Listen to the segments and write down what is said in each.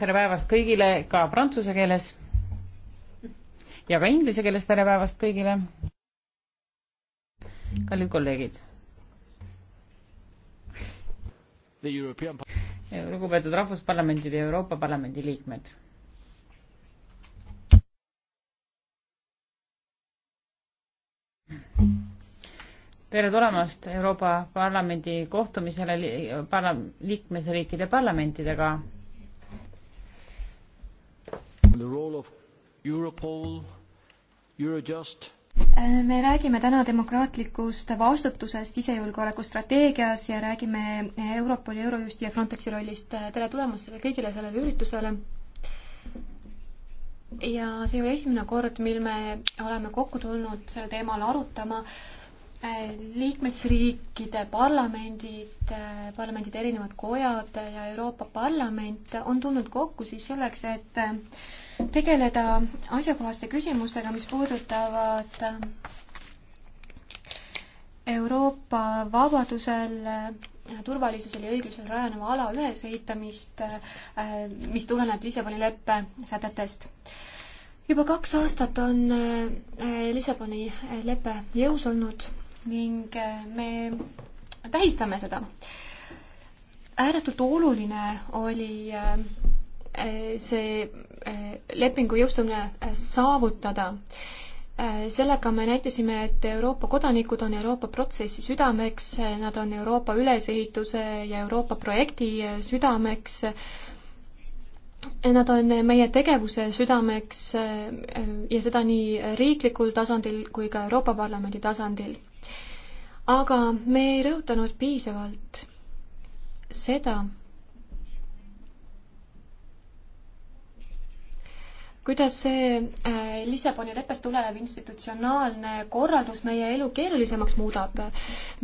tere päevast kõigile ka prantsuse keeles ja ka inglise keeles tere päevast kõigile. kallid kolleegid. lugupeetud Rahvusparlamendide ja Euroopa Parlamendi liikmed. tere tulemast Euroopa Parlamendi kohtumisele parla-, liikmesriikide parlamentidega Europol, Eurojust äh, me räägime täna demokraatlikust vastutusest sisejulgeoleku strateegias ja räägime Europoli, Eurojusti ja Frontexi rollist. Äh, tere tulemast sellele kõigile sellele üritusele. ja see ei ole esimene kord, mil me oleme kokku tulnud sel teemal arutama liikmesriikide parlamendid, parlamendide erinevad kojad ja Euroopa Parlament on tulnud kokku siis selleks, et tegeleda asjakohaste küsimustega, mis puudutavad Euroopa vabadusel, turvalisusel ja õiglusel rajaneva ala ülesehitamist, mis tuleneb Lissaboni leppe sätetest juba kaks aastat on eh, Lissaboni lepe jõus olnud ning äh, me tähistame seda. ääretult oluline oli äh, see äh, lepingu jõustumine saavutada. sellega me näitasime, et Euroopa kodanikud on Euroopa protsessi südameks, nad on Euroopa ülesehituse ja Euroopa projekti südameks Nad on meie tegevuse südameks ja seda nii riiklikul tasandil kui ka Euroopa Parlamendi tasandil aga me ei rõhutanud piisavalt seda, kuidas see äh, Lissaboni leppest tulenev institutsionaalne korraldus meie elu keerulisemaks muudab?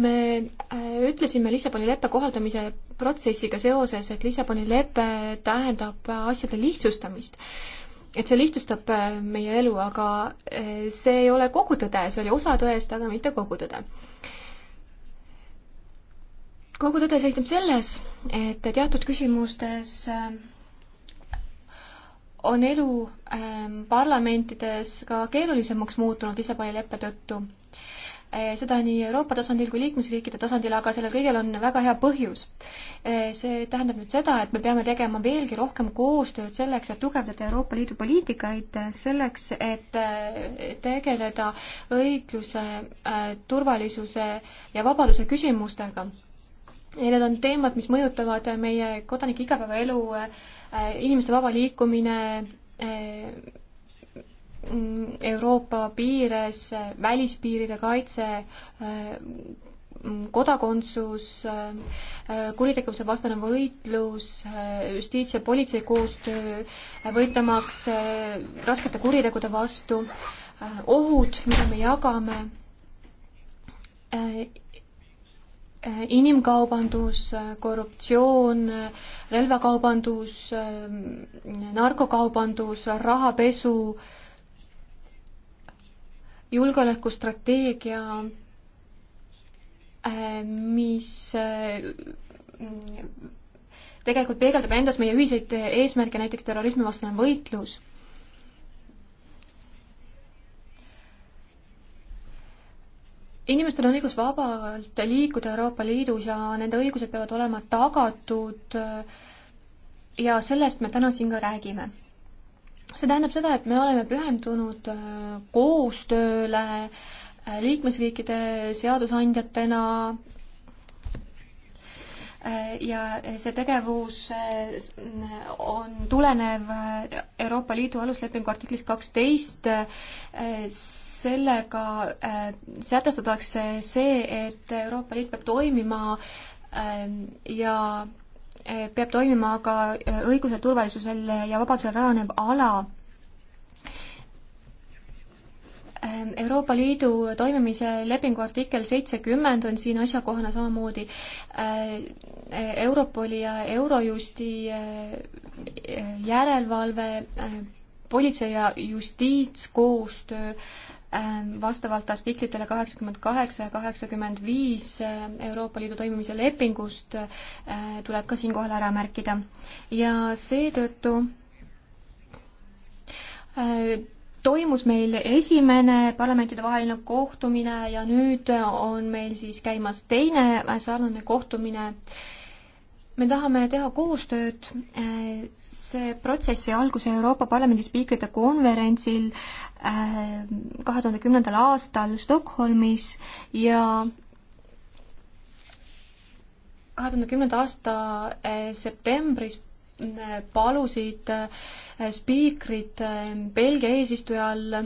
me äh, ütlesime Lissaboni leppe kohaldamise protsessiga seoses, et Lissaboni lepe tähendab asjade lihtsustamist. et see lihtsustab äh, meie elu, aga see ei ole kogu tõde, see oli osa tõest, aga mitte kogu tõde kogu tõde seisneb selles, et teatud küsimustes äh, on elu ähm, parlamentides ka keerulisemaks muutunud Lissaboni leppe tõttu. Äh, seda nii Euroopa tasandil kui liikmesriikide tasandil, aga sellel kõigel on väga hea põhjus. Äh, see tähendab nüüd seda, et me peame tegema veelgi rohkem koostööd selleks, et tugevdada Euroopa Liidu poliitikaid, selleks, et tegeleda õigluse, turvalisuse ja vabaduse küsimustega ja need on teemad, mis mõjutavad meie kodanike igapäevaelu, äh, inimeste vaba liikumine äh, Euroopa piires, välispiiride kaitse, äh, kodakondsus, kuritegevuse vastane võitlus, justiits- ja politsei koostöö, võitlemaks raskete kuritegude vastu, ohud, mida me jagame inimkaubandus, korruptsioon, relvakaubandus, narkokaubandus, rahapesu, julgeolekustrateegia, mis tegelikult peegeldab endas meie ühiseid eesmärke, näiteks terrorismivastane võitlus inimestel on õigus vabalt liikuda Euroopa Liidus ja nende õigused peavad olema tagatud äh, ja sellest me täna siin ka räägime. see tähendab seda, et me oleme pühendunud äh, koostööle äh, liikmesriikide seadusandjatena, ja see tegevus äh, on tulenev Euroopa Liidu aluslepingu artiklist kaksteist. sellega äh, sätestatakse see, et Euroopa Liit peab toimima äh, ja peab toimima ka õigusel, turvalisusel ja vabadusel rajanev ala Ähm, Euroopa Liidu toimimise lepingu artikkel seitsekümmend on siin asjakohane samamoodi. Äh, äh, Europoli ja Eurojusti äh, järelevalve, politsei ja justiitskoostöö ähm, vastavalt artiklitele kaheksakümmend kaheksa ja kaheksakümmend viis Euroopa Liidu toimimise lepingust tuleb ka siinkohal ära märkida. ja seetõttu toimus meil esimene parlamentidevaheline kohtumine ja nüüd on meil siis käimas teine sarnane kohtumine. me tahame teha koostööd. Äh, see protsess sai alguse Euroopa Parlamendi spiikrite konverentsil äh, kahe tuhande kümnendal aastal Stockholmis ja kahe tuhande kümnenda aasta äh, septembris palusid äh, spiikrid äh, Belgia eesistujal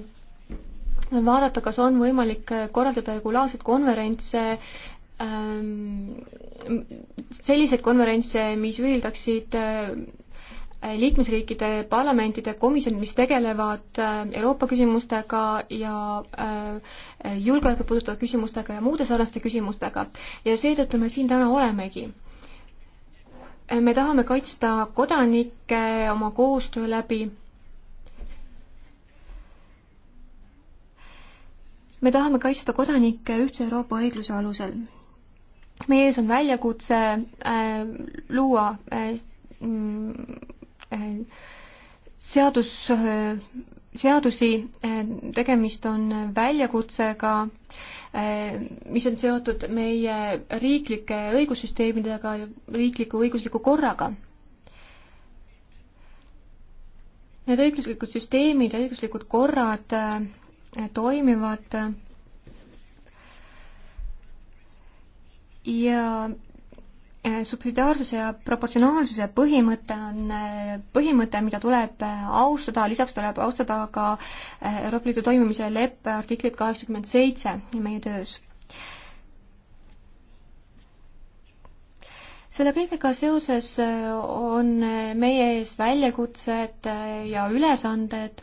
vaadata, kas on võimalik äh, korraldada regulaarseid konverentse, ähm, selliseid konverentse, mis ühildaksid liikmesriikide parlamentide komisjonid, mis tegelevad Euroopa küsimustega ja julgeolekut puudutava küsimustega ja muude sarnaste küsimustega. ja seetõttu me siin täna olemegi me tahame kaitsta kodanikke oma koostöö läbi. me tahame kaitsta kodanikke ühtse Euroopa õigluse alusel. meie ees on väljakutse äh, luua äh, mm, äh, seadus äh, seadusi, eh, tegemist on väljakutsega, eh, mis on seotud meie riiklike õigussüsteemidega, riikliku õigusliku korraga. Need õiguslikud süsteemid ja õiguslikud korrad eh, toimivad ja Äh, subsidiaarsuse ja proportsionaalsuse põhimõte on äh, põhimõte, mida tuleb äh, austada, lisaks tuleb austada ka Euroopa Liidu toimimise leppe artiklit kaheksakümmend seitse meie töös. selle kõigega seoses on meie ees väljakutsed ja ülesanded,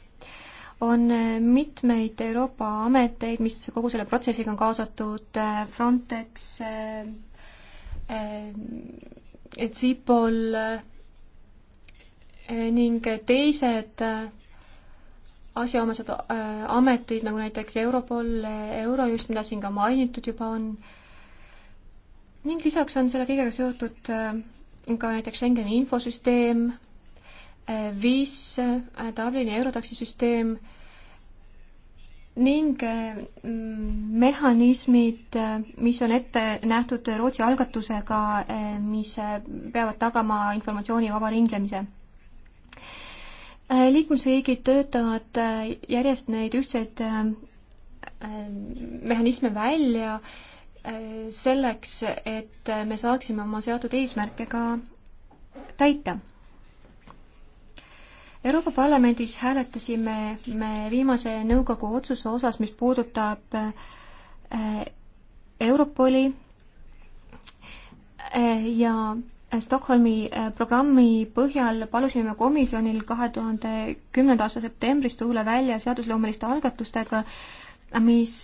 on mitmeid Euroopa ameteid, mis kogu selle protsessiga on kaasatud, Frontex, CIPOL äh, äh, ning teised äh, asjaomased ametid, nagu näiteks Europol, Eurojust, mida siin ka mainitud juba on, ning lisaks on selle kõigega seotud ka näiteks Schengeni infosüsteem, VIS, Dublini Eurotaksi süsteem ning äh, mehhanismid, äh, mis on ette nähtud Rootsi algatusega, äh, mis peavad tagama informatsiooni vaba ringlemise liikmesriigid töötavad järjest neid ühtseid mehhanisme välja selleks, et me saaksime oma seatud eesmärke ka täita Euroopa Parlamendis hääletasime me viimase nõukogu otsuse osas, mis puudutab äh, Europoli äh, ja Stockholmi äh, programmi põhjal palusime komisjonil kahe tuhande kümnenda aasta septembris tulla välja seadusloomeliste algatustega, mis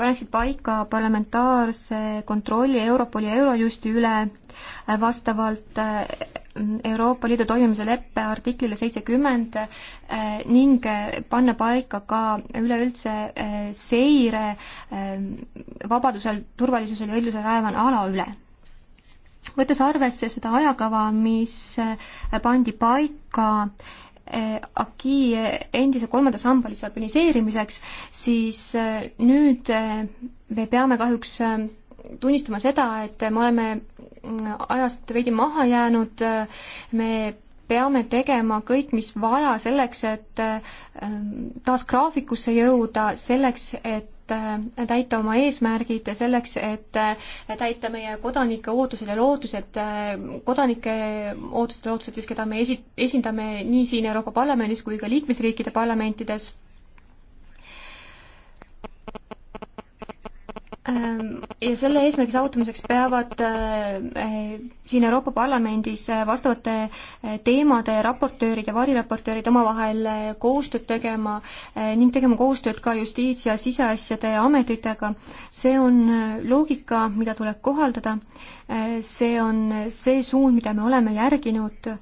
paneksid paika parlamentaarse kontrolli Europoli ja Eurojusti üle vastavalt Euroopa Liidu toimimise leppe artiklile seitsekümmend eh, ning eh, panna paika ka üleüldse eh, seire vabadusel, turvalisusel ja õiglusel rajaval ala üle. võttes arvesse seda ajakava, mis pandi paika AKI endise kolmanda samba lisabiliseerimiseks, siis nüüd me peame kahjuks tunnistama seda, et me oleme ajast veidi maha jäänud, me peame tegema kõik, mis vaja selleks, et ähm, taas graafikusse jõuda, selleks, et äh, täita oma eesmärgid, selleks, et äh, täita meie kodanike ootused ja lootused, äh, kodanike ootused ja lootused siis, keda me esi-, esindame nii siin Euroopa Parlamendis kui ka liikmesriikide parlamentides Ähm, ja selle eesmärgi saavutamiseks peavad äh, äh, siin Euroopa Parlamendis äh, vastavate teemade raportöörid ja variraportöörid omavahel koostööd tegema ning tegema koostööd ka justiits- ja siseasjade ametitega. see on loogika, mida tuleb kohaldada, see on see suund, mida me oleme järginud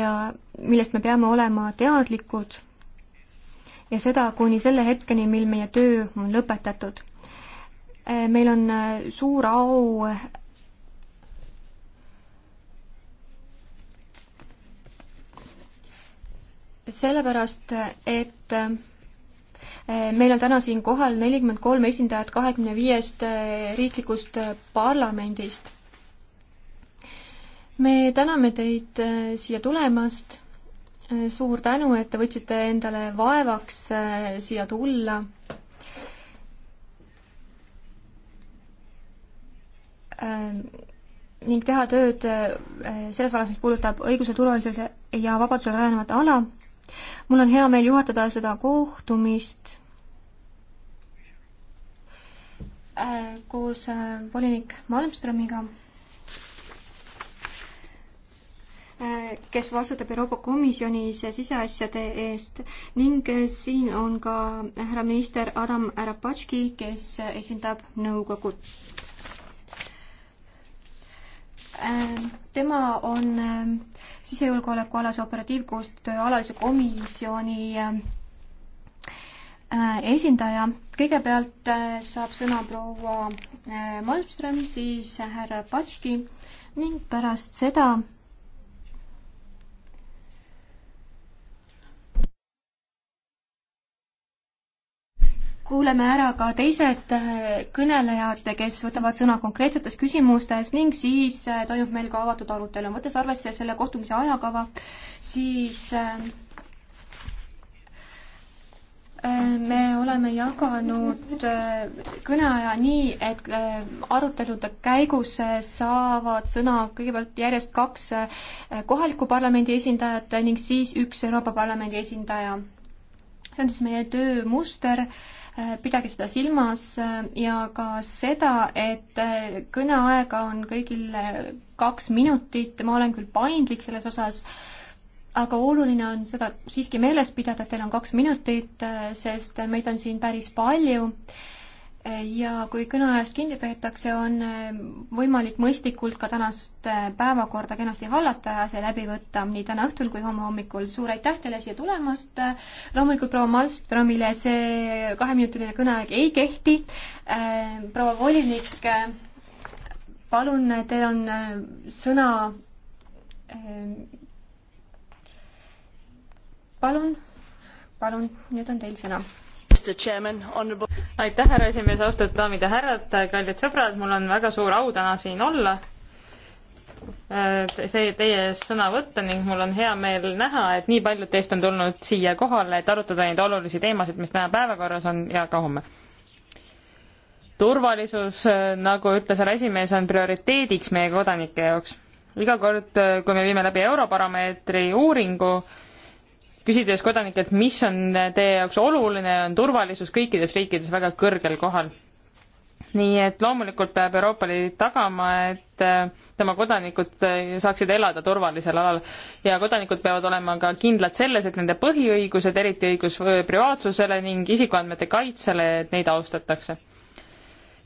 ja millest me peame olema teadlikud ja seda kuni selle hetkeni, mil meie töö on lõpetatud Äh, meil on äh, suur au äh, sellepärast, et meil on täna siin kohal nelikümmend kolm esindajat kahekümne viiest riiklikust parlamendist. me täname teid siia tulemast, suur tänu, et te võtsite endale vaevaks siia tulla Ähm, ning teha tööd äh, selles vallas, mis puudutab õiguse turvalisuse ja vabadusel rajanevat ala. mul on hea meel juhatada seda kohtumist äh, koos äh, volinik Malmströmiga, kes vastutab Euroopa Komisjonis siseasjade eest ning siin on ka härra minister Adam Rapatski, kes esindab nõukogu. Ähm, tema on ähm, sisejulgeolekualase operatiivkoostöö alalise komisjoni ähm, äh, esindaja. kõigepealt äh, saab sõna proua äh, Malmström, siis härra Patski ning pärast seda kuuleme ära ka teised äh, kõnelejad, kes võtavad sõna konkreetsetes küsimustes ning siis äh, toimub meil ka avatud arutelu. võttes arvesse selle kohtumise ajakava, siis äh, me oleme jaganud kõneaja nii, et arutelude käigus saavad sõna kõigepealt järjest kaks kohaliku parlamendi esindajat ning siis üks Euroopa Parlamendi esindaja. see on siis meie töömuster Äh, pidage seda silmas äh, ja ka seda, et äh, kõneaega on kõigil kaks minutit, ma olen küll paindlik selles osas, aga oluline on seda siiski meeles pidada, et teil on kaks minutit, sest meid on siin päris palju ja kui kõneajast kinni peetakse, on eh, võimalik mõistlikult ka tänast eh, päevakorda kenasti hallata ja see läbi võtta nii täna õhtul kui homme hommikul. suur aitäh teile siia tulemast. loomulikult proua Malmströmile see kaheminutiline kõneaeg ei kehti. Eh, proua volinik, palun, teil on sõna. palun, palun, nüüd on teil sõna aitäh, härra esimees, austatud daamid ja härrad, kallid sõbrad, mul on väga suur au täna siin olla, äh, see teie ees sõna võtta ning mul on hea meel näha, et nii paljud teist on tulnud siia kohale, et arutada neid olulisi teemasid, mis täna päevakorras on ja ka homme. turvalisus, äh, nagu ütles härra esimees, on prioriteediks meie kodanike jaoks. iga kord, äh, kui me viime läbi Europarameetri uuringu, küsides kodanikelt, mis on teie jaoks oluline, on turvalisus kõikides riikides väga kõrgel kohal. nii et loomulikult peab Euroopa Liit tagama, et äh, tema kodanikud äh, saaksid elada turvalisel alal ja kodanikud peavad olema ka kindlad selles, et nende põhiõigused, eriti õigus äh, privaatsusele ning isikuandmete kaitsele, et neid austatakse.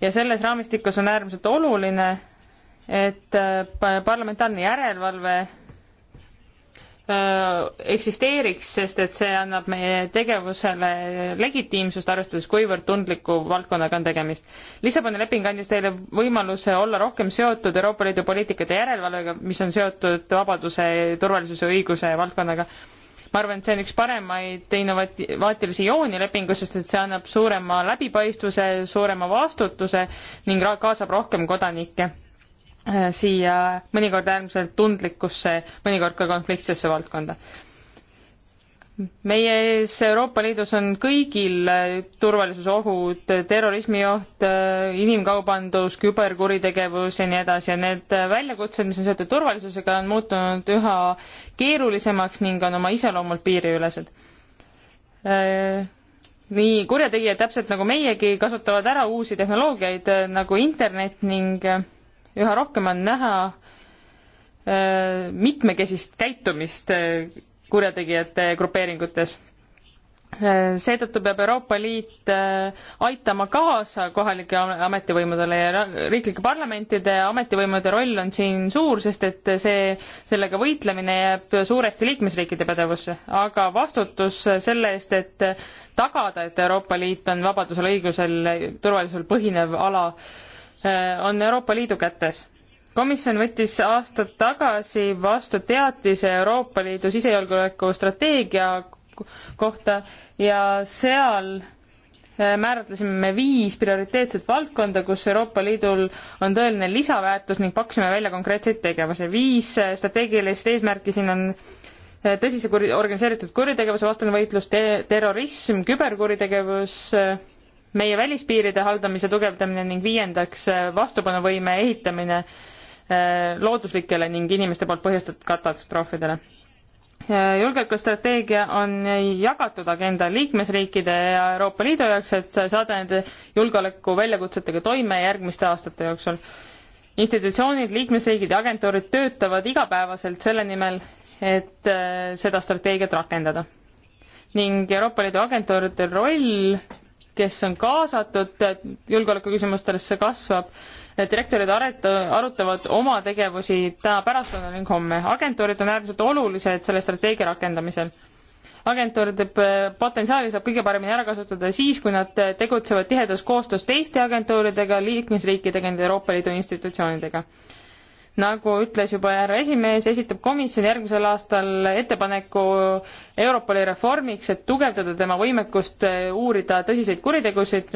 ja selles raamistikus on äärmiselt oluline, et parlamentaarne järelevalve Äh, eksisteeriks, sest et see annab meie tegevusele legitiimsust, arvestades, kuivõrd tundliku valdkonnaga on tegemist. Lissaboni leping andis teile võimaluse olla rohkem seotud Euroopa Liidu poliitikate järelevalvega, mis on seotud vabaduse, turvalisuse, õiguse valdkonnaga. ma arvan, et see on üks paremaid innovaatilisi jooni lepingus, sest et see annab suurema läbipaistvuse, suurema vastutuse ning kaasab rohkem kodanikke Äh, siia mõnikord äärmiselt tundlikusse, mõnikord ka konfliktsesse valdkonda. meie ees Euroopa Liidus on kõigil turvalisusohud, terrorismioht, äh, inimkaubandus, küberkuritegevus ja nii edasi ja need väljakutsed, mis on seotud turvalisusega, on muutunud üha keerulisemaks ning on oma iseloomult piiriülesed äh, nii kurjategijad täpselt nagu meiegi kasutavad ära uusi tehnoloogiaid nagu internet ning äh, üha rohkem on näha äh, mitmekesist käitumist äh, kurjategijate grupeeringutes. Äh, seetõttu peab Euroopa Liit aitama kaasa kohalike ametivõimudele ja riiklike parlamentide ametivõimude roll on siin suur, sest et see, sellega võitlemine jääb suuresti liikmesriikide pädevusse, aga vastutus selle eest, et tagada, et Euroopa Liit on vabadusel, õigusel, turvalisusel põhinev ala, Äh, on Euroopa Liidu kätes. komisjon võttis aasta tagasi vastu teatise Euroopa Liidu sisejulgeoleku strateegia kohta ja seal äh, määratlesime me viis prioriteetset valdkonda, kus Euroopa Liidul on tõeline lisaväärtus ning pakkusime välja konkreetseid tegevusi. viis äh, strateegilist eesmärki siin on tõsise kuri-, organiseeritud kuritegevuse vastane võitlus te, terrorism, küberkuritegevus äh,, meie välispiiride haldamise tugevdamine ning viiendaks äh, vastupanuvõime ehitamine äh, looduslikele ning inimeste poolt põhjustatud katastroofidele. Äh, julgeolekustrateegia on jagatud agenda liikmesriikide ja Euroopa Liidu jaoks, et saada nende julgeoleku väljakutsetega toime järgmiste aastate jooksul. institutsioonid, liikmesriigid ja agentuurid töötavad igapäevaselt selle nimel, et seda strateegiat rakendada ning Euroopa Liidu agentuuride roll kes on kaasatud julgeolekuküsimustesse, kasvab. direktorid areta, arutavad oma tegevusi täna pärastlõunal ning homme. agentuurid on äärmiselt olulised selle strateegia rakendamisel. agentuuride äh, potentsiaali saab kõige paremini ära kasutada siis, kui nad äh, tegutsevad tihedas koostöös teiste agentuuridega, liikmesriikidega ning Euroopa Liidu institutsioonidega nagu ütles juba härra esimees, esitab komisjon järgmisel aastal ettepaneku Europoli reformiks, et tugevdada tema võimekust eh, uurida tõsiseid kuritegusid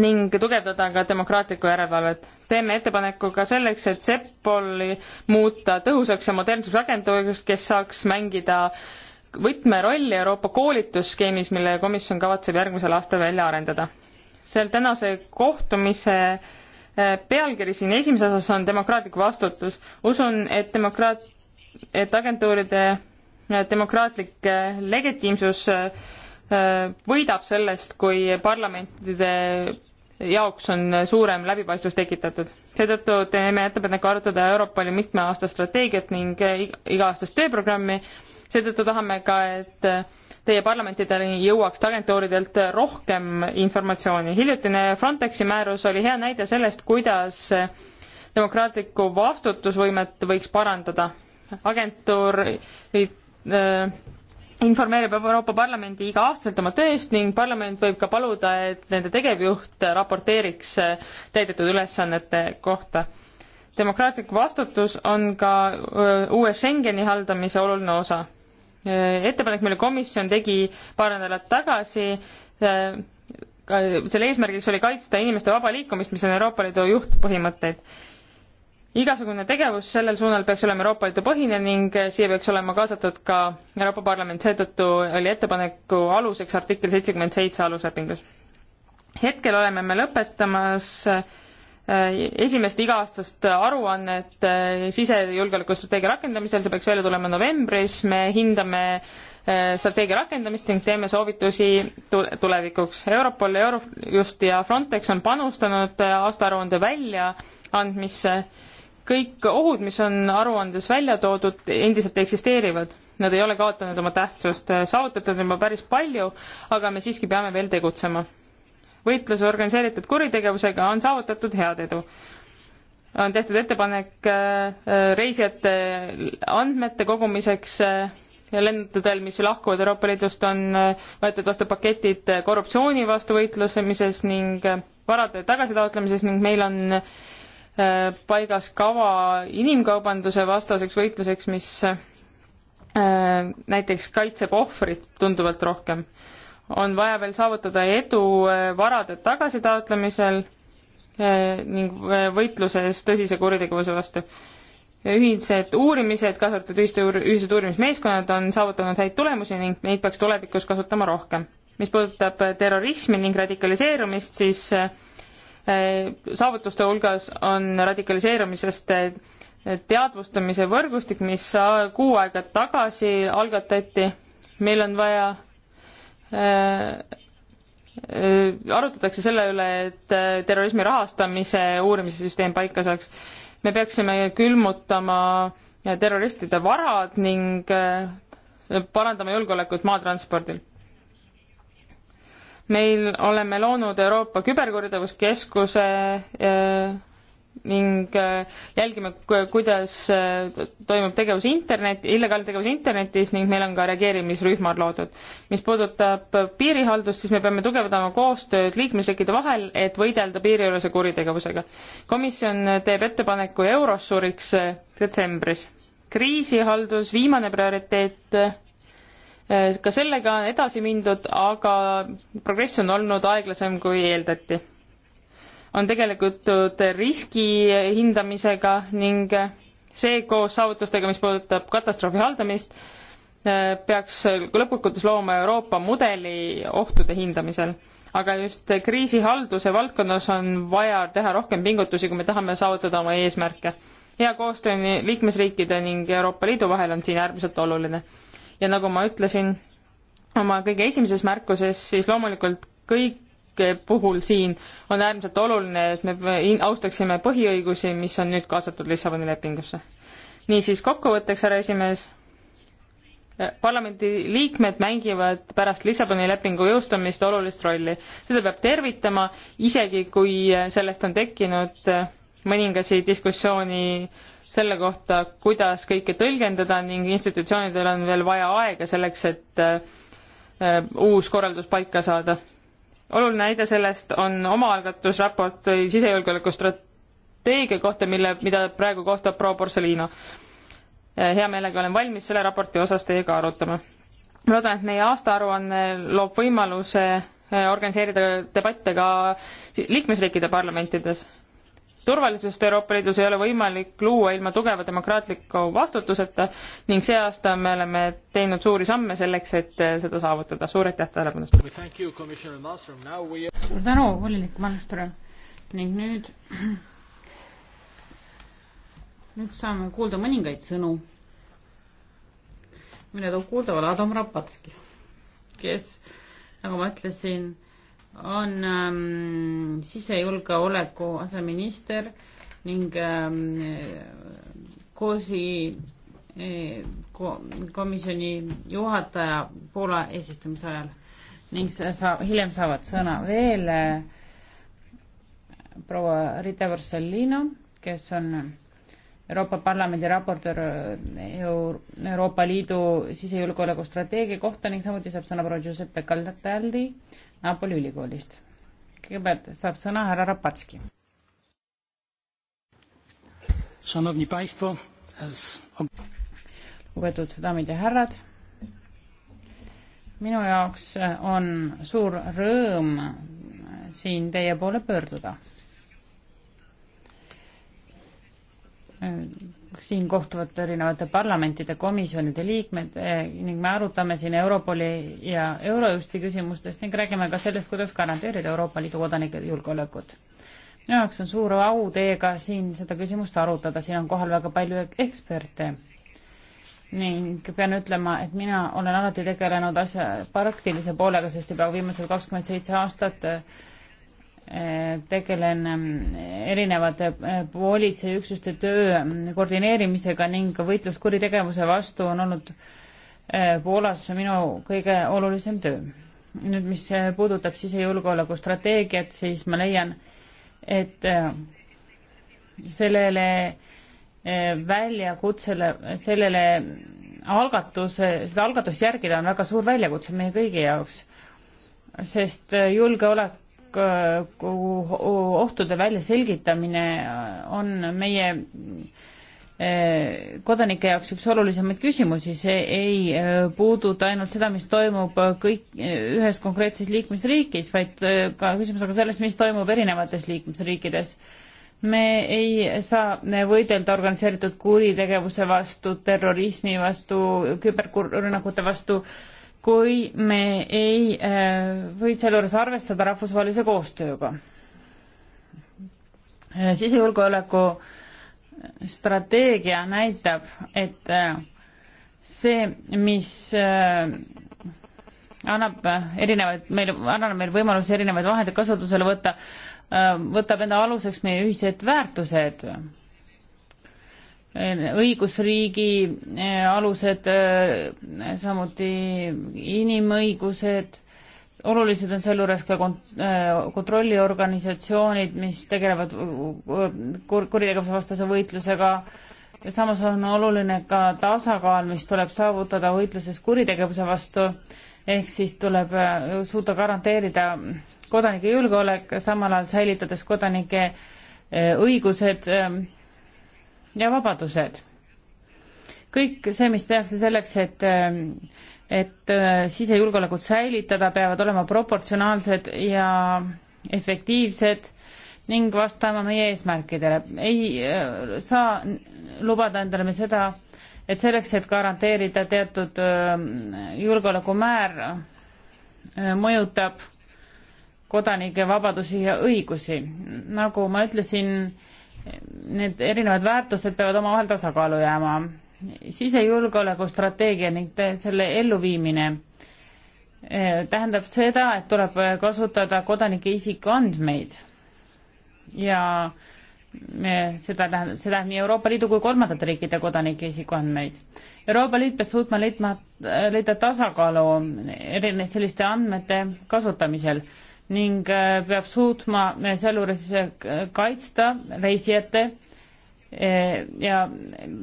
ning tugevdada ka demokraatlikku järelevalvet. teeme ettepaneku ka selleks, et Seppoli muuta tõhusaks ja modernseks agentuuriks, kes saaks mängida võtmerolli Euroopa koolitusskeemis, mille komisjon kavatseb järgmisel aastal välja arendada. seal tänase kohtumise äh, Äh, pealkiri siin esimeses osas on demokraatlik vastutus. usun, et demokraat, et agentuuride äh, demokraatlik äh, legitiimsus võidab sellest, kui parlamentide jaoks on suurem läbipaistvus tekitatud. seetõttu teeme ettepaneku arutada Europoli mitmeaastast strateegiat ning iga-aastast tööprogrammi. seetõttu tahame ka, et teie parlamentideni jõuaks agentuuridelt rohkem informatsiooni. hiljutine Frontexi määrus oli hea näide sellest, kuidas demokraatlikku vastutusvõimet võiks parandada. agentuur äh, informeerib Euroopa Parlamendi iga-aastaselt oma tööst ning parlament võib ka paluda, et nende tegevjuht raporteeriks täidetud ülesannete kohta. demokraatlik vastutus on ka äh, uue Schengeni haldamise oluline osa Äh, ettepanek, mille komisjon tegi paar nädalat tagasi, äh, selle eesmärgiks oli kaitsta inimeste vaba liikumist, mis on Euroopa Liidu juhtpõhimõtteid. igasugune tegevus sellel suunal peaks olema Euroopa Liidu põhine ning äh, siia peaks olema kaasatud ka Euroopa Parlament, seetõttu oli ettepaneku aluseks artikkel seitsekümmend seitse aluslepingus. hetkel oleme me lõpetamas äh, Äh, esimest iga-aastast aruannet äh, sisejulgeolekustrateegia rakendamisel, see peaks välja tulema novembris, me hindame äh, strateegia rakendamist ning teeme soovitusi tulevikuks. Europol, Eurojust ja Frontex on panustanud aastaaruande väljaandmisse. kõik ohud, mis on aruandes välja toodud, endiselt eksisteerivad. Nad ei ole kaotanud oma tähtsust, saavutatud on juba päris palju, aga me siiski peame veel tegutsema võitlus organiseeritud kuritegevusega on saavutatud head edu. on tehtud ettepanek äh, äh, reisijate andmete kogumiseks äh, lendudel, mis lahkuvad Euroopa Liidust, on võetud vastu paketid korruptsiooni vastu võitlemises ning varade tagasitaotlemises ning meil on paigas kava inimkaubanduse vastaseks võitluseks, mis näiteks kaitseb ohvrit tunduvalt rohkem on vaja veel saavutada edu eh, varade tagasitaotlemisel eh, ning eh, võitluses tõsise kuritegevuse vastu. ühised uurimised, kaasa arvatud ühiste, ühised uurimismeeskonnad on saavutanud häid tulemusi ning neid peaks tulevikus kasutama rohkem. mis puudutab terrorismi ning radikaliseerumist, siis saavutuste hulgas on radikaliseerumisest teadvustamise võrgustik, mis kuu aega tagasi algatati. meil on vaja Äh, äh, arutatakse selle üle, et äh, terrorismi rahastamise uurimise süsteem paika saaks. me peaksime külmutama terroristide varad ning parandama julgeolekut maatranspordil. meil oleme loonud Euroopa küberkuritegevuskeskuse ning äh, jälgime, kuidas äh, toimub tegevus internet, illegaaltegevus internetis ning meil on ka reageerimisrühmad loodud. mis puudutab piirihaldust, siis me peame tugevdama koostööd liikmesriikide vahel, et võidelda piiriülese kuritegevusega. komisjon teeb ettepaneku Eurossuriks äh, detsembris. kriisihaldus, viimane prioriteet, ka sellega on edasi mindud, aga progress on olnud aeglasem, kui eeldati on tegeletud riski hindamisega ning see koos saavutustega, mis puudutab katastroofi haldamist, peaks lõppkokkuvõttes looma Euroopa mudeli ohtude hindamisel. aga just kriisihalduse valdkonnas on vaja teha rohkem pingutusi, kui me tahame saavutada oma eesmärke. hea koostöö liikmesriikide ning Euroopa Liidu vahel on siin äärmiselt oluline. ja nagu ma ütlesin oma kõige esimeses märkuses, siis loomulikult kõik puhul siin on äärmiselt oluline, et me austaksime põhiõigusi, mis on nüüd kaasatud Lissaboni lepingusse. niisiis kokkuvõtteks, härra esimees, eh, parlamendi liikmed mängivad pärast Lissaboni lepingu jõustumist olulist rolli. seda peab tervitama, isegi kui eh, sellest on tekkinud eh, mõningasi diskussiooni selle kohta, kuidas kõike tõlgendada ning institutsioonidel on veel vaja aega selleks, et uus korraldus paika saada oluline näide sellest on omaalgatusraport sisejulgeoleku strateegia kohta, mille, mida praegu koostab proua Borsellino. Eh, hea meelega olen valmis selle raporti osas teiega arutama. ma loodan, et meie aastaaruanne loob võimaluse eh, organiseerida debatte ka liikmesriikide parlamentides turvalisust Euroopa Liidus ei ole võimalik luua ilma tugeva demokraatliku vastutuseta ning see aasta me oleme teinud suuri samme selleks, et seda saavutada. suur aitäh tähelepanu eest! suur tänu, volinik Malmström! ning nüüd, nüüd saame kuulda mõningaid sõnu, mille toob kuulda Vlado Mrapatski, kes, nagu ma ütlesin, on ähm, sisejulgeoleku aseminister ning ähm, COSI eh, ko, komisjoni juhataja Poola eesistumise ajal ning saab, hiljem saavad sõna veel eh, proua Rita Borsellino, kes on Euroopa Parlamendi raportöör eh, Euroopa Liidu sisejulgeoleku strateegia kohta ning samuti saab sõna proua Giuseppe Caldaldi, Napoli ülikoolist. kõigepealt saab sõna härra Rapatski. lugupeetud daamid ja härrad, minu jaoks on suur rõõm siin teie poole pöörduda siin kohtuvad erinevate parlamentide komisjonide liikmed eh, ning me arutame siin Europoli ja Eurojusti küsimustest ning räägime ka sellest, kuidas garanteerida Euroopa Liidu kodanike julgeolekut. minu jaoks on suur au teiega siin seda küsimust arutada, siin on kohal väga palju eksperte ning pean ütlema, et mina olen alati tegelenud asja praktilise poolega, sest juba viimased kakskümmend seitse aastat äh, tegelen ähm, erinevate äh, politseiüksuste töö koordineerimisega ning võitlus kuritegevuse vastu on olnud äh, Poolas minu kõige olulisem töö. nüüd, mis äh, puudutab sisejulgeoleku strateegiat, siis ma leian, et sellele väljakutsele, sellele algatuse, seda algatust järgida on väga suur väljakutse meie kõigi jaoks, sest julgeolek ohtude väljaselgitamine on meie eh, kodanike jaoks üks olulisemaid küsimusi, see ei eh, puuduta ainult seda, mis toimub kõik eh, ühes konkreetses liikmesriigis, vaid ka küsimus on ka selles, mis toimub erinevates liikmesriikides. me ei saa võidelda organiseeritud kuritegevuse vastu, terrorismi vastu, küberrünnakute vastu äh, kui me ei äh, või sealjuures arvestada rahvusvahelise koostööga. Äh, sisejulgeoleku strateegia näitab, et äh, see, mis annab erinevaid, meil, annab meil võimaluse erinevaid vahendeid kasutusele võtta, võtab enda aluseks meie ühised väärtused õigusriigi eh, alused, eh, samuti inimõigused, olulised on sealjuures ka kont-, eh, kontrolliorganisatsioonid, mis tegelevad kur-, kuritegevuse vastase võitlusega ja samas on oluline ka tasakaal, mis tuleb saavutada võitluses kuritegevuse vastu, ehk siis tuleb suuta garanteerida kodanike julgeolek, samal ajal säilitades kodanike õigused ja vabadused. kõik see, mis tehakse selleks, et, et äh, sisejulgeolekut säilitada, peavad olema proportsionaalsed ja efektiivsed ning vastama meie eesmärkidele. ei äh, saa lubada endale me seda, et selleks, et garanteerida teatud äh, julgeolekumäär, mõjutab kodanike vabadusi ja õigusi. nagu ma ütlesin, need erinevad väärtused peavad omavahel tasakaalu jääma. sisejulgeoleku strateegia ning selle elluviimine eh, tähendab seda, et tuleb kasutada kodanike isikuandmeid ja me, seda tähendab, see tähendab nii Euroopa Liidu kui kolmandate riikide kodanike isikuandmeid. Euroopa Liit peab suutma leidma, leida tasakaalu erinevate selliste andmete kasutamisel ning äh, peab suutma äh, sealjuures äh, kaitsta reisijate ja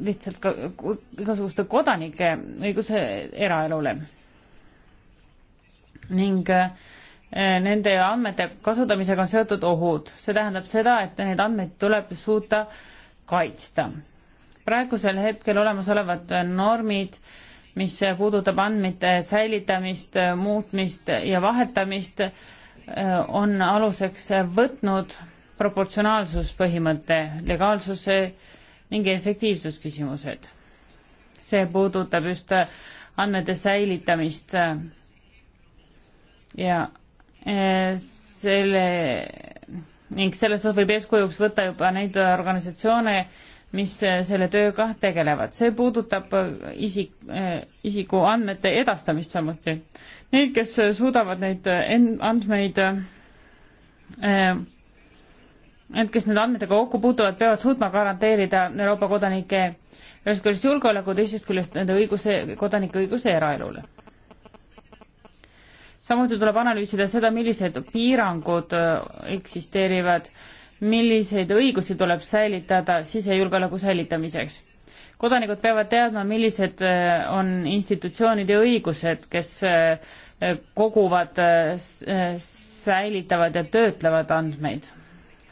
lihtsalt ka igasuguste kodanike õiguse eraelule. ning nende andmete kasutamisega on seotud ohud, see tähendab seda, et neid andmeid tuleb suuta kaitsta. praegusel hetkel olemasolevad normid, mis puudutab andmete säilitamist, muutmist ja vahetamist, Äh, on aluseks võtnud proportsionaalsuspõhimõte, legaalsuse ning efektiivsusküsimused. see puudutab just andmete säilitamist ja äh, selle ning selles osas võib eeskujuks võtta juba neid organisatsioone, mis äh, selle tööga tegelevad. see puudutab äh, isik, äh, isikuandmete edastamist samuti. Need, kes suudavad neid andmeid, need, kes nende andmetega kokku puutuvad, peavad suutma garanteerida Euroopa kodanike ühest küljest julgeoleku, teisest küljest nende õiguse, kodanike õiguse eraelule. samuti tuleb analüüsida seda, millised piirangud eksisteerivad äh, milliseid õigusi tuleb säilitada sisejulgeoleku säilitamiseks. kodanikud peavad teadma, millised äh, on institutsioonide õigused, kes äh, koguvad, äh, säilitavad ja töötlevad andmeid.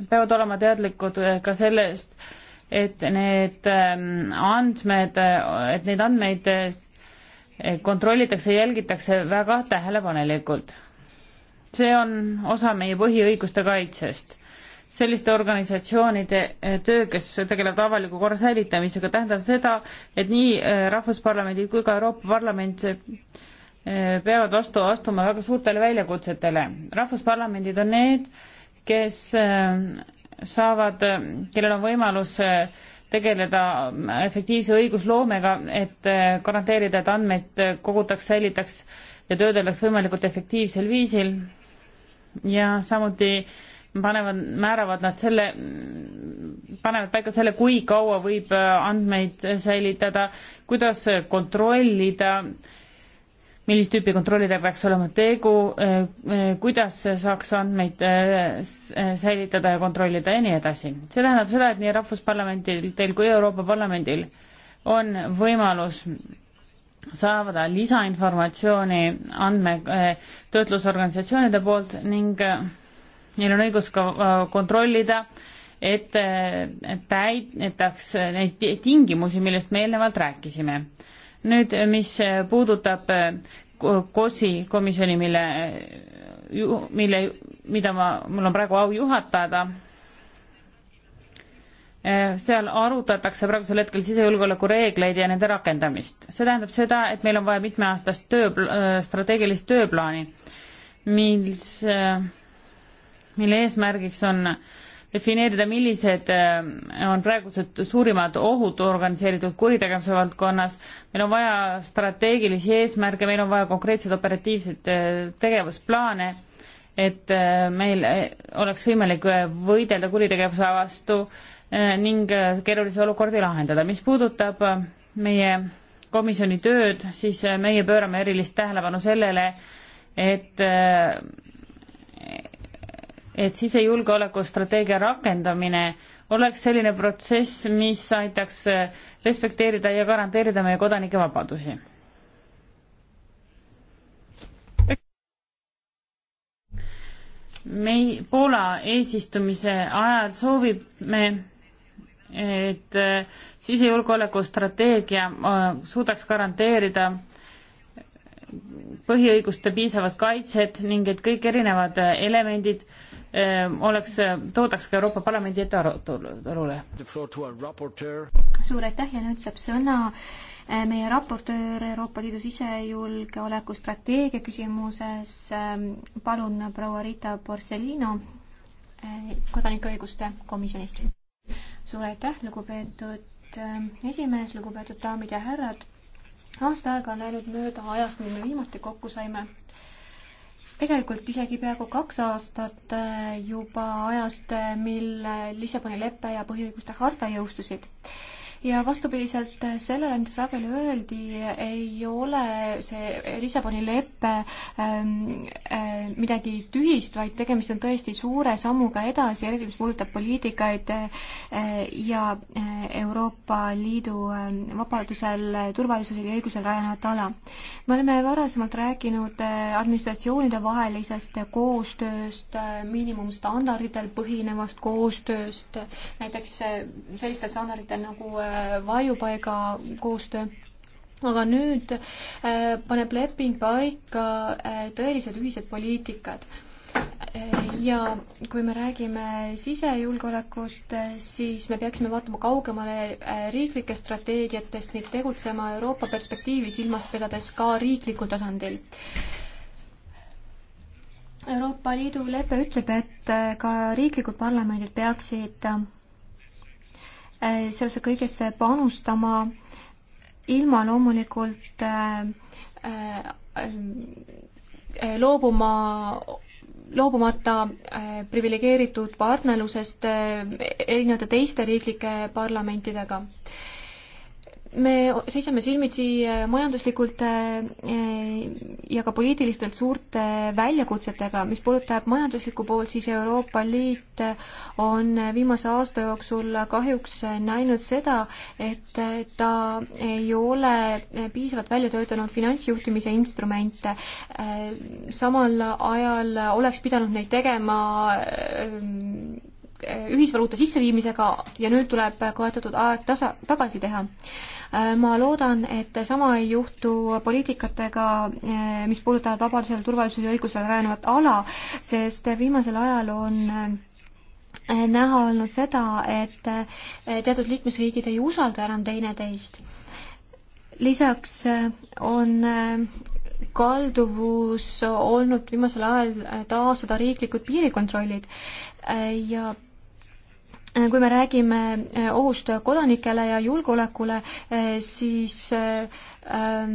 peavad olema teadlikud ka sellest, et need ähm, andmed, et neid andmeid kontrollitakse, jälgitakse väga tähelepanelikult. see on osa meie põhiõiguste kaitsest selliste organisatsioonide eh, töö, kes tegelevad avaliku korra säilitamisega, tähendab seda, et nii eh, Rahvusparlamendid kui ka Euroopa Parlament eh, peavad vastu astuma väga suurtele väljakutsetele. rahvusparlamendid on need, kes saavad, kellel on võimalus tegeleda efektiivse õigusloomega, et garanteerida, et andmeid kogutaks, säilitaks ja töödeldaks võimalikult efektiivsel viisil ja samuti äh, panevad, määravad nad selle, panevad paika selle, kui kaua võib äh, andmeid säilitada, kuidas kontrollida, millist tüüpi kontrollida peaks olema tegu, äh, äh, kuidas saaks andmeid säilitada ja kontrollida ja nii edasi. see tähendab seda, et nii Rahvusparlamendil teil kui Euroopa Parlamendil on võimalus saada lisainformatsiooni andmetöötlusorganisatsioonide poolt ning neil on õigus ka äh, kontrollida, et äh, täidetaks neid tingimusi, millest me eelnevalt rääkisime. nüüd, mis äh, puudutab KOS-i komisjoni, mille, mille, mida ma, mul on praegu au juhatada, seal arutatakse praegusel hetkel sisejulgeoleku reegleid ja nende rakendamist. see tähendab seda, et meil on vaja mitmeaastast töö, strateegilist tööplaani, mis äh, mille eesmärgiks on defineerida, millised äh, on praegused suurimad ohud organiseeritud kuritegevuse valdkonnas. meil on vaja strateegilisi eesmärke, meil on vaja konkreetseid operatiivseid äh, tegevusplaane, et äh, meil oleks võimalik võidelda kuritegevuse vastu ning keerulisi olukordi lahendada. mis puudutab meie komisjoni tööd, siis meie pöörame erilist tähelepanu sellele, et et sisejulgeolekustrateegia rakendamine oleks selline protsess, mis aitaks respekteerida ja garanteerida meie kodanike vabadusi. mei-, Poola eesistumise ajal soovime, et äh, sisejulgeolekustrateegia äh, suudaks garanteerida põhiõiguste piisavat kaitset ning et kõik erinevad äh, elemendid äh, Ehm, oleks, eh, toodaks ka Euroopa Parlamendi ette arutelule. suur aitäh ja nüüd saab sõna eh, meie raportöör Euroopa Liidu sisejulgeoleku strateegia küsimuses, ehm, palun proua Rita Borsellino eh, kodanikuõiguste komisjonist. suur aitäh, lugupeetud esimees, lugupeetud daamid ja härrad. aasta aega on läinud mööda ajast, mil me viimati kokku saime tegelikult isegi peaaegu kaks aastat äh, juba ajast, äh, mil Lissaboni lepe ja põhiõiguste harta jõustusid ja vastupidiselt sellele, mida sageli öeldi, ei ole see Lissaboni lepe ähm, äh, midagi tühist, vaid tegemist on tõesti suure sammuga edasi, eriti mis puudutab poliitikaid äh, ja äh, Euroopa Liidu äh, vabadusel, turvalisusel ja õigusel rajanevat ala. me oleme varasemalt rääkinud äh, administratsioonide vahelisest koostööst äh,, miinimumstandarditel põhinevast koostööst, näiteks äh, sellistel standarditel nagu äh, varjupaiga koostöö aga nüüd äh, paneb leping paika äh, tõelised ühised poliitikad. Äh, ja kui me räägime sisejulgeolekust, siis me peaksime vaatama kaugemale riiklikest strateegiatest ning tegutsema Euroopa perspektiivi silmas pidades ka riiklikul tasandil Euroopa Liidu lepe ütleb, et ka riiklikud parlamendid peaksid Äh, sellesse kõigesse panustama, ilma loomulikult äh, äh, loobuma loobumata priviligeeritud partnerlusest erinevate teiste riiklike parlamentidega me seisame silmitsi äh, majanduslikult äh, äh, ja ka poliitilistelt suurte väljakutsetega. mis puudutab majanduslikku poolt, siis Euroopa Liit on viimase aasta jooksul kahjuks näinud seda, et ta ei ole piisavalt välja töötanud finantsjuhtimise instrumente. samal ajal oleks pidanud neid tegema Eh, ühisvaluuta sisseviimisega ja nüüd tuleb koetatud aeg tasa, tagasi teha. Eh, ma loodan, et sama ei juhtu poliitikatega, eh, mis puudutavad vabadusel, turvalisusel ja õigusel rajanevat ala, sest viimasel ajal on näha olnud seda, et teatud liikmesriigid ei usalda enam teineteist lisaks on kalduvus olnud viimasel ajal taastada riiklikud piirikontrollid ja kui me räägime äh, ohust kodanikele ja julgeolekule, äh, siis ähm,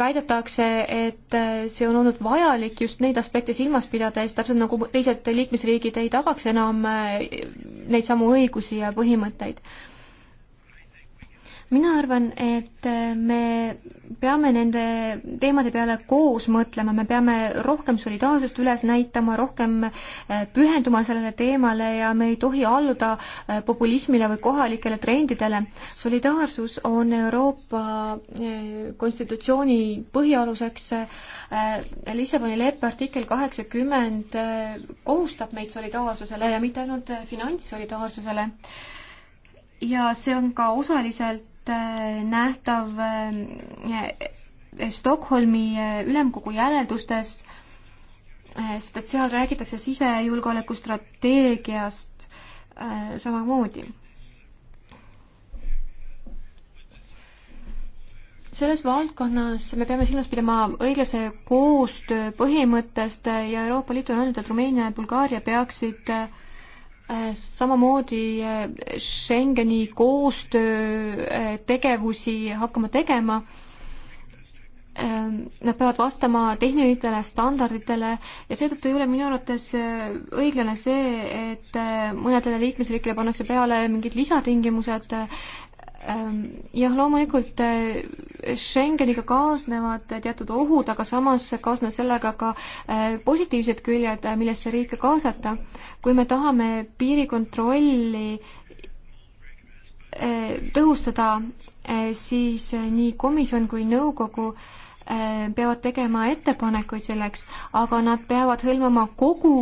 väidetakse, et äh, see on olnud vajalik just neid aspekte silmas pidades, täpselt nagu teised liikmesriigid ei tagaks enam neid samu õigusi ja põhimõtteid mina arvan, et äh, me peame nende teemade peale koos mõtlema, me peame rohkem solidaarsust üles näitama, rohkem äh, pühenduma sellele teemale ja me ei tohi alluda äh, populismile või kohalikele trendidele. solidaarsus on Euroopa konstitutsiooni põhialuseks. Lissaboni leppe artikkel kaheksakümmend kohustab meid solidaarsusele ja mitte ainult finantssolidaarsusele ja see on ka osaliselt Äh, nähtav äh, äh, Stockholmi ülemkogu järeldustes, sest et seal räägitakse sisejulgeoleku strateegiast samamoodi. selles valdkonnas me peame silmas pidama õiglase koostöö põhimõttest ja Euroopa Liit on öelnud, et Rumeenia ja Bulgaaria peaksid äh, Äh, samamoodi äh, Schengeni koostöötegevusi äh, hakkama tegema. Nad peavad vastama tehnilistele standarditele ja seetõttu ei ole minu arvates õiglane see, et mõnedele liikmesriikidele pannakse peale mingid lisatingimused, Ähm, jah, loomulikult äh, Schengeniga kaasnevad teatud ohud, aga samas kaasnevad sellega ka äh, positiivsed küljed, äh, millesse riike kaasata. kui me tahame piirikontrolli tõhustada, siis nii komisjon kui nõukogu peavad tegema ettepanekuid selleks, aga nad peavad hõlmama kogu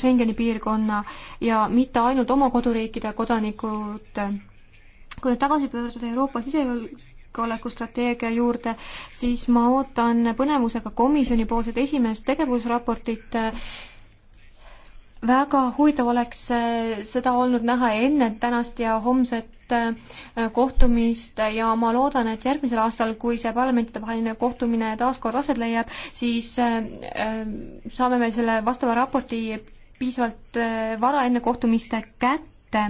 Schengeni piirkonna ja mitte ainult oma koduriikide kodanikud kui nüüd tagasi pöörduda Euroopa sisejulgeolekustrateegia juurde, siis ma ootan põnevusega komisjonipoolset esimest tegevusraportit. väga huvitav oleks äh, seda olnud näha enne tänast ja homset äh, kohtumist ja ma loodan, et järgmisel aastal, kui see parlamentidevaheline kohtumine taas kord aset leiab, siis äh, saame me selle vastava raporti piisavalt vara enne kohtumiste kätte ette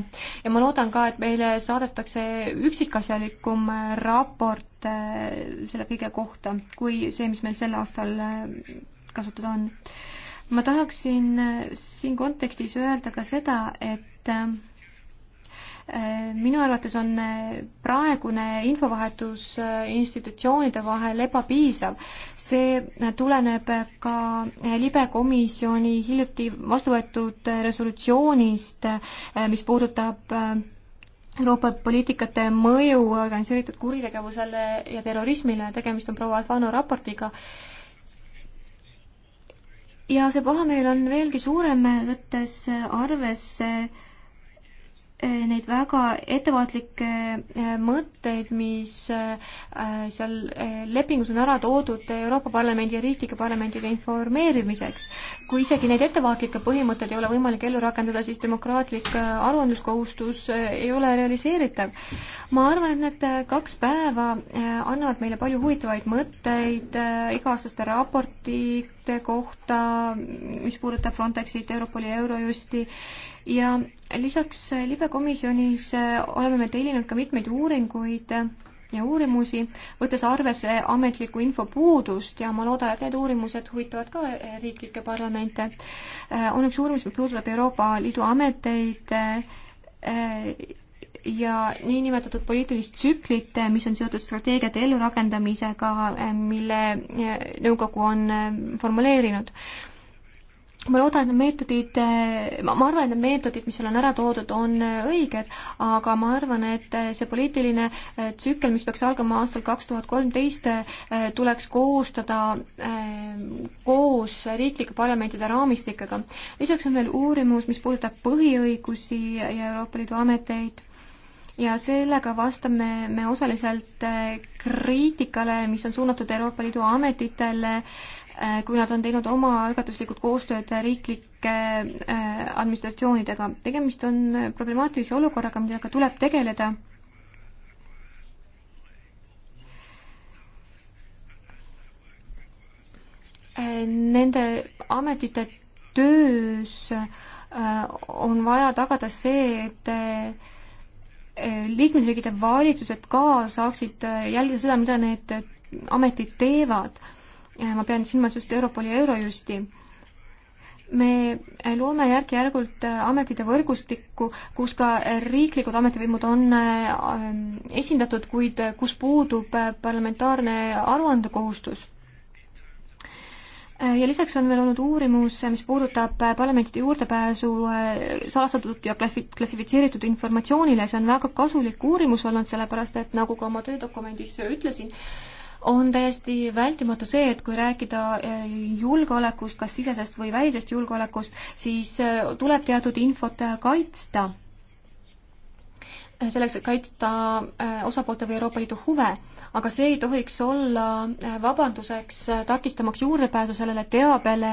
ja ma loodan ka, et meile saadetakse üksikasjalikum raport äh, selle kõige kohta, kui see, mis meil sel aastal äh, kasutada on. ma tahaksin äh, siin kontekstis öelda ka seda, et Äh, minu arvates on äh, praegune infovahetus äh, institutsioonide vahel ebapiisav. see tuleneb ka libekomisjoni hiljuti vastu võetud resolutsioonist, mis puudutab Euroopa poliitikate mõju organiseeritud kuritegevusele ja terrorismile, tegemist on proua Alfano raportiga, ja see pahameel on veelgi suurem, võttes arvesse äh, Äh, neid väga ettevaatlikke äh, mõtteid, mis äh, seal lepingus on ära toodud Euroopa Parlamendi ja riiklike parlamendide informeerimiseks. kui isegi neid ettevaatlikke põhimõtteid ei ole võimalik ellu rakendada, siis demokraatlik aruandluskohustus ei ole realiseeritav. ma arvan, et need kaks päeva annavad meile palju huvitavaid mõtteid iga-aastaste raportite kohta, mis puudutab Frontexit, Europoli, Eurojusti ja lisaks äh, libekomisjonis äh, oleme me tellinud ka mitmeid uuringuid äh, ja uurimusi, võttes arvesse ametlikku info puudust ja ma loodan, et need uurimused huvitavad ka riiklikke parlamente. on üks uurimus, mis puudutab Euroopa Liidu ameteid ja niinimetatud poliitilist tsüklit, mis on seotud strateegiate ellurakendamisega, mille nõukogu on formuleerinud ma loodan, et meetodid, ma arvan, et need meetodid, mis seal on ära toodud, on õiged, aga ma arvan, et see poliitiline äh, tsükkel, mis peaks algama aastal kaks tuhat kolmteist, äh, tuleks koostada äh, koos riiklike parlamentide raamistikega. lisaks on veel uurimus, mis puudutab põhiõigusi ja Euroopa Liidu ameteid ja sellega vastame me osaliselt kriitikale, mis on suunatud Euroopa Liidu ametitele äh, Äh, kui nad on teinud omaalgatuslikult koostööd riiklike äh, administratsioonidega. tegemist on problemaatilise olukorraga, millega tuleb tegeleda. Äh, nende ametite töös on vaja tagada see, et liikmesriikide valitsused ka saaksid jälgida seda, mida need ametid teevad ma pean silmas just Europoli ja Eurojusti, me loome järk-järgult äh, ametite võrgustikku, kus ka riiklikud ametivõimud on äh, esindatud, kuid äh, kus puudub parlamentaarne aruandekohustus ja lisaks on meil olnud uurimus, mis puudutab parlamentide juurdepääsu salastatud ja klassifitseeritud informatsioonile, see on väga kasulik uurimus olnud, sellepärast et nagu ka oma töödokumendis ütlesin, on täiesti vältimatu see, et kui rääkida eh, julgeolekust, kas sisesest või välisest julgeolekust, siis eh, tuleb teatud infot eh, kaitsta. selleks, et kaitsta osapoolte või Euroopa Liidu huve, aga see ei tohiks olla vabanduseks takistamaks juurdepääsu sellele teabele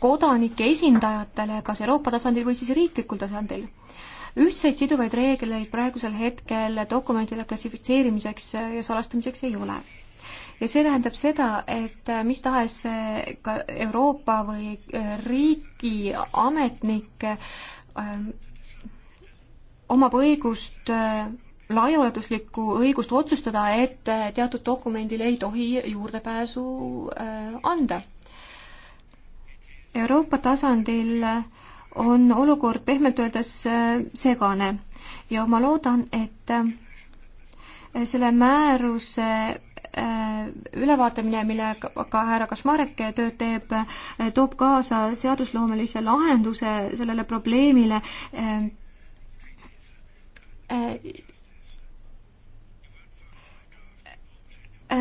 kodanike esindajatele, kas Euroopa tasandil või siis riiklikul tasandil ühtseid siduvaid reegleid praegusel hetkel dokumentide klassifitseerimiseks ja salastamiseks ei ole ja see tähendab seda, et mis tahes ka Euroopa või äh, riigi ametnik ähm, omab õigust, äh, laiaulatuslikku õigust otsustada, et äh, teatud dokumendile ei tohi juurdepääsu anda. Euroopa tasandil äh, on olukord pehmelt öeldes äh, segane ja ma loodan, et äh, selle määruse äh, ülevaatamine, millega ka härra Kašmarek tööd teeb, toob kaasa seadusloomelise lahenduse sellele probleemile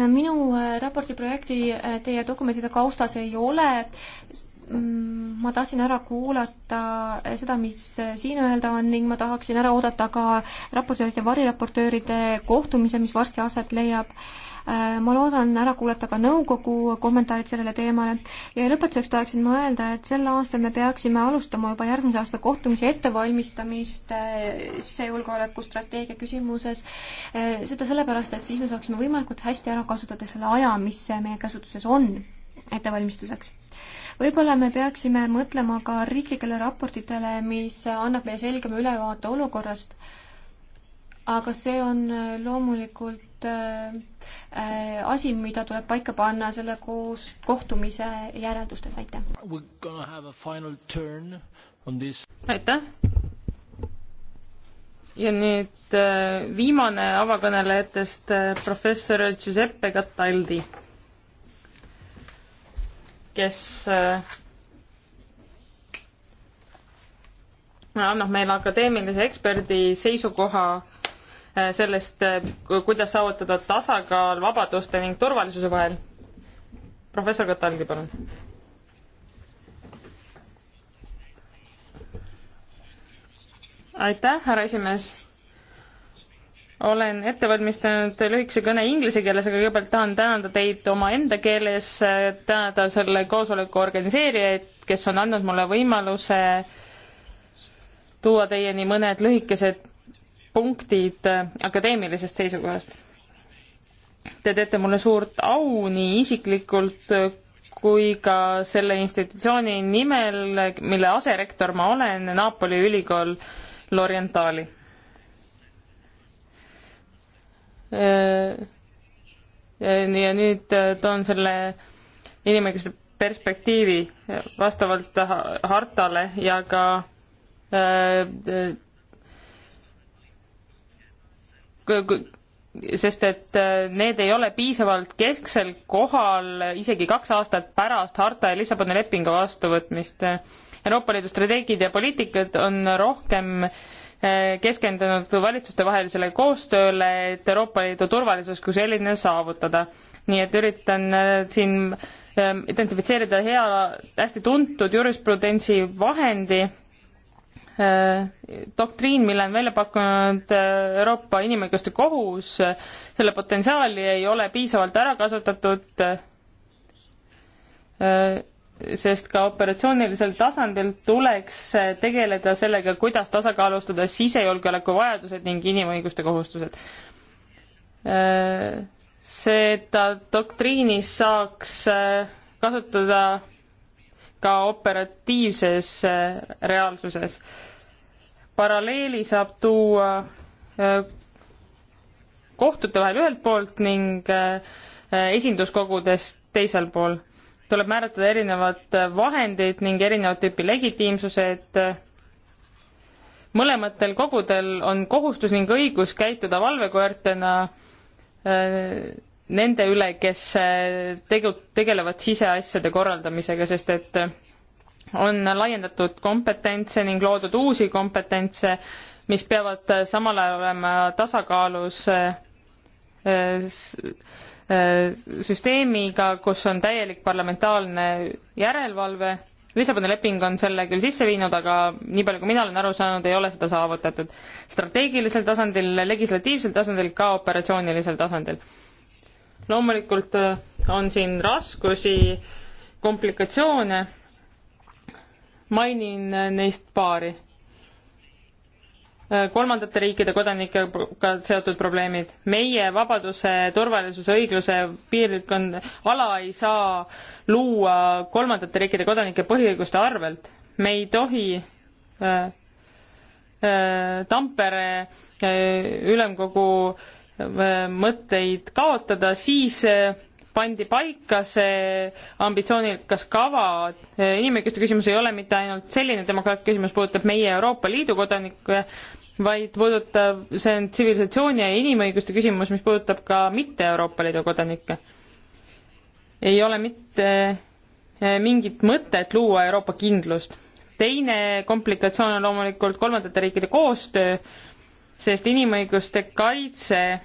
minu raporti projekti teie dokumentide kaustas ei ole, Mm, ma tahtsin ära kuulata seda, mis siin öelda on ning ma tahaksin ära oodata ka raportööride, variraportööride kohtumise, mis varsti aset leiab. Äh, ma loodan ära kuulata ka nõukogu kommentaarid sellele teemale ja lõpetuseks tahaksin ma öelda, et sel aastal me peaksime alustama juba järgmise aasta kohtumise ettevalmistamist äh, sisejulgeolekustrateegia küsimuses. Äh, seda sellepärast, et siis me saaksime võimalikult hästi ära kasutada selle aja, mis meie käsutuses on ettevalmistuseks. võib-olla me peaksime mõtlema ka riiklikele raportitele, mis annab meile selgema ülevaate olukorrast, aga see on äh, loomulikult äh, äh, asi, mida tuleb paika panna selle koos kohtumise järeldustes, aitäh. aitäh. ja nüüd äh, viimane avakõnelejatest äh, professor Giuseppe Cataldi kes äh, annab meile akadeemilise eksperdi seisukoha äh, sellest, äh, kuidas saavutada tasakaal vabaduste ning turvalisuse vahel. professor Katalgi, palun. aitäh, härra esimees olen ette valmistanud lühikese kõne inglise keeles, aga kõigepealt tahan tänada teid omaenda keeles, tänada selle koosoleku organiseerijaid, kes on andnud mulle võimaluse tuua teieni mõned lühikesed punktid akadeemilisest seisukohast. Te teete mulle suurt au nii isiklikult kui ka selle institutsiooni nimel, mille aserektor ma olen, Napoli ülikool L'Orientali Äh, äh, ja nüüd äh, toon selle inimõiguste perspektiivi vastavalt hartale ja ka sest et need ei ole piisavalt kesksel kohal isegi kaks aastat pärast harta ja Lissaboni lepingu vastuvõtmist. Euroopa Liidu strateegid ja poliitikad on rohkem äh, Eh, keskendunud valitsustevahelisele koostööle, et Euroopa Liidu turvalisus kui selline saavutada. nii et üritan eh, siin eh, identifitseerida hea, hästi tuntud jurisprudentsi vahendi, doktriin, mille on välja pakkunud Euroopa Inimõiguste Kohus, selle potentsiaali ei ole piisavalt ära kasutatud sest ka operatsioonilisel tasandil tuleks tegeleda sellega, kuidas tasakaalustada sisejulgeoleku vajadused ning inimõiguste kohustused. seda doktriinis saaks kasutada ka operatiivses reaalsuses. paralleeli saab tuua kohtute vahel ühelt poolt ning esinduskogudest teisel pool tuleb määratleda erinevad vahendid ning erinevat tüüpi legitiimsused. mõlematel kogudel on kohustus ning õigus käituda valvekoertena eh, nende üle, kes eh, tegu-, tegelevad siseasjade korraldamisega, sest et on laiendatud kompetentse ning loodud uusi kompetentse, mis peavad samal ajal olema tasakaalus eh, Äh, süsteemiga, kus on täielik parlamentaarne järelevalve. Lissaboni leping on selle küll sisse viinud, aga nii palju, kui mina olen aru saanud, ei ole seda saavutatud. strateegilisel tasandil, legislatiivsel tasandil, ka operatsioonilisel tasandil. loomulikult äh, on siin raskusi, komplikatsioone, mainin äh, neist paari Äh, kolmandate riikide kodanikega seotud probleemid. meie vabaduse, turvalisuse, õigluse piirkond, ala ei saa luua kolmandate riikide kodanike põhiõiguste arvelt. me ei tohi äh, äh, Tampere äh, ülemkogu äh, mõtteid kaotada, siis äh, pandi paika see ambitsioonikas kava. inimõiguste küsimus ei ole mitte ainult selline demokraatia küsimus, puudutab meie Euroopa Liidu kodanikke, vaid puudutab, see on tsivilisatsiooni ja inimõiguste küsimus, mis puudutab ka mitte Euroopa Liidu kodanikke. ei ole mitte eh, mingit mõtet luua Euroopa kindlust. teine komplikatsioon on loomulikult kolmandate riikide koostöö, sest inimõiguste kaitse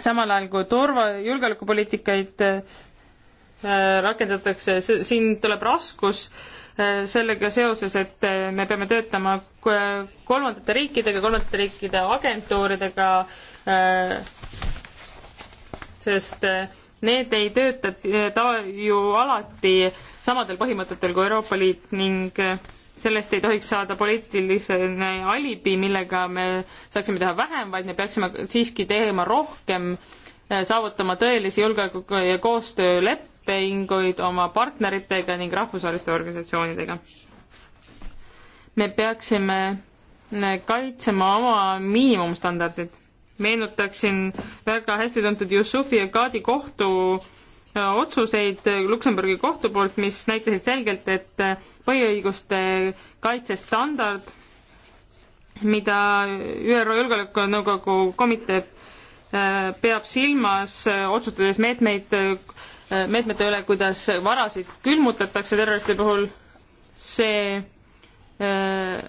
samal ajal kui turva, julgeolekupoliitikaid eh, rakendatakse, siin tuleb raskus äh, Äh, sellega seoses, et äh, me peame töötama äh, kolmandate riikidega, kolmandate riikide agentuuridega, sest need ei tööta ta ju alati samadel põhimõtetel kui Euroopa Liit ning sellest ei tohiks saada poliitiline alibi, millega me saaksime teha vähem, vaid me peaksime siiski tegema rohkem, saavutama tõelisi julgeoleku- ja koostööleppe, lepinguid oma partneritega ning rahvusvaheliste organisatsioonidega. me peaksime kaitsema oma miinimumstandardid. meenutaksin väga hästi tuntud Yussufi ja Gaadi kohtu äh, otsuseid Luksemburgi kohtu poolt, mis näitasid selgelt, et äh, põhiõiguste kaitsestandard, mida ÜRO Julgeolekunõukogu komitee äh, peab silmas, otsustades meetmeid meetmete üle, kuidas varasid külmutatakse terroristide puhul, see äh,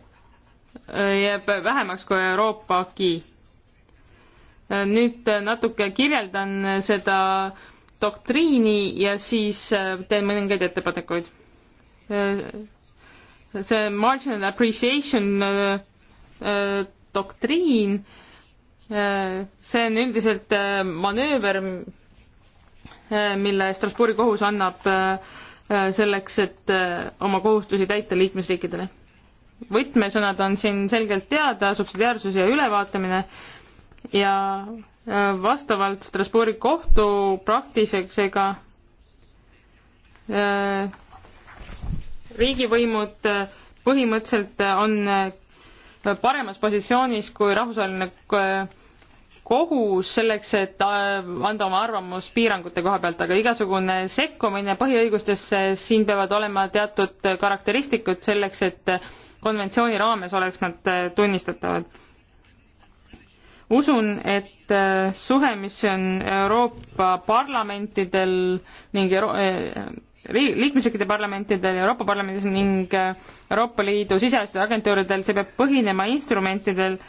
jääb vähemaks kui Euroopa aki. Äh, nüüd natuke kirjeldan seda doktriini ja siis äh, teen mõningaid ettepanekuid. see marginal appreciation doktriin, see on üldiselt manööver, Eh, mille Strasbourgi kohus annab eh, eh, selleks, et oma kohustusi täita liikmesriikidele. võtmesõnad on siin selgelt teada, subsidiaarsus ja ülevaatamine ja vastavalt Strasbourgi kohtu praktisega riigivõimud põhimõtteliselt on paremas positsioonis kui rahvusvaheline kohus selleks, et äh, anda oma arvamus piirangute koha pealt, aga igasugune sekkumine põhiõigustesse, siin peavad olema teatud karakteristikud selleks, et konventsiooni raames oleks nad äh, tunnistatavad. usun, et äh, suhe, mis on Euroopa parlamentidel ning Euro liikmesriikide parlamentidel, Euroopa Parlamendis ning Euroopa Liidu siseasjade agentuuridel, see peab põhinema instrumentidel,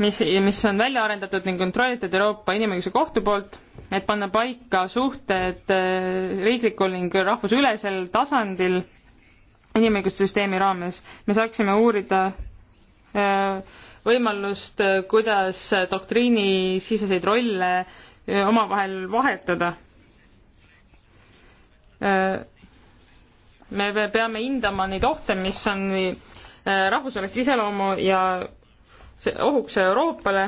mis, mis on välja arendatud ning kontrollitud Euroopa Inimõiguse Kohtu poolt, et panna paika suhted äh, riiklikul ning rahvusülesel tasandil inimõiguste süsteemi raames. me saaksime uurida äh, võimalust, äh, kuidas doktriinisiseseid rolle omavahel vahetada. me peame hindama neid ohte, mis on rahvusvahelist iseloomu ja ohuks Euroopale,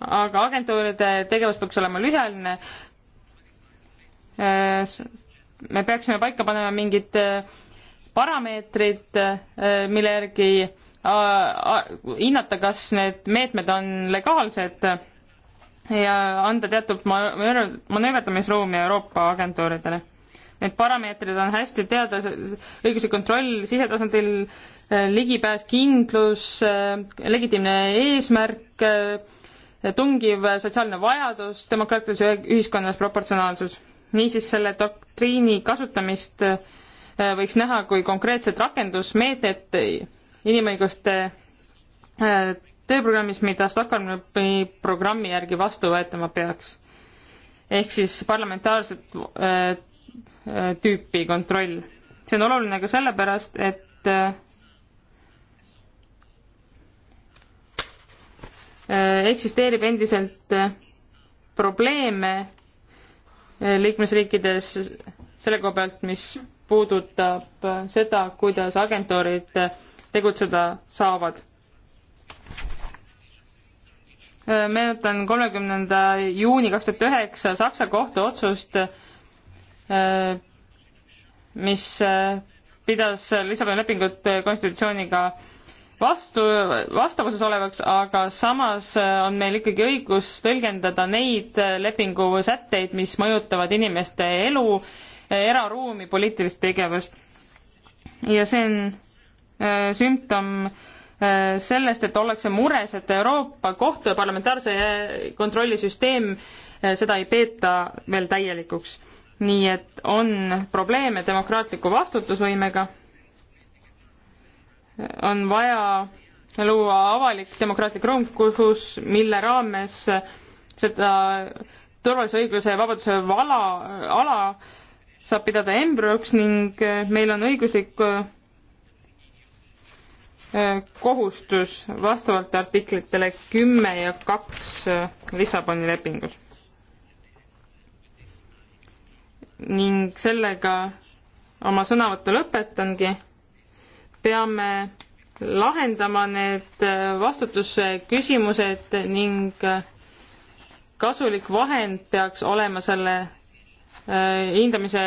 aga agentuuride tegevus peaks olema lühiajaline. Äh, me peaksime paika panema mingid äh, parameetrid, äh, mille järgi hinnata, kas need meetmed on legaalsed ja anda teatud manööverdamisruumi Euroopa agentuuridele. Need parameetrid on hästi teada, õiguslik kontroll sisetasandil, ligipääs, kindlus, legitiimne eesmärk, tungiv sotsiaalne vajadus, demokraatilises ühiskonnas proportsionaalsus. niisiis selle doktriini kasutamist äh, võiks näha kui konkreetset rakendusmeedet inimõiguste äh, tööprogrammis, mida Stockholmi programmi järgi vastu võetama peaks. ehk siis parlamentaarset äh, tüüpi kontroll. see on oluline ka sellepärast, et Äh, eksisteerib endiselt äh, probleeme äh, liikmesriikides selle koha pealt, mis puudutab seda, kuidas agentuurid tegutseda saavad. meenutan kolmekümnenda juuni kaks tuhat üheksa Saksa kohtu otsust, mis pidas Lissaboni lepingut konstitutsiooniga vastu, vastavuses olevaks, aga samas äh, on meil ikkagi õigus tõlgendada neid äh, lepingu sätteid, mis mõjutavad inimeste elu, äh, eraruumi, poliitilist tegevust. ja see on äh, sümptom äh, sellest, et ollakse mures, et Euroopa Kohtu ja parlamentaarse kontrollisüsteem äh, seda ei peeta veel täielikuks. nii et on probleeme demokraatliku vastutusvõimega on vaja luua avalik demokraatlik ruum, kus, mille raames seda turvalisuse, õigluse ja vabaduse vala, ala saab pidada embrüoks ning meil on õiguslik äh, kohustus vastavalt artiklitele kümme ja kaks äh, Lissaboni lepingus. ning sellega oma sõnavõttu lõpetangi peame lahendama need äh, vastutusküsimused ning äh, kasulik vahend peaks olema selle äh, hindamise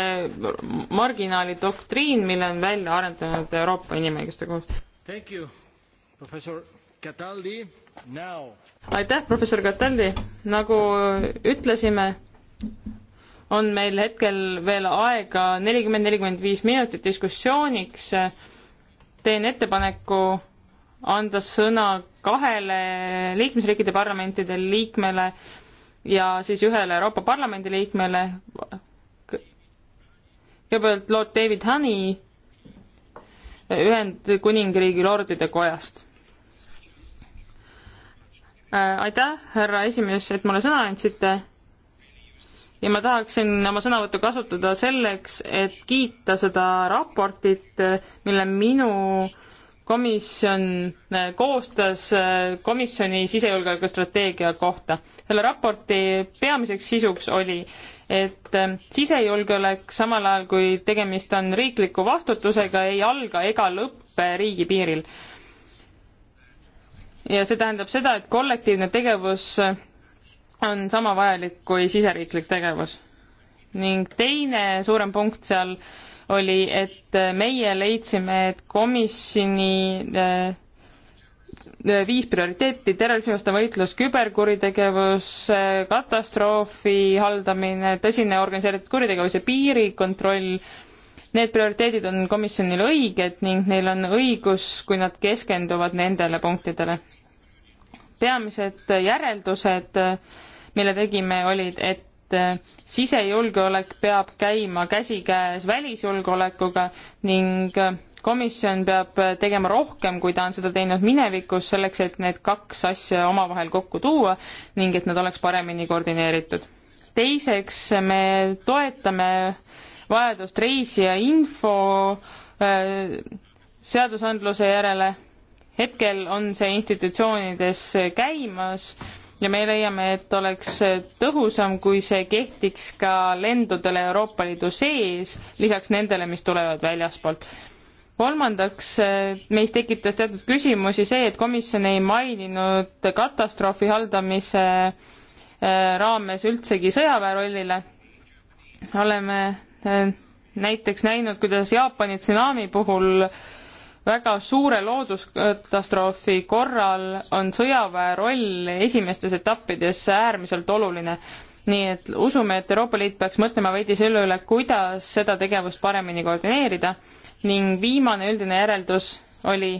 marginaali doktriin, mille on välja arendanud Euroopa Inimõiguste Kohus. aitäh, professor Cataldi, nagu ütlesime, on meil hetkel veel aega nelikümmend, nelikümmend viis minutit diskussiooniks teen ettepaneku anda sõna kahele liikmesriikide parlamentide liikmele ja siis ühele Euroopa Parlamendi liikmele. kõigepealt Lord David Honey Ühendkuningriigi Lordide Kojast. Äh, aitäh, härra esimees, et mulle sõna andsite ja ma tahaksin oma sõnavõttu kasutada selleks, et kiita seda raportit, mille minu komisjon äh, koostas äh, komisjoni sisejulgeoleku strateegia kohta. selle raporti peamiseks sisuks oli, et äh, sisejulgeolek, samal ajal kui tegemist on riikliku vastutusega, ei alga ega lõppe riigipiiril. ja see tähendab seda, et kollektiivne tegevus on sama vajalik kui siseriiklik tegevus. ning teine suurem punkt seal oli, et meie leidsime, et komisjoni äh, viis prioriteeti, terrorismivaste võitlus, küberkuritegevus, äh, katastroofi haldamine, tõsine organiseeritud kuritegevus ja piirikontroll, need prioriteedid on komisjonil õiged ning neil on õigus, kui nad keskenduvad nendele punktidele. peamised järeldused äh, mille tegime, olid, et äh, sisejulgeolek peab käima käsikäes välisjulgeolekuga ning äh, komisjon peab äh, tegema rohkem, kui ta on seda teinud minevikus, selleks et need kaks asja omavahel kokku tuua ning et nad oleks paremini koordineeritud. teiseks, me toetame vajadust reisija info seadusandluse järele. hetkel on see institutsioonides käimas ja me leiame, et oleks tõhusam, kui see kehtiks ka lendudele Euroopa Liidu sees, lisaks nendele, mis tulevad väljaspoolt. kolmandaks, meis tekitas teatud küsimusi see, et komisjon ei maininud katastroofi haldamise äh, raames üldsegi sõjaväe rollile. oleme äh, näiteks näinud, kuidas Jaapani tsunami puhul äh, väga suure looduskatastroofi korral on sõjaväe roll esimestes etappides äärmiselt oluline. nii et usume, et Euroopa Liit peaks mõtlema veidi selle üle, kuidas seda tegevust paremini koordineerida ning viimane üldine järeldus oli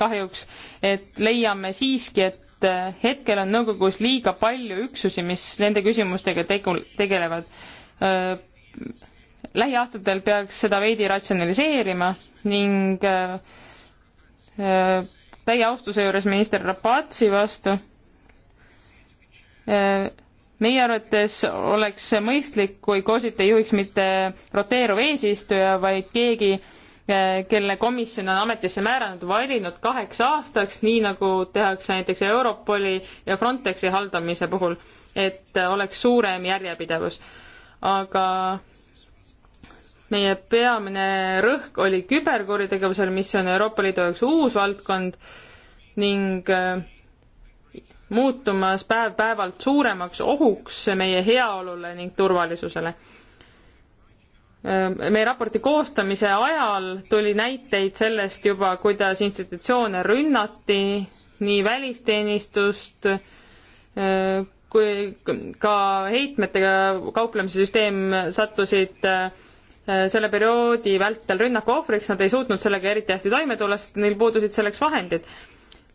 kahjuks, et leiame siiski, et hetkel on nõukogus liiga palju üksusi, mis nende küsimustega tegu, tegelevad lähiaastatel peaks seda veidi ratsionaliseerima ning äh, äh, täie austuse juures minister Rapatsi vastu. Äh, meie arvates oleks mõistlik, kui COSIT ei juhiks mitte roteeruv eesistuja, vaid keegi, kelle komisjon on ametisse määranud, valinud kaheks aastaks, nii nagu tehakse näiteks Europoli ja Frontexi haldamise puhul, et oleks suurem järjepidevus. aga meie peamine rõhk oli küberkuritegevusel, mis on Euroopa Liidu jaoks uus valdkond ning äh, muutumas päev-päevalt suuremaks ohuks meie heaolule ning turvalisusele. Äh, meie raporti koostamise ajal tuli näiteid sellest juba, kuidas institutsioone rünnati, nii välisteenistust äh, kui ka heitmetega kauplemise süsteem sattusid äh, Äh, selle perioodi vältel rünnaku ohvriks, nad ei suutnud sellega eriti hästi toime tulla, sest neil puudusid selleks vahendid.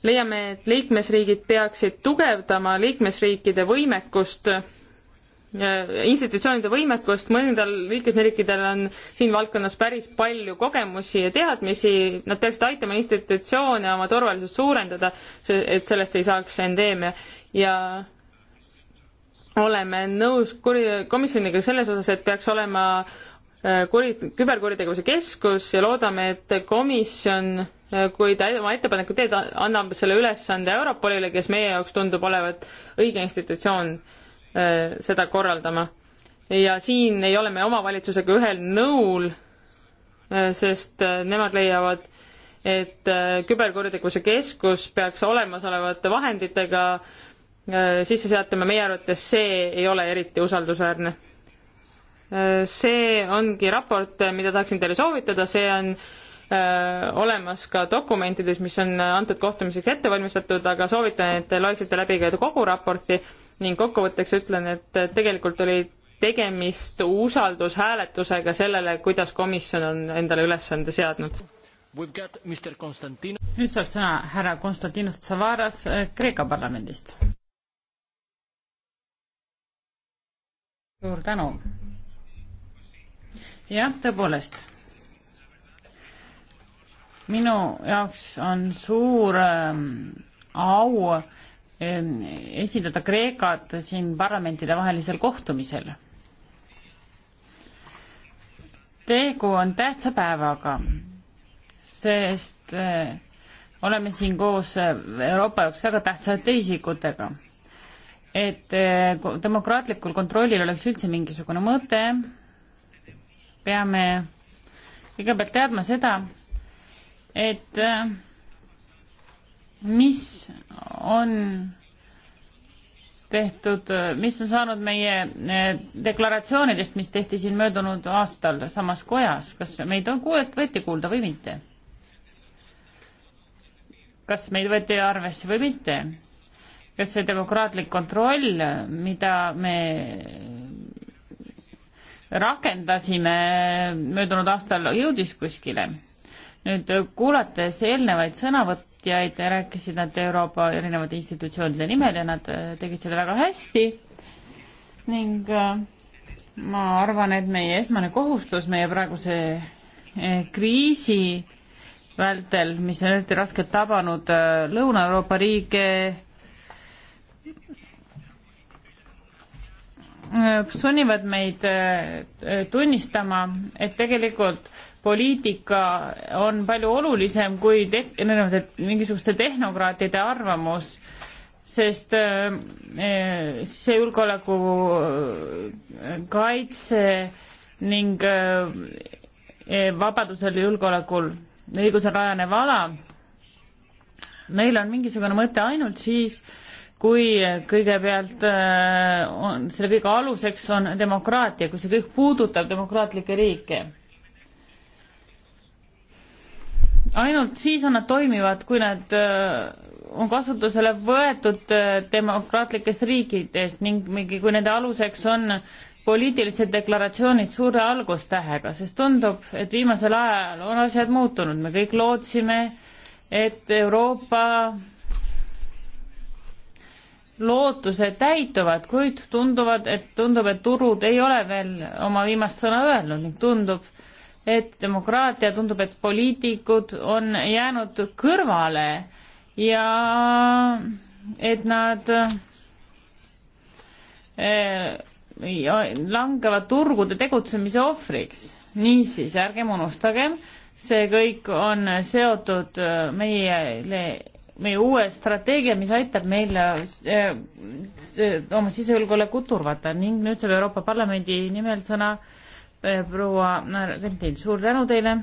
leiame, et liikmesriigid peaksid tugevdama liikmesriikide võimekust äh, institutsioonide võimekust, mõnedel liikmesriikidel on siin valdkonnas päris palju kogemusi ja teadmisi, nad peaksid aitama institutsioone oma turvalisust suurendada, et sellest ei saaks endeemia ja oleme nõus komisjoniga selles osas, et peaks olema kuri-, küberkuritegevuse keskus ja loodame, et komisjon, äh, kui ta oma ettepaneku teeb, annab selle ülesande Europolile, kes meie jaoks tundub olevat õige institutsioon äh, seda korraldama. ja siin ei ole me omavalitsusega ühel nõul, äh, sest nemad leiavad, et küberkuritegevuse keskus peaks olemasolevate vahenditega sisse seadma, meie arvates see ei ole eriti usaldusväärne see ongi raport, mida tahaksin teile soovitada, see on öö, äh, olemas ka dokumentides, mis on antud kohtumiseks ette valmistatud, aga soovitan, et te loeksite läbi ka kogu raporti ning kokkuvõtteks ütlen, et tegelikult oli tegemist usaldushääletusega sellele, kuidas komisjon on endale ülesande seadnud. nüüd saab sõna härra Konstantinos Tsavaras äh, Kreeka parlamendist. suur tänu jah, tõepoolest. minu jaoks on suur ähm, au ähm, esindada Kreekat siin parlamentidevahelisel kohtumisel. tegu on tähtsa päevaga, sest äh, oleme siin koos äh, Euroopa jaoks väga tähtsate isikutega. et äh, demokraatlikul kontrollil oleks üldse mingisugune mõte peame kõigepealt teadma seda, et äh, mis on tehtud, mis on saanud meie äh, deklaratsioonidest, mis tehti siin möödunud aastal samas kojas, kas meid on kuulet-, võeti kuulda või mitte? kas meid võeti arvesse või mitte? kas see demokraatlik kontroll, mida me rakendasime möödunud aastal, jõudis kuskile. nüüd äh, kuulates eelnevaid sõnavõtjaid, rääkisid nad Euroopa erinevate institutsioonide nimel ja nad äh, tegid seda väga hästi ning äh, ma arvan, et meie esmane kohustus meie praeguse kriisi vältel, mis on eriti raskelt tabanud Lõuna-Euroopa riike, Äh, sunnivad meid äh, tunnistama, et tegelikult poliitika on palju olulisem kui te erinevate mingisuguste tehnokraatide arvamus, sest äh, see julgeoleku kaitse ning vabadusel ja julgeolekul õigusel rajanev ala, neil on mingisugune mõte ainult siis, kui kõigepealt äh, on, selle kõige aluseks on demokraatia, kui see kõik puudutab demokraatlikke riike. ainult siis on nad toimivad, kui nad äh, on kasutusele võetud äh, demokraatlikes riikides ning mingi, kui nende aluseks on poliitilised deklaratsioonid suure algustähega, sest tundub, et viimasel ajal on asjad muutunud, me kõik lootsime, et Euroopa lootused täituvad, kuid tunduvad, et tundub, et turud ei ole veel oma viimast sõna öelnud ning tundub, et demokraatia, tundub, et poliitikud on jäänud kõrvale ja et nad eh, langevad turgude tegutsemise ohvriks. niisiis, ärgem unustagem, see kõik on seotud eh, meile meie uue strateegia, mis aitab meil äh, äh, oma sisejulgeoleku turvata ning nüüd saab Euroopa Parlamendi nimel sõna äh, proua Argentiin, suur tänu teile.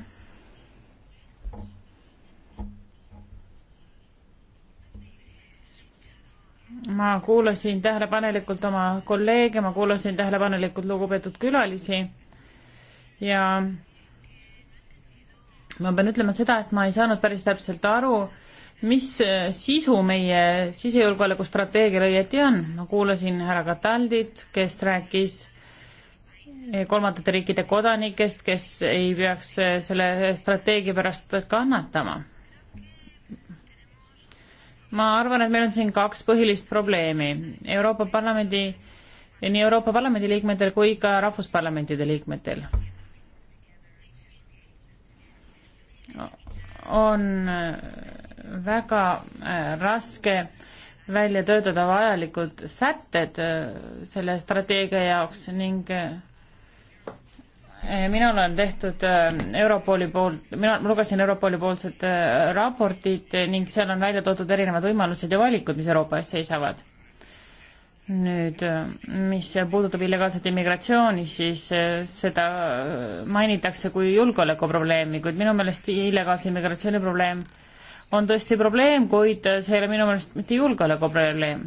ma kuulasin tähelepanelikult oma kolleege, ma kuulasin tähelepanelikult lugupeetud külalisi ja ma pean ütlema seda, et ma ei saanud päris täpselt aru, mis sisu meie sisejulgeolekustrateegial õieti on? ma kuulasin härra Kataldit, kes rääkis kolmandate riikide kodanikest, kes ei peaks selle strateegia pärast kannatama. ma arvan, et meil on siin kaks põhilist probleemi. Euroopa Parlamendi, nii Euroopa Parlamendi liikmetel kui ka rahvusparlamentide liikmetel on väga äh, raske välja töötada vajalikud sätted äh, selle strateegia jaoks ning äh, minul on tehtud Europoli poolt, mina lugesin Europoli poolset raportit ning seal on välja toodud erinevad võimalused ja valikud, mis Euroopa ees seisavad. nüüd, mis puudutab illegaalset immigratsiooni, siis seda mainitakse kui julgeolekuprobleemi, kuid minu meelest illegaalse immigratsiooni probleem äh, on tõesti probleem, kuid see ei ole minu meelest mitte julgeolekuprobleem.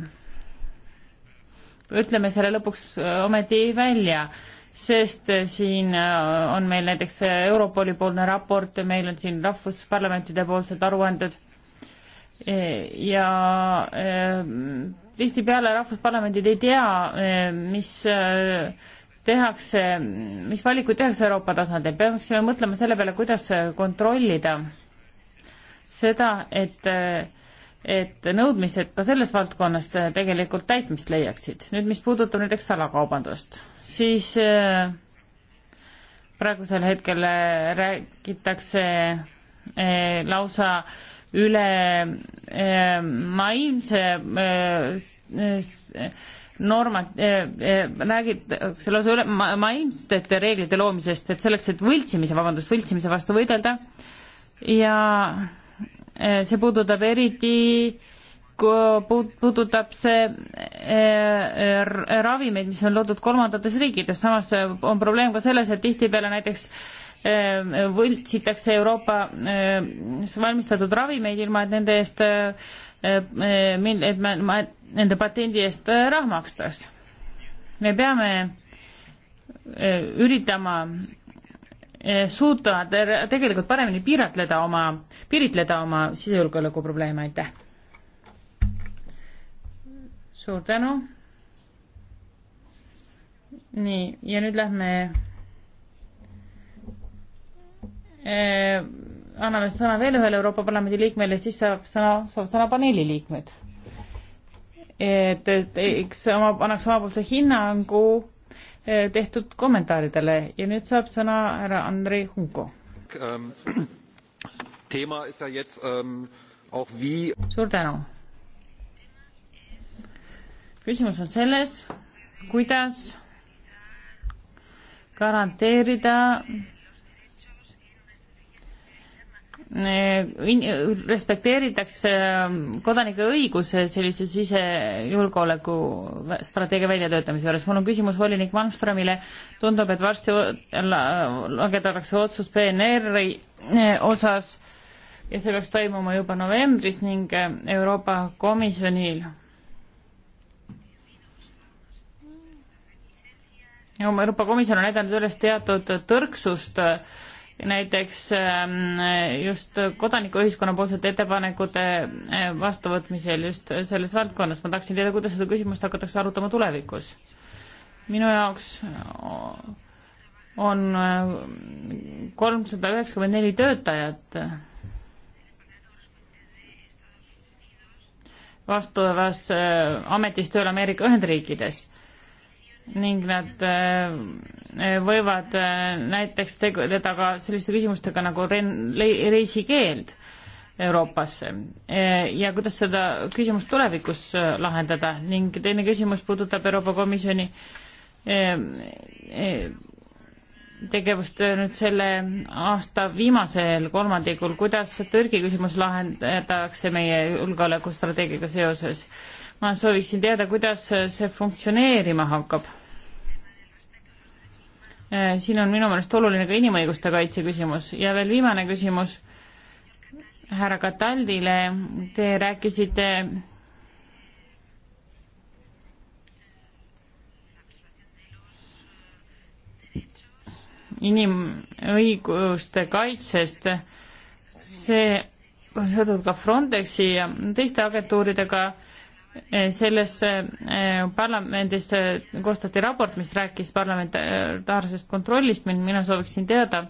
ütleme selle lõpuks äh, ometi välja, sest äh, siin äh, on meil näiteks Europoli poolne raport, meil on siin rahvusparlamentide poolsed aruanded e, ja tihtipeale rahvusparlamendid ei tea, mis tehakse, mis valikuid tehakse Euroopa tasandil, peaksime mõtlema selle peale, kuidas kontrollida seda, et et nõudmised ka selles valdkonnas tegelikult täitmist leiaksid. nüüd, mis puudutab näiteks salakaubandust, siis äh, praegusel hetkel räägitakse lausa üle maailmse norma-, räägitakse lausa üle maailmsete reeglite loomisest, et selleks, et võltsimise, vabandust, võltsimise vastu võidelda ja Eh, see puudutab eriti, puudutab see eh, eh, ravimeid, mis on loodud kolmandates riikides, samas on probleem ka selles, et tihtipeale näiteks võltsitakse Euroopas valmistatud ravimeid, ilma et nende eest, et ma, nende patendi eest raha makstaks. me peame üritama suutavad tegelikult paremini piiratleda oma, piiritleda oma sisejulgeoleku probleeme, aitäh! suur tänu! nii, ja nüüd lähme eh, anname sõna veel ühele Euroopa Parlamendi liikmele, siis saab sõna, saab sõna paneeli liikmed. et, et eks oma, annaks omapoolse hinnangu Eh, tehtud kommentaaridele ja nüüd saab sõna härra Andrei Hunko. Ähm, ähm, suur tänu. küsimus on selles, kuidas garanteerida Äh, respekteeritakse ähm, kodanike õiguse sellise sisejulgeoleku strateegia väljatöötamise juures. mul on küsimus volinik Malmströmile, tundub, et varsti langetatakse otsus PNR-i äh, osas ja see peaks toimuma juba novembris ning äh, Euroopa Komisjonil Euroopa Komisjon on näidanud üles teatud tõrksust äh, näiteks ähm, just kodanikuühiskonna poolsete ettepanekute äh, vastuvõtmisel just selles valdkonnas. ma tahtsin teada, kuidas seda küsimust hakatakse arutama tulevikus. minu jaoks on äh, kolmsada üheksakümmend neli töötajat vastuvas äh, ametis tööl Ameerika Ühendriikides ning nad äh, äh, võivad äh, näiteks tegeleda ka selliste küsimustega nagu reisikeeld Euroopasse ja kuidas seda küsimust tulevikus lahendada ning teine küsimus puudutab Euroopa Komisjoni tegevust nüüd selle aasta viimasel kolmandikul, kuidas Türgi küsimus lahendatakse meie julgeolekustrateegiaga seoses äh, ma sooviksin teada, kuidas see funktsioneerima hakkab. Äh, siin on minu meelest oluline ka inimõiguste kaitse küsimus ja veel viimane küsimus härra Kataldile, te rääkisite inimõiguste kaitsest, see on seotud ka Frontexi ja teiste agentuuridega selles eh, parlamendis eh, koostati raport, mis rääkis parlamentaarsest kontrollist, mina sooviksin teada,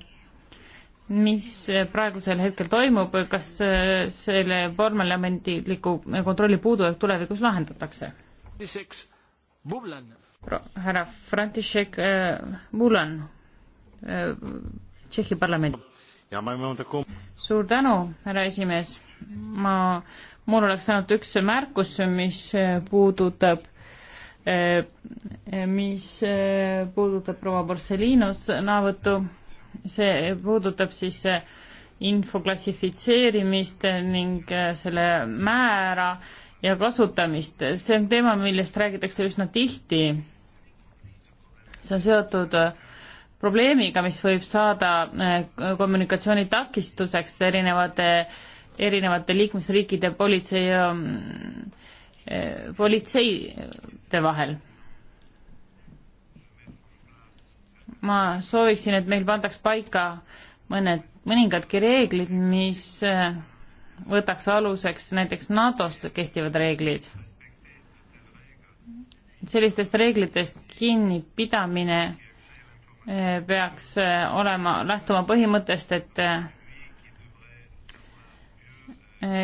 mis praegusel hetkel toimub, kas eh, selle parlamendiliku kontrolli puudujääk tulevikus lahendatakse? härra František Bulan, Tšehhi parlament. suur tänu, härra esimees ma, mul oleks ainult üks märkus, mis eh, puudutab eh, mis eh, puudutab proua Borsellino sõnavõttu, see puudutab siis info klassifitseerimist ning selle määra ja kasutamist. see on teema, millest räägitakse üsna tihti. see on seotud probleemiga, mis võib saada kommunikatsiooni takistuseks erinevate äh, erinevate liikmesriikide politsei ja mm, eh, politseide vahel. ma sooviksin, et meil pandaks paika mõned, mõningadki reeglid, mis eh, võtaks aluseks näiteks NATO-s kehtivad reeglid. sellistest reeglitest kinnipidamine eh, peaks olema, lähtuma põhimõttest, et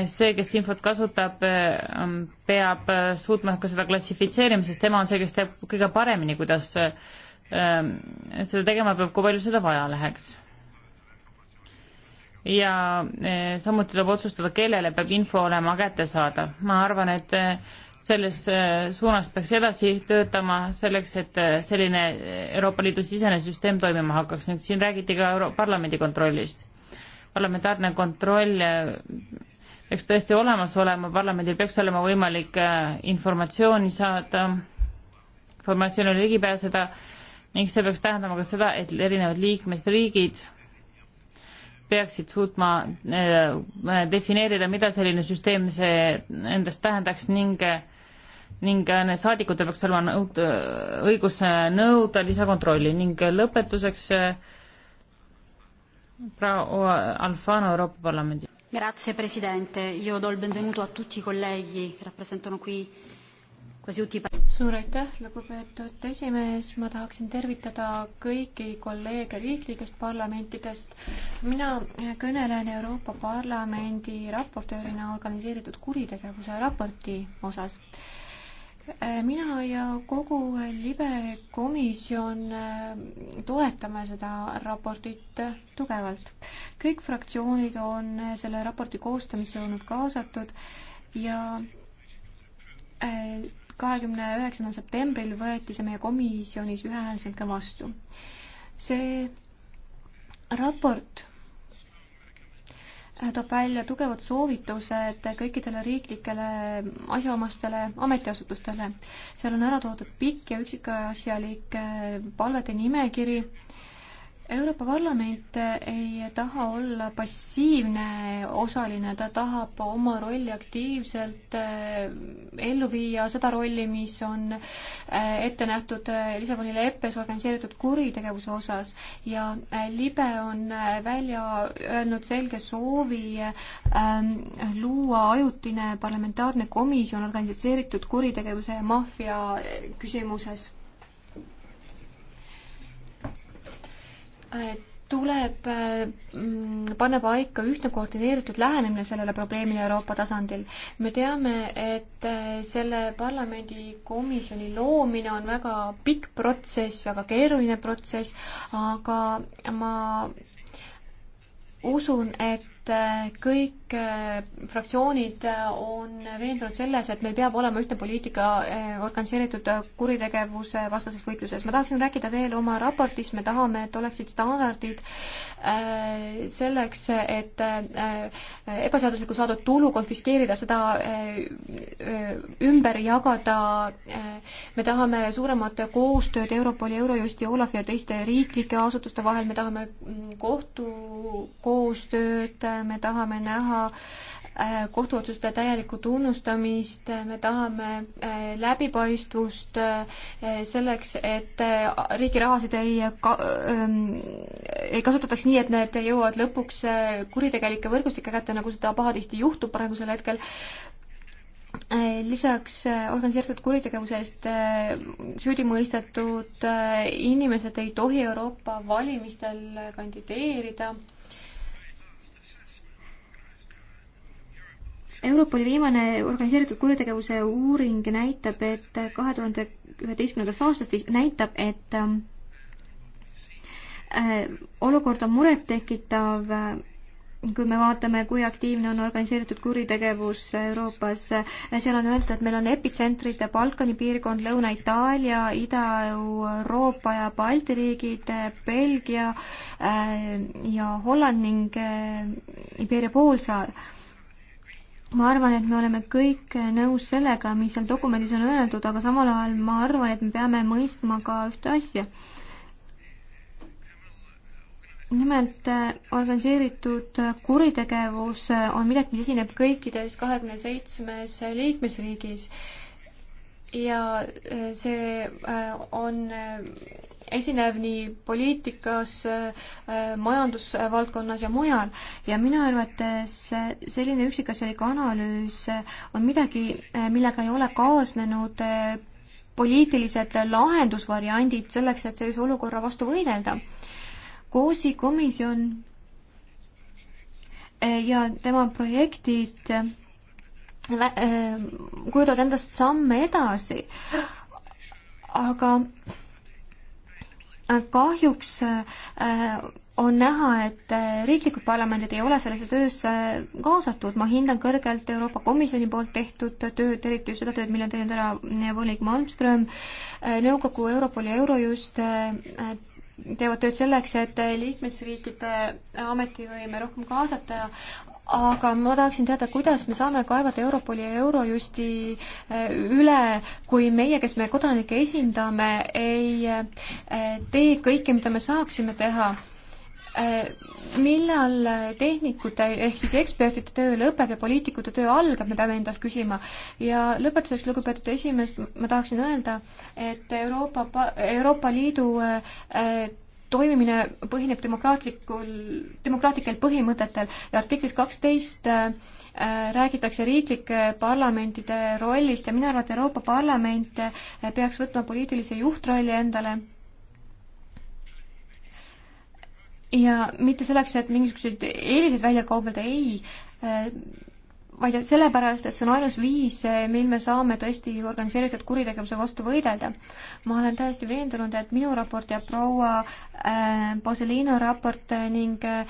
see, kes infot kasutab, ähm, peab äh, suutma ka seda klassifitseerima, sest tema on see, kes teab kõige paremini, kuidas ähm, seda tegema peab, kui palju seda vaja läheks. ja äh, samuti tuleb otsustada, kellele peab info olema kättesaadav. ma arvan, et äh, selles suunas peaks edasi töötama selleks, et selline Euroopa Liidu sisene süsteem toimima hakkaks. nüüd siin räägiti ka Euro-, parlamendi kontrollist. parlamentaarne kontroll peaks tõesti olemas olema, parlamendil peaks olema võimalik äh, informatsiooni saada, informatsioonile ligi pääseda ning see peaks tähendama ka seda, et erinevad liikmesriigid peaksid suutma äh, defineerida, mida selline süsteem see endast tähendaks ning ning äh, saadikutel peaks olema nõud, õigus nõuda lisakontrolli ning lõpetuseks proua Alfano Euroopa Parlamendi Grazie Presidente, io do il benvenuto a tutti i colleghi che rappresentano qui quasi tutti i suur aitäh, lugupeetud esimees, ma tahaksin tervitada kõiki kolleege riiklikest parlamentidest. mina kõnelen Euroopa Parlamendi raportöörina organiseeritud kuritegevuse raporti osas Äh, mina ja kogu libe komisjon äh, toetame seda raportit äh, tugevalt. kõik fraktsioonid on selle raporti koostamisse olnud kaasatud ja kahekümne üheksandal septembril võeti see meie komisjonis ühehäälselt ka vastu. see raport toob välja tugevad soovitused kõikidele riiklikele asjaomastele ametiasutustele. seal on ära toodud pikk ja üksikasjalik palvete nimekiri äh, Euroopa Parlament ei taha olla passiivne osaline, ta tahab oma rolli aktiivselt eh, ellu viia, seda rolli, mis on eh, ette nähtud eh, Lissaboni leppes organiseeritud kuritegevuse osas ja libe on välja öelnud selge soovi luua ajutine parlamentaarne komisjon organiseeritud kuritegevuse ja maffia küsimuses Äh, tuleb äh, mm, panna paika ühtne koordineeritud lähenemine sellele probleemile Euroopa tasandil. me teame, et äh, selle parlamendikomisjoni loomine on väga pikk protsess, väga keeruline protsess, aga ma usun, et kõik kõik eh, fraktsioonid eh, on veendunud selles, et meil peab olema ühtne poliitika eh, organiseeritud kuritegevuse vastases võitluses. ma tahaksin rääkida veel oma raportis, me tahame, et oleksid standardid selleks, et ebaseaduslikku saadud tulu konfiskeerida, seda ümber jagada. me tahame suuremat koostööd Europoli, Eurojusti, Olavi ja teiste riiklike asutuste vahel, me tahame mm, kohtu koostööd, me tahame näha vaja äh, kohtuotsuste täielikku tunnustamist, me tahame äh, läbipaistvust äh, selleks, et riigi rahasid ei ka-, ähm, ei kasutataks nii, et need jõuavad lõpuks kuritegelike võrgustike kätte, nagu seda pahatihti juhtub praegusel hetkel, lisaks organiseeritud kuritegevuse eest süüdi mõistetud inimesed ei tohi Euroopa valimistel kandideerida Europoli viimane organiseeritud kuritegevuse uuring näitab, et kahe tuhande üheteistkümnendast aastast siis näitab, et ähm, äh, olukord on murettekitav, kui me vaatame, kui aktiivne on organiseeritud kuritegevus Euroopas, seal on öeldud, et meil on epitsentrid Balkani piirkond, Lõuna-Itaalia, Ida-Euroopa ja Balti riigid, Belgia äh, ja Holland ning äh, Iberia poolsaar ma arvan, et me oleme kõik nõus sellega, mis seal dokumendis on öeldud, aga samal ajal ma arvan, et me peame mõistma ka ühte asja. nimelt äh, organiseeritud kuritegevus äh, on midagi, mis esineb kõikides kahekümne seitsmes liikmesriigis ja äh, see äh, on äh, esinev nii poliitikas, majandusvaldkonnas ja mujal ja minu arvates selline üksikasjalik analüüs on midagi, millega ei ole kaasnenud poliitilised lahendusvariandid selleks, et sellise olukorra vastu võidelda. COSI komisjon ja tema projektid Äh, kujutavad endast samme edasi, aga äh, kahjuks äh, on näha, et riiklikud parlamendid ei ole sellesse töösse kaasatud, ma hindan kõrgelt Euroopa Komisjoni poolt tehtud tööd, eriti just seda tööd, mille on teinud ära volinik Malmström, nõukogu Europol ja Eurojust teevad tööd selleks, et liikmesriikide ametivõime rohkem kaasata, aga ma tahaksin teada, kuidas me saame kaevada Europoli ja Eurojusti eh, üle, kui meie, kes me kodanikke esindame, ei eh, tee kõike, mida me saaksime teha eh, millal tehnikute ehk siis ekspertide töö lõpeb ja poliitikute töö algab, me peame endalt küsima. ja lõpetuseks, lugupeetud esimees, ma tahaksin öelda, et Euroopa, Euroopa Liidu toimimine põhineb demokraatlikul, demokraatlikel põhimõtetel ja artiklis kaksteist äh, äh, räägitakse riiklike parlamentide rollist ja mina arvan, et Euroopa Parlament äh, peaks võtma poliitilise juhtrolli endale ja mitte selleks, et mingisuguseid eeliseid välja kaubelda, ei äh, vaid sellepärast, et see on ainus viis, mil me saame tõesti organiseeritud kuritegevuse vastu võidelda. ma olen täiesti veendunud, et minu raport ja proua äh, Boselino raport ning äh,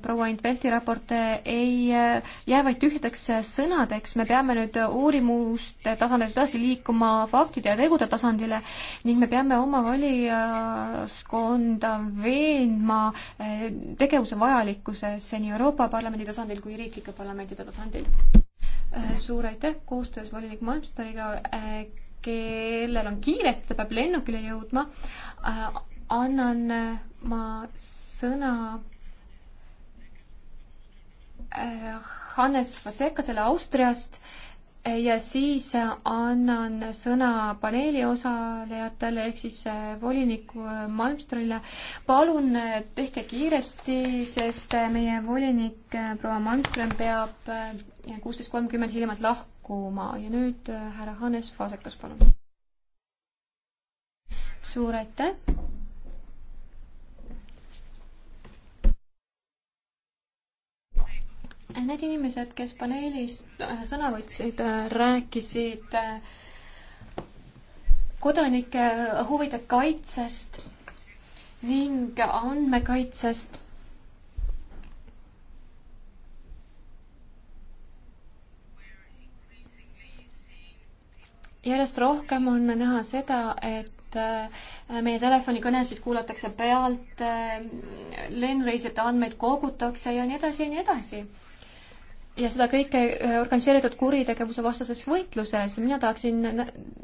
proua Intvelti raport äh, ei äh, jää vaid tühjadeks sõnadeks, me peame nüüd uurimuste tasandilt edasi liikuma faktide ja tegude tasandile ning me peame oma valijaskonda veenma äh, tegevuse vajalikkuses nii Euroopa Parlamendi tasandil kui riiklike parlamentide tasandil Äh, suur aitäh koostöös volinik Malmsteriga, äh, kellel on kiiresti, ta peab lennukile jõudma, äh, annan ma sõna Hannes Vasekasele Austriast ja siis annan sõna paneeli osalejatele ehk siis äh, voliniku äh, Malmströmile. palun äh, tehke kiiresti, sest meie volinik proua Malmström peab kuusteist kolmkümmend hiljemalt lahkuma ja nüüd härra Hannes Faasekas, palun. suur aitäh Need inimesed, kes paneelis äh, sõna võtsid, äh, rääkisid äh, kodanike huvide kaitsest ning andmekaitsest järjest rohkem on näha seda, et meie telefonikõnesid kuulatakse pealt, lennureisijate andmeid kogutakse ja nii edasi ja nii edasi ja seda kõike äh, organiseeritud kuritegevuse vastases võitluses. mina tahaksin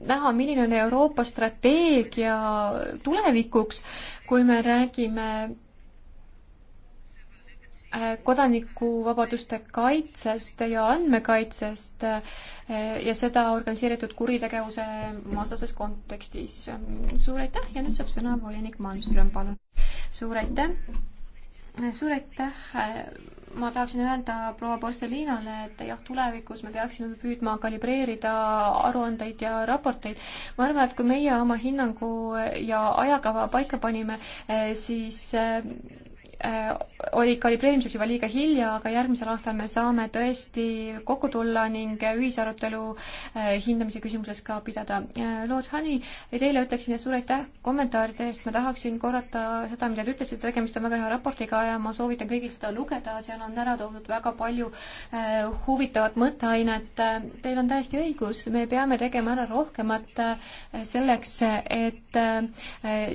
näha, milline on Euroopa strateegia tulevikuks, kui me räägime äh, kodanikuvabaduste kaitsest ja andmekaitsest äh, ja seda organiseeritud kuritegevuse vastases kontekstis. suur aitäh ja nüüd saab sõna volinik Malmström, palun. suur aitäh. suur aitäh ma tahaksin öelda proua Porcelinale, et jah, tulevikus me peaksime püüdma kalibreerida aruandeid ja raporteid. ma arvan, et kui meie oma hinnangu ja ajakava paika panime, eh, siis eh, Äh, oli kalibreerimiseks juba liiga hilja, aga järgmisel aastal me saame tõesti kokku tulla ning ühisarutelu äh, hindamise küsimuses ka pidada. Äh, Lord Honey, teile ütleksin suur aitäh kommentaaride eest, ma tahaksin korrata seda, mida te ütlesite, tegemist on väga hea raportiga ja ma soovitan kõigil seda lugeda, seal on ära toodud väga palju huvitavat mõtteainet. Teil on täiesti õigus, me peame tegema ära rohkemat selleks, et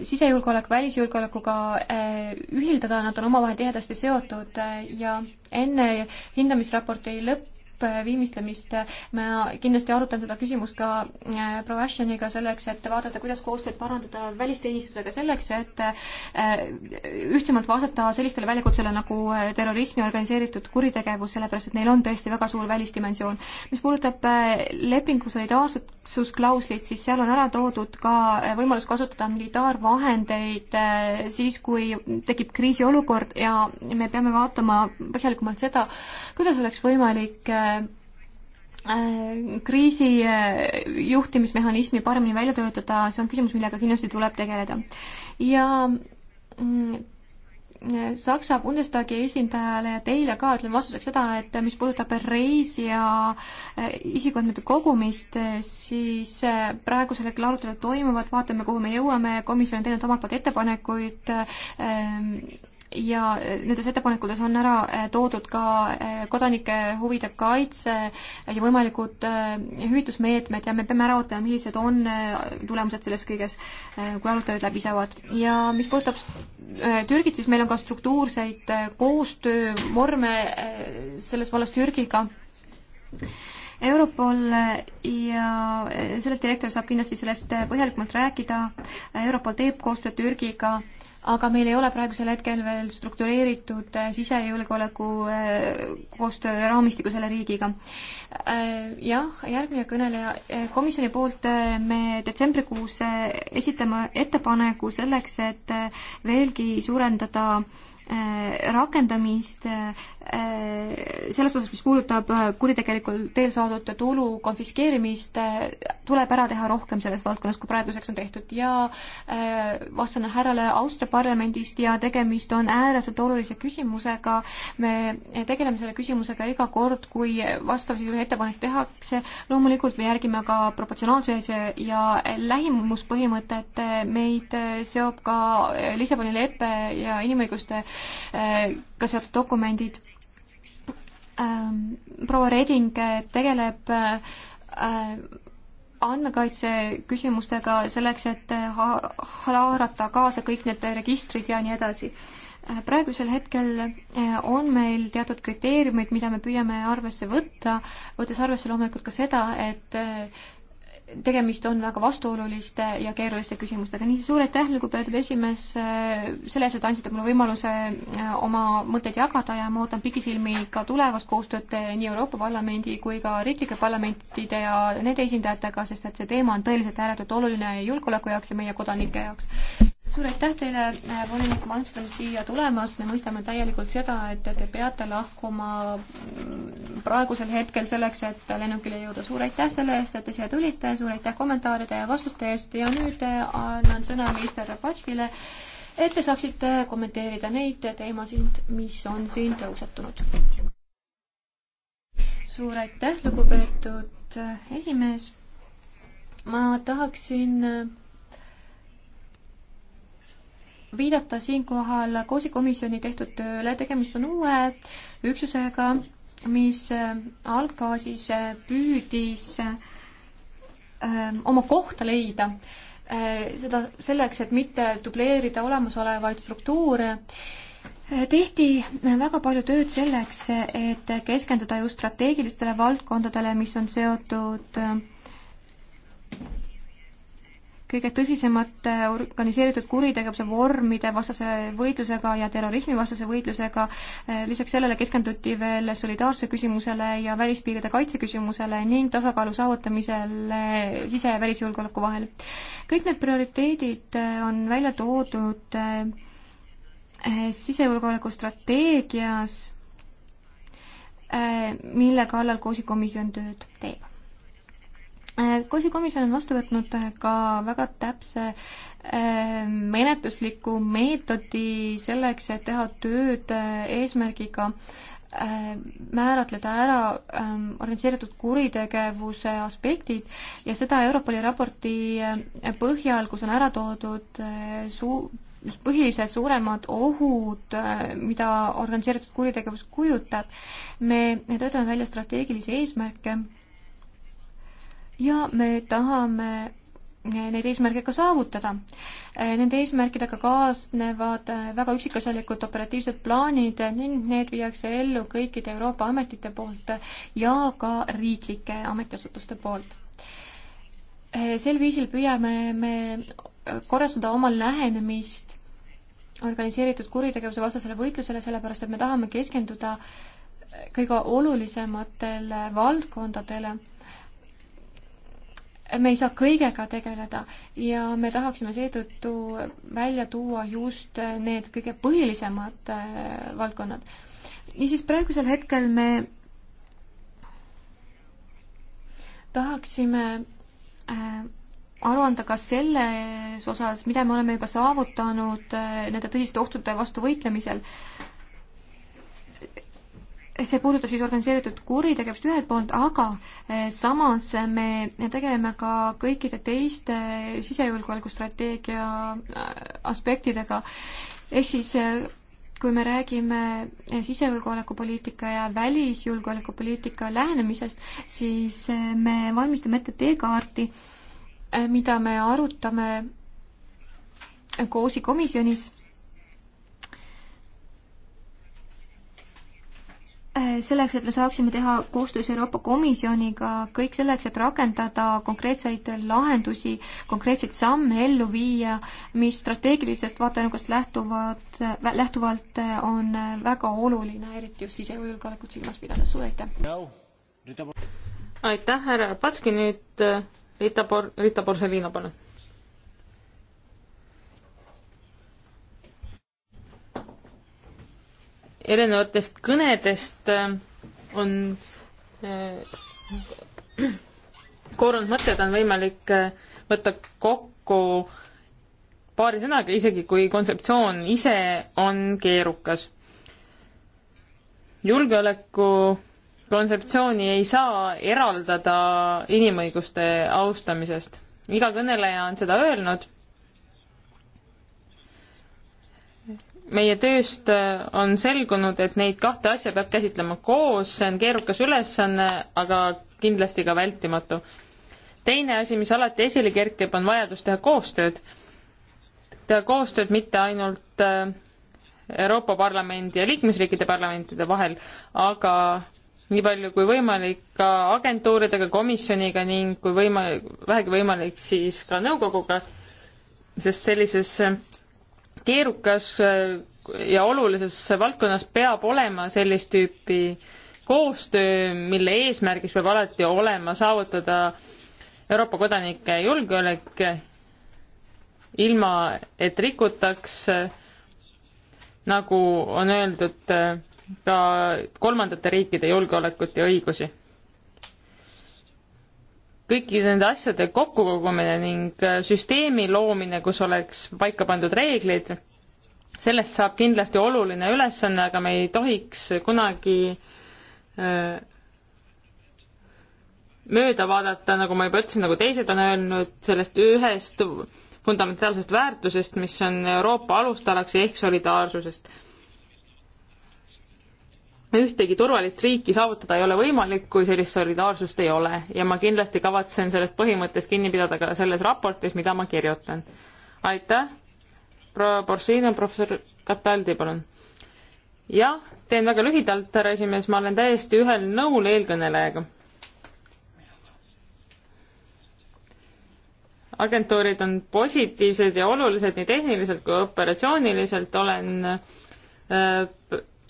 sisejulgeolek välisjulgeolekuga ühildada, nad on omavahel tihedasti seotud äh, ja enne hindamisraporti lõppu Äh, viimistlemist. ma kindlasti arutan seda küsimust ka äh, proua Asheniga selleks, et vaadata, kuidas koostööd parandada välisteenistusega selleks, et äh, ühtsemalt vaadata sellistele väljakutsele nagu terrorism ja organiseeritud kuritegevus, sellepärast et neil on tõesti väga suur välisdimensioon. mis puudutab lepingu solidaarsusklauslit, siis seal on ära toodud ka võimalus kasutada militaarvahendeid siis, kui tekib kriisiolukord ja me peame vaatama põhjalikumalt seda, kuidas oleks võimalik Äh, kriisi äh, juhtimismehhanismi paremini välja töötada, see on küsimus, millega kindlasti tuleb tegeleda. ja mm, Saksa Bundestagi esindajale ja teile ka ütlen vastuseks seda, et mis puudutab reisi ja äh, isikuandmete kogumist, siis praegusel hetkel arutelud toimuvad, vaatame, kuhu me jõuame, komisjon on teinud omalt poolt ettepanekuid ähm, ja eh, nendes ettepanekutes on ära eh, toodud ka eh, kodanike huvide kaitse ja võimalikud hüvitusmeetmed ja me peame ära ootama, millised on tulemused selles kõiges, kui arutelud läbi saavad. ja mis puudutab Türgit, siis meil on ka struktuurseid koostöövorme selles vallas Türgiga Europol ja selle direktor saab kindlasti sellest põhjalikumalt rääkida. Europol teeb koostööd Türgiga aga meil ei ole praegusel hetkel veel struktureeritud äh, sisejulgeoleku äh, koostöö raamistiku selle riigiga. Äh, jah, järgmine kõneleja, komisjoni poolt me detsembrikuus esitame ettepaneku selleks, et veelgi suurendada Äh, rakendamist äh, äh, selles osas, mis puudutab kuritegelikul teel saadud tulu konfiskeerimist, tuleb ära teha rohkem selles valdkonnas, kui praeguseks on tehtud ja vastan härrale Austria parlamendist ja tegemist on ääretult olulise küsimusega. me tegeleme selle küsimusega iga kord, kui vastavasisuline ettepanek tehakse. loomulikult me järgime ka proportsionaalsuse ja lähimuspõhimõtet, meid seob ka Lissaboni lepe ja inimõiguste ka seotud dokumendid. Ähm, proua Reding äh, tegeleb äh, andmekaitse küsimustega selleks, et äh, haarata kaasa kõik need registrid ja nii edasi. praegusel hetkel on meil teatud kriteeriumid, mida me püüame arvesse võtta, võttes arvesse loomulikult ka seda, et tegemist on väga vastuoluliste ja keeruliste küsimustega. niisiis, suur aitäh, lugupeetud esimees, selle eest, et andsite mulle võimaluse äh, oma mõtteid jagada ja ma ootan pikisilmi ka tulevast koostööd äh, nii Euroopa Parlamendi kui ka riiklike parlamentide ja nende esindajatega, sest et see teema on tõeliselt ääretult oluline julgeoleku jaoks ja meie kodanike jaoks suur aitäh teile, äh, volinik Malmström, siia tulemast, me mõistame täielikult seda, et te peate lahkuma mm, praegusel hetkel selleks, et lennukile jõuda. suur aitäh selle eest, et te siia tulite, suur aitäh kommentaaride ja vastuste eest ja nüüd äh, annan sõna minister Rapatskile, et te saaksite kommenteerida neid teemasid, mis on siin tõusetunud. suur aitäh, lugupeetud äh, esimees. ma tahaksin viidata siinkohal COSI komisjoni tehtud tööle, tegemist on uue üksusega, mis äh, algfaasis äh, püüdis ähm, oma kohta leida, äh, seda selleks, et mitte dubleerida olemasolevaid struktuure tehti väga palju tööd selleks, et keskenduda just strateegilistele valdkondadele, mis on seotud kõige tõsisemate organiseeritud kuritegevuse vormide vastase võitlusega ja terrorismivastase võitlusega. Eh, lisaks sellele keskenduti veel solidaarsuse küsimusele ja välispiiride kaitse küsimusele ning tasakaalu saavutamisele sise- ja välisjulgeoleku vahel. kõik need prioriteedid eh, on välja toodud eh, sisejulgeoleku strateegias, mille kallal koosikomisjon tööd teeb Äh, KOS-i komisjon on vastu võtnud äh, ka väga täpse äh, menetlusliku meetodi selleks, et teha tööd eesmärgiga määratleda ära ähm, organiseeritud kuritegevuse aspektid ja seda Europoli raporti põhjal, kus on ära toodud suu-, põhilised suuremad ohud, mida organiseeritud kuritegevus kujutab. me töötame välja strateegilisi eesmärke ja me tahame eh, neid eesmärke ka saavutada. Eh, nende eesmärkidega kaasnevad eh, väga üksikasjalikud operatiivsed plaanid ning need viiakse ellu kõikide Euroopa ametite poolt ja ka riiklike ametiasutuste poolt. sel viisil püüame me korrastada oma lähenemist organiseeritud kuritegevuse vastasele võitlusele, sellepärast et me tahame keskenduda kõige olulisematele valdkondadele me ei saa kõigega tegeleda ja me tahaksime seetõttu välja tuua just need kõige põhilisemad äh, valdkonnad. niisiis, praegusel hetkel me tahaksime äh, aru anda ka selles osas, mida me oleme juba saavutanud äh, nende tõsiste ohtude vastu võitlemisel see puudutab siis organiseeritud kuritegevust ühelt poolt, aga eh, samas me tegeleme ka kõikide teiste sisejulgeolekustrateegia äh, aspektidega. ehk siis eh, kui me räägime eh, sisejulgeolekupoliitika ja välisjulgeolekupoliitika lähenemisest, siis me valmistame ette teekaarti, mida me arutame koosi komisjonis Äh, selleks, et me saaksime teha koostöös Euroopa Komisjoniga kõik selleks, et rakendada konkreetseid lahendusi, konkreetseid samme ellu viia, mis strateegilisest vaatenurgast lähtuvad, lähtuvalt äh, on äh, väga oluline, eriti just sisejulgeolekut silmas pidades. suur aitäh no.! aitäh, härra Patski, nüüd Rita Por-, Rita Borsellino, palun! erinevatest kõnedest äh, on äh, koorunud mõtted on võimalik äh, võtta kokku paari sõnaga, isegi kui kontseptsioon ise on keerukas. julgeoleku kontseptsiooni ei saa eraldada inimõiguste austamisest. iga kõneleja on seda öelnud meie tööst äh, on selgunud, et neid kahte asja peab käsitlema koos, see on keerukas ülesanne, aga kindlasti ka vältimatu. teine asi, mis alati esile kerkib, on vajadus teha koostööd. teha koostööd mitte ainult äh, Euroopa Parlamendi ja liikmesriikide parlamentide vahel, aga nii palju kui võimalik ka agentuuridega, komisjoniga ning kui võima-, vähegi võimalik, siis ka nõukoguga, sest sellises äh, keerukas äh, ja olulises valdkonnas peab olema sellist tüüpi koostöö, mille eesmärgiks peab alati olema saavutada Euroopa kodanike julgeolek, ilma et rikutaks, nagu on öeldud, äh, ka kolmandate riikide julgeolekut ja õigusi kõiki nende asjade kokkukogumine ning äh, süsteemi loomine, kus oleks paika pandud reeglid, sellest saab kindlasti oluline ülesanne, aga me ei tohiks kunagi öö, äh, mööda vaadata, nagu ma juba ütlesin, nagu teised on öelnud, sellest ühest fundamentaalsest väärtusest, mis on Euroopa alustalaks ehk solidaarsusest ühtegi turvalist riiki saavutada ei ole võimalik, kui sellist solidaarsust ei ole ja ma kindlasti kavatsen sellest põhimõttest kinni pidada ka selles raportis, mida ma kirjutan. aitäh, proua Borsino, professor Cataldi, palun. jah, teen väga lühidalt, härra esimees, ma olen täiesti ühel nõul eelkõnelejaga. agentuurid on positiivsed ja olulised nii tehniliselt kui operatsiooniliselt, olen äh,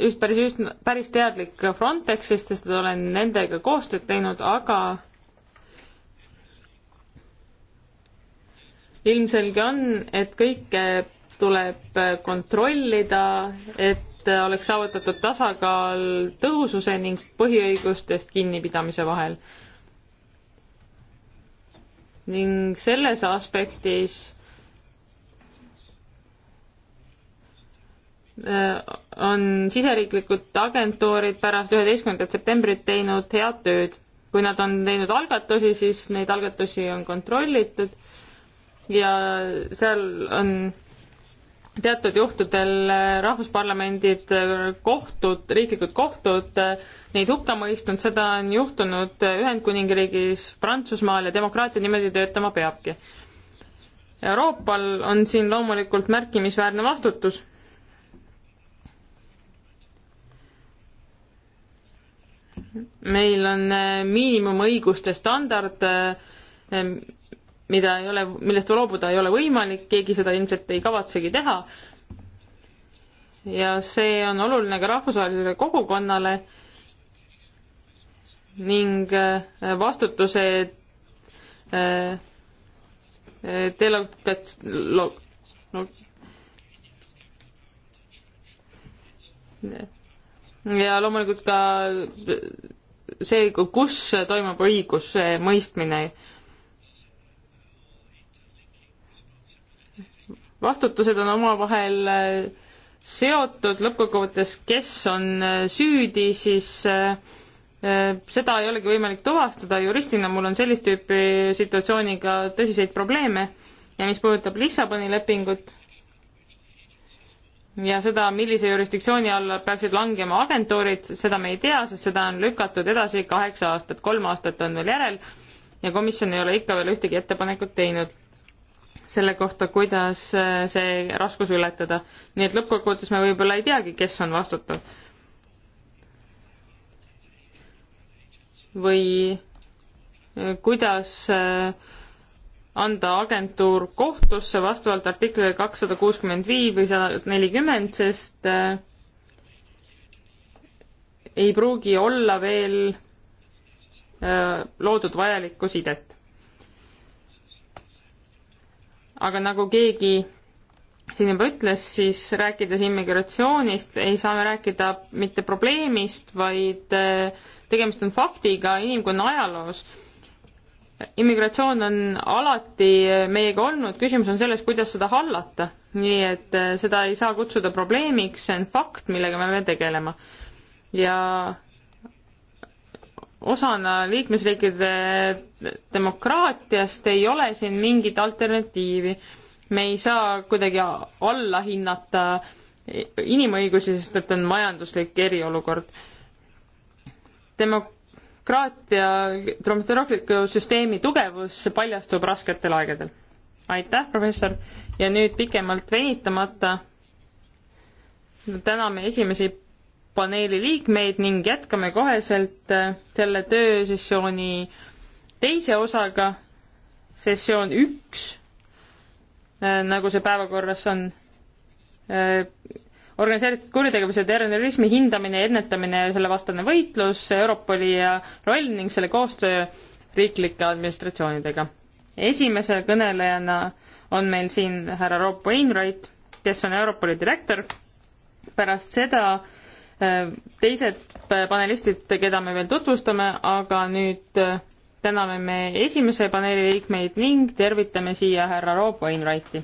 üht päris üsna, päris teadlik Frontexist, sest olen nendega koostööd teinud, aga ilmselge on, et kõike tuleb kontrollida, et oleks saavutatud tasakaal tõhususe ning põhiõigustest kinnipidamise vahel. ning selles aspektis on siseriiklikud agentuurid pärast üheteistkümnendat septembrit teinud head tööd. kui nad on teinud algatusi, siis neid algatusi on kontrollitud ja seal on teatud juhtudel rahvusparlamendid, kohtud, riiklikud kohtud neid hukka mõistnud, seda on juhtunud Ühendkuningriigis, Prantsusmaal ja demokraatia niimoodi töötama peabki. Euroopal on siin loomulikult märkimisväärne vastutus meil on äh, miinimumõiguste standard, äh, mida ei ole, millest loobuda ei ole võimalik, keegi seda ilmselt ei kavatsegi teha. ja see on oluline ka rahvusvahelisele kogukonnale ning äh, vastutuse delokats-, lo-, lo-, ja loomulikult ka see, kus toimub õiguse mõistmine. vastutused on omavahel seotud, lõppkokkuvõttes, kes on süüdi, siis eh, seda ei olegi võimalik tuvastada, juristina mul on sellist tüüpi situatsiooniga tõsiseid probleeme ja mis puudutab Lissaboni lepingut ja seda, millise jurisdiktsiooni alla peaksid langema agentuurid, seda me ei tea, sest seda on lükatud edasi kaheksa aastat, kolm aastat on veel järel ja komisjon ei ole ikka veel ühtegi ettepanekut teinud selle kohta, kuidas äh, see raskus ületada. nii et lõppkokkuvõttes me võib-olla ei teagi, kes on vastutav. või äh, kuidas äh, anda agentuur kohtusse vastavalt artiklile kakssada kuuskümmend viis või sada nelikümmend, sest äh, ei pruugi olla veel äh, loodud vajalikku sidet. aga nagu keegi siin juba ütles, siis rääkides immigratsioonist, ei saa me rääkida mitte probleemist, vaid äh, tegemist on faktiga inimkonna ajaloos immigratsioon on alati meiega olnud, küsimus on selles, kuidas seda hallata. nii et äh, seda ei saa kutsuda probleemiks, see on fakt, millega me peame tegelema. ja osana liikmesriikide demokraatiast ei ole siin mingit alternatiivi. me ei saa kuidagi alla hinnata inimõigusi, sest et on majanduslik eriolukord. Demok-, demokraatia, demokraatliku süsteemi tugevus paljastub rasketel aegadel. aitäh, professor, ja nüüd pikemalt venitamata täname esimesi paneeli liikmeid ning jätkame koheselt äh, selle töösessiooni teise osaga, sessioon üks, äh, nagu see päevakorras on äh, organiseeritud kuritegevuse ja terrorismi hindamine, ennetamine ja selle vastane võitlus, Europoli ja roll ning selle koostöö riiklike administratsioonidega. esimese kõnelejana on meil siin härra Roop Wainwright, kes on Europoli direktor. pärast seda äh, teised panelistid, keda me veel tutvustame, aga nüüd äh, täname me esimese paneeli liikmeid ning tervitame siia härra Roop Wainwrighti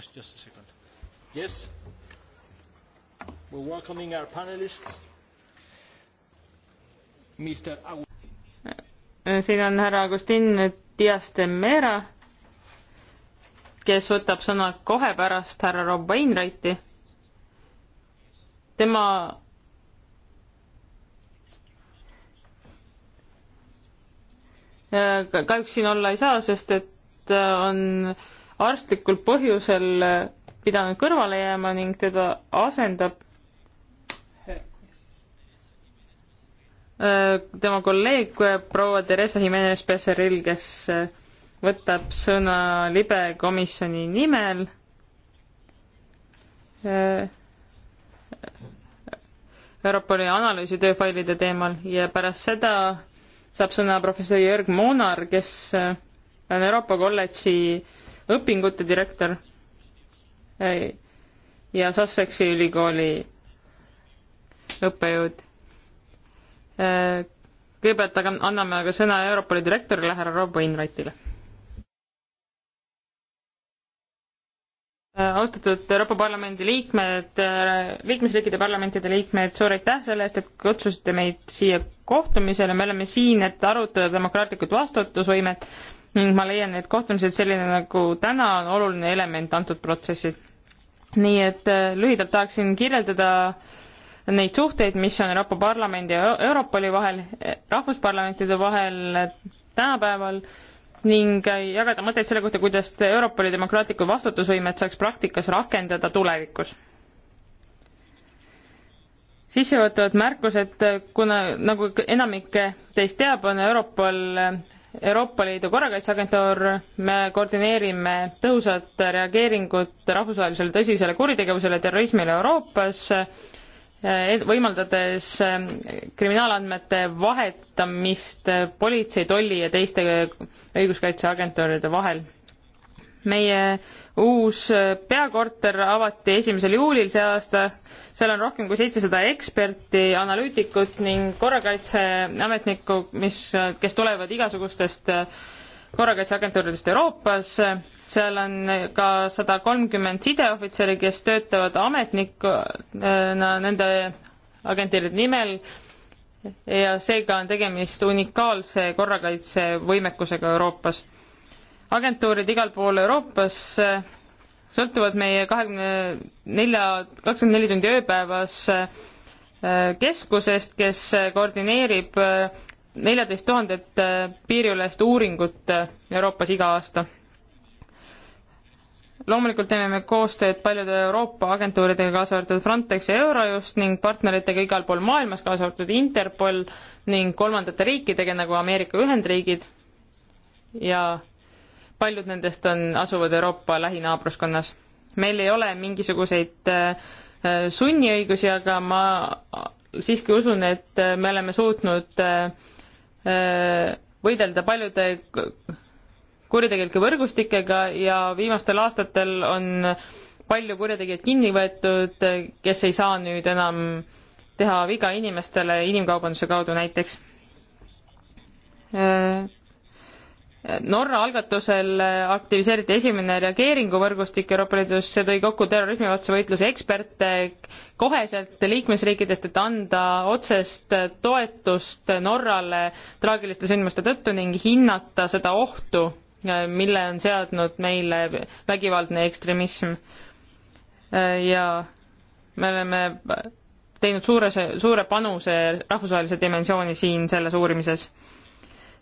Just, just a second. Yes? We're welcoming our panelists. Mr. Au- äh, äh, siin on härra Agustin Dias de Mera, kes võtab sõna kohe pärast härra Rob Wainwrighti. tema äh, kahjuks siin olla ei saa, sest et on äh, arstlikul põhjusel äh, pidanud kõrvale jääma ning teda asendab äh, tema kolleeg äh, proua Theresa Jimenez Becerril, kes võtab sõna libe komisjoni nimel. Europoli analüüsi tööfailide teemal ja pärast seda saab sõna professor Jörg Moonar, kes on Euroopa kolledži õpingute direktor ja Sussexi ülikooli õppejõud. Äh, kõigepealt aga anname aga sõna Europoli direktorile, härra Robo Inraitile. Äh, austatud Euroopa Parlamendi liikmed, äh, liikmesriikide parlamentide liikmed, suur aitäh selle eest, et kutsusite meid siia kohtumisele, me oleme siin, et arutada demokraatlikult vastutusvõimet ning ma leian, et kohtumised selline nagu täna on oluline element antud protsessil. nii et äh, lühidalt tahaksin kirjeldada neid suhteid, mis on Euroopa Parlamendi ja Europoli vahel, eh, rahvusparlamentide vahel äh, tänapäeval ning äh, jagada mõtteid selle kohta, kuidas Europoli demokraatlikku vastutusvõimet saaks praktikas rakendada tulevikus. sissejuhatavad märkused, kuna nagu enamik teist teab, on Europol Euroopa Liidu korrakaitseagentuur, me koordineerime tõhusat reageeringut rahvusvahelisele tõsisele kuritegevusele, terrorismile Euroopas, eh, võimaldades eh, kriminaalandmete vahetamist politsei, tolli ja teiste õiguskaitseagentuuride vahel. meie uus peakorter avati esimesel juulil see aasta seal on rohkem kui seitsesada eksperti, analüütikut ning korrakaitseametnikku, mis, kes tulevad igasugustest äh, korrakaitseagentuuridest Euroopas, seal on ka sada kolmkümmend sideohvitseri, kes töötavad ametnikuna äh, nende agentide nimel ja seega on tegemist unikaalse korrakaitsevõimekusega Euroopas. agentuurid igal pool Euroopas äh, sõltuvad meie kahekümne nelja, kakskümmend neli tundi ööpäevas äh, keskusest, kes äh, koordineerib äh, neljateist tuhandet piiriülest uuringut Euroopas iga aasta. loomulikult teeme me koostööd paljude Euroopa agentuuridega, kaasa arvatud Frontex ja Eurojust ning partneritega igal pool maailmas, kaasa arvatud Interpol ning kolmandate riikidega nagu Ameerika Ühendriigid ja paljud nendest on, asuvad Euroopa lähinaabruskonnas. meil ei ole mingisuguseid äh, äh, sunniõigusi, aga ma siiski usun, et äh, me oleme suutnud võidelda paljude kuritegelike võrgustikega ja viimastel aastatel on palju kurjategijaid kinni võetud, kes ei saa nüüd enam teha viga inimestele inimkaubanduse kaudu näiteks. Norra algatusel aktiviseeriti esimene reageeringuvõrgustik Euroopa Liidus, see tõi kokku terrorismivastase võitluse eksperte koheselt liikmesriikidest, et anda otsest toetust Norrale traagiliste sündmuste tõttu ning hinnata seda ohtu, mille on seadnud meile vägivaldne ekstremism. ja me oleme teinud suure, suure panuse rahvusvahelise dimensiooni siin selles uurimises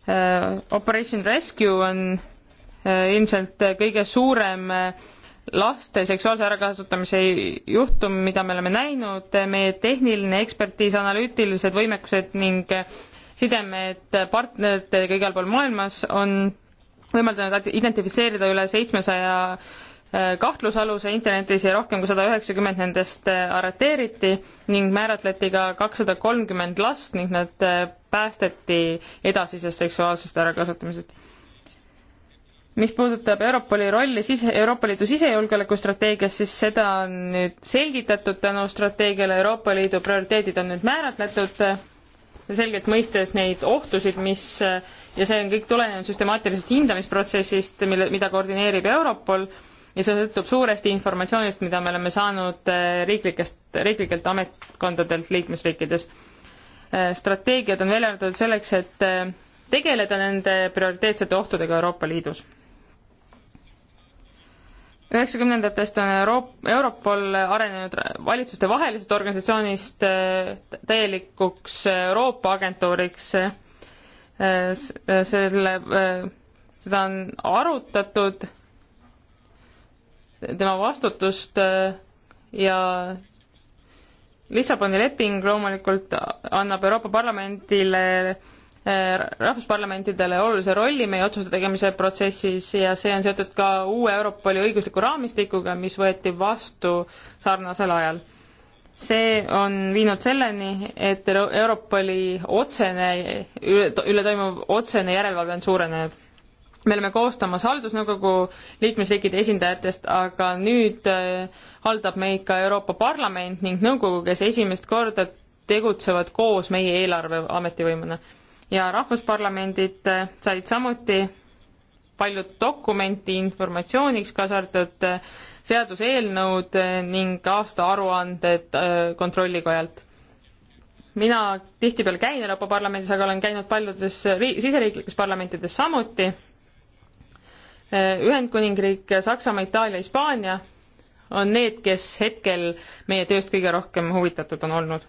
Äh, Operation Rescue on äh, ilmselt kõige suurem äh, laste seksuaalse ärakasutamise juhtum, mida me oleme näinud, meie tehniline ekspertiis, analüütilised võimekused ning sidemed partneritega igal pool maailmas on võimaldanud identifitseerida üle seitsmesaja kahtlusaluse internetis ja rohkem kui sada üheksakümmend nendest arreteeriti ning määratleti ka kakssada kolmkümmend last ning nad päästeti edasisest seksuaalsest ärakasutamisest. mis puudutab Europoli rolli sise, Euroopa Liidu sisejulgeolekustrateegias, siis seda on nüüd selgitatud tänu strateegiale, Euroopa Liidu prioriteedid on nüüd määratletud, selgelt mõistes neid ohtusid, mis ja see on kõik tulenenud süstemaatilisest hindamisprotsessist, mille, mida koordineerib Europol ja see sõltub suuresti informatsioonist, mida me oleme saanud riiklikest, riiklikelt ametkondadelt liikmesriikides Äh, strateegiad on välja arvatud selleks, et äh, tegeleda nende prioriteetsete ohtudega Euroopa Liidus. üheksakümnendatest on Euroop-, Europol arenenud valitsustevahelisest organisatsioonist äh, täielikuks Euroopa agentuuriks, selle, seda on arutatud, tema vastutust ja Lissaboni leping loomulikult annab Euroopa Parlamendile eh, rahvusparlamentidele olulise rolli meie otsuste tegemise protsessis ja see on seotud ka uue Europoli õigusliku raamistikuga, mis võeti vastu sarnasel ajal. see on viinud selleni, et Europoli otsene, üle toimuv otsene järelevalve on suurenenud me oleme koostamas haldusnõukogu liikmesriikide esindajatest, aga nüüd äh, haldab meid ka Euroopa Parlament ning nõukogu, kes esimest korda tegutsevad koos meie eelarve ametivõimuna. ja rahvusparlamendid äh, said samuti palju dokumenti informatsiooniks, kaasa arvatud äh, seaduseelnõud ning aastaaruanded Kontrollikojalt. mina tihtipeale käin Euroopa Parlamendis, aga olen käinud paljudes siseriiklikes parlamentides samuti Äh, Ühendkuningriik, Saksamaa, Itaalia, Hispaania on need, kes hetkel meie tööst kõige rohkem huvitatud on olnud.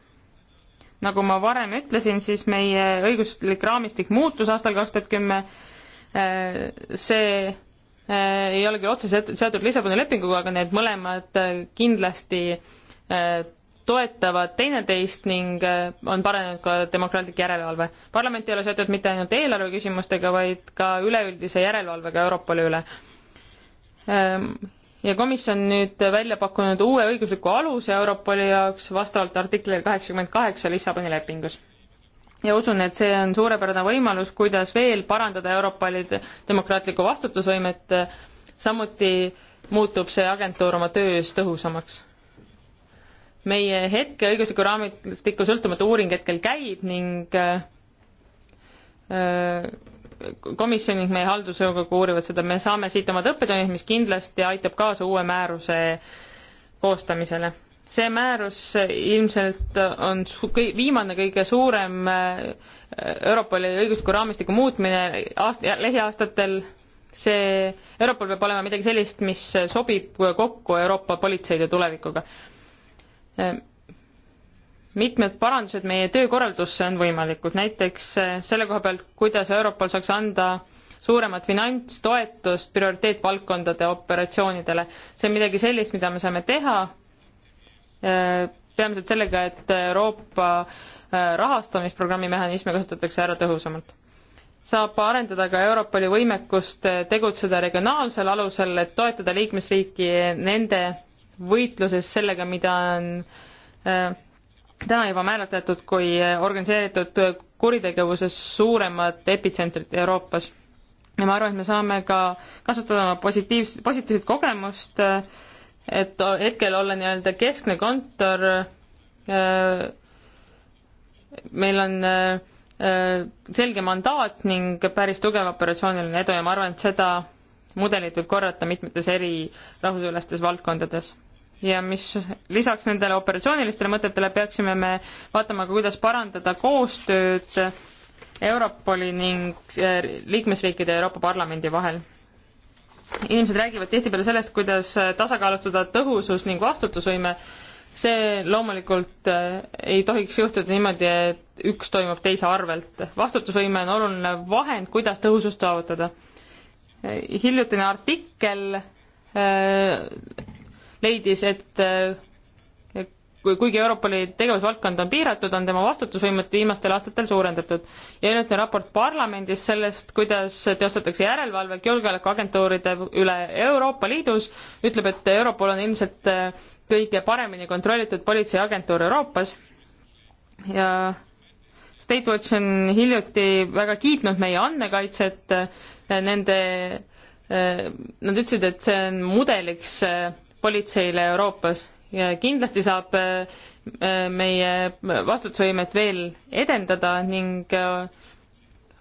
nagu ma varem ütlesin, siis meie õiguslik raamistik muutus aastal kaks tuhat kümme, äh, see äh, ei ole küll otseselt seotud Lissaboni lepinguga, aga need mõlemad kindlasti toetavad teineteist ning äh, on paranenud ka demokraatlik järelevalve. parlament ei ole seotud mitte ainult eelarve küsimustega, vaid ka üleüldise järelevalvega Europoli üle. Ähm, ja komisjon nüüd välja pakkunud uue õigusliku aluse Europoli jaoks vastavalt artiklile kaheksakümmend kaheksa Lissaboni lepingus ja usun, et see on suurepärane võimalus, kuidas veel parandada Europoli demokraatlikku vastutusvõimet, samuti muutub see agentuur oma töös tõhusamaks meie hetke õigusliku raamistiku sõltumatu uuring hetkel käib ning äh, komisjon ning meie haldusnõukogu uurivad seda, me saame siit omad õppetunnid, mis kindlasti aitab kaasa uue määruse koostamisele. see määrus ilmselt on viimane kõige suurem äh, Europoli õigusliku raamistiku muutmine aast-, lähiaastatel see, Europol peab olema midagi sellist, mis sobib kokku Euroopa politseide tulevikuga mitmed parandused meie töökorraldusse on võimalikud, näiteks eh, selle koha pealt, kuidas Europol saaks anda suuremat finantstoetust prioriteetvaldkondade operatsioonidele. see on midagi sellist, mida me saame teha eh, peamiselt sellega, et Euroopa eh, rahastamisprogrammi mehhanisme kasutatakse ära tõhusamalt. saab arendada ka Europoli võimekust tegutseda regionaalsel alusel, et toetada liikmesriiki nende võitluses sellega, mida on äh, täna juba määratletud kui äh, organiseeritud äh, kuritegevuse suuremad epitsentrid Euroopas. ja ma arvan, et me saame ka kasutada oma positiivs-, positiivset kogemust, äh, et hetkel olla nii-öelda keskne kontor, meil on selge mandaat ning päris tugev operatsiooniline edu ja ma arvan, et seda mudelit võib korrata mitmetes eri rahvusülestes valdkondades ja mis lisaks nendele operatsioonilistele mõtetele peaksime me vaatama ka, kuidas parandada koostööd Europoli ning eh, liikmesriikide ja Euroopa Parlamendi vahel. inimesed räägivad tihtipeale sellest, kuidas eh, tasakaalustada tõhusus ning vastutusvõime, see loomulikult eh, ei tohiks juhtuda niimoodi, et üks toimub teise arvelt. vastutusvõime on oluline vahend, kuidas tõhusust saavutada. hiljutine artikkel leidis, et eh, kuigi Euroopa Liidu tegevusvaldkond on piiratud, on tema vastutusvõimet viimastel aastatel suurendatud. ja nüüd on raport parlamendis sellest, kuidas teostatakse järelevalvet julgeolekuagentuuride üle Euroopa Liidus, ütleb, et Europol on ilmselt eh, kõige paremini kontrollitud politseiagentuur Euroopas ja Statewatch on hiljuti väga kiitnud meie andmekaitset, eh, nende, nad ütlesid, et see on mudeliks politseile Euroopas ja kindlasti saab äh, meie vastutusvõimet veel edendada ning äh,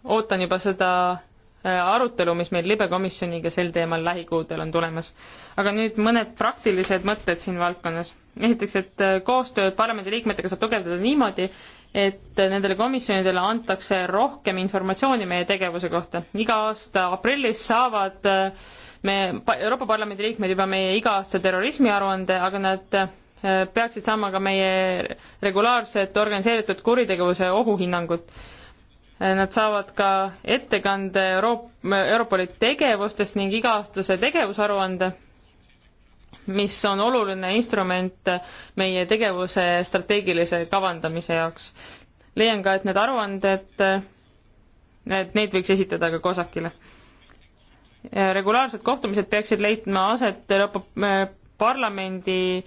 ootan juba seda äh, arutelu, mis meil libekomisjoniga sel teemal lähikuudel on tulemas. aga nüüd mõned praktilised mõtted siin valdkonnas. esiteks, et koostööd parlamendiliikmetega saab tugevdada niimoodi, et nendele komisjonidele antakse rohkem informatsiooni meie tegevuse kohta. iga aasta aprillis saavad äh, me, Euroopa Parlamendi liikmed juba meie iga-aastase terrorismiaruande, aga nad äh, peaksid saama ka meie regulaarset organiseeritud kuritegevuse ohuhinnangut. Äh, nad saavad ka ettekande Euroop-, Europoli tegevustest ning iga-aastase tegevusaruande, mis on oluline instrument meie tegevuse strateegilise kavandamise jaoks. leian ka, et need aruanded, äh, et neid võiks esitada ka COSAC-ile regulaarsed kohtumised peaksid leidma aset Euroopa eh, Parlamendi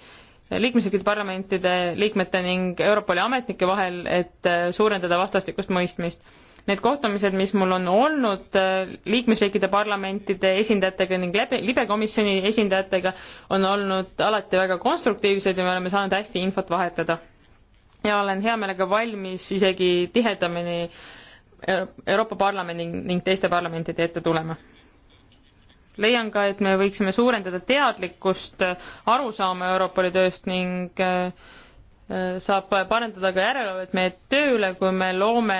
liikmesriikide parlamentide liikmete ning Europoli ametnike vahel, et eh, suurendada vastastikust mõistmist. Need kohtumised, mis mul on olnud eh, liikmesriikide parlamentide esindajatega ning libekomisjoni esindajatega, on olnud alati väga konstruktiivsed ja me oleme saanud hästi infot vahetada. ja olen hea meelega valmis isegi tihedamini Euroopa Parlamendi ning teiste parlamentide ette tulema leian ka, et me võiksime suurendada teadlikkust, arusaama Euroopa Liidu tööst ning äh, äh, saab parandada ka järelevalvet meie töö üle, kui me loome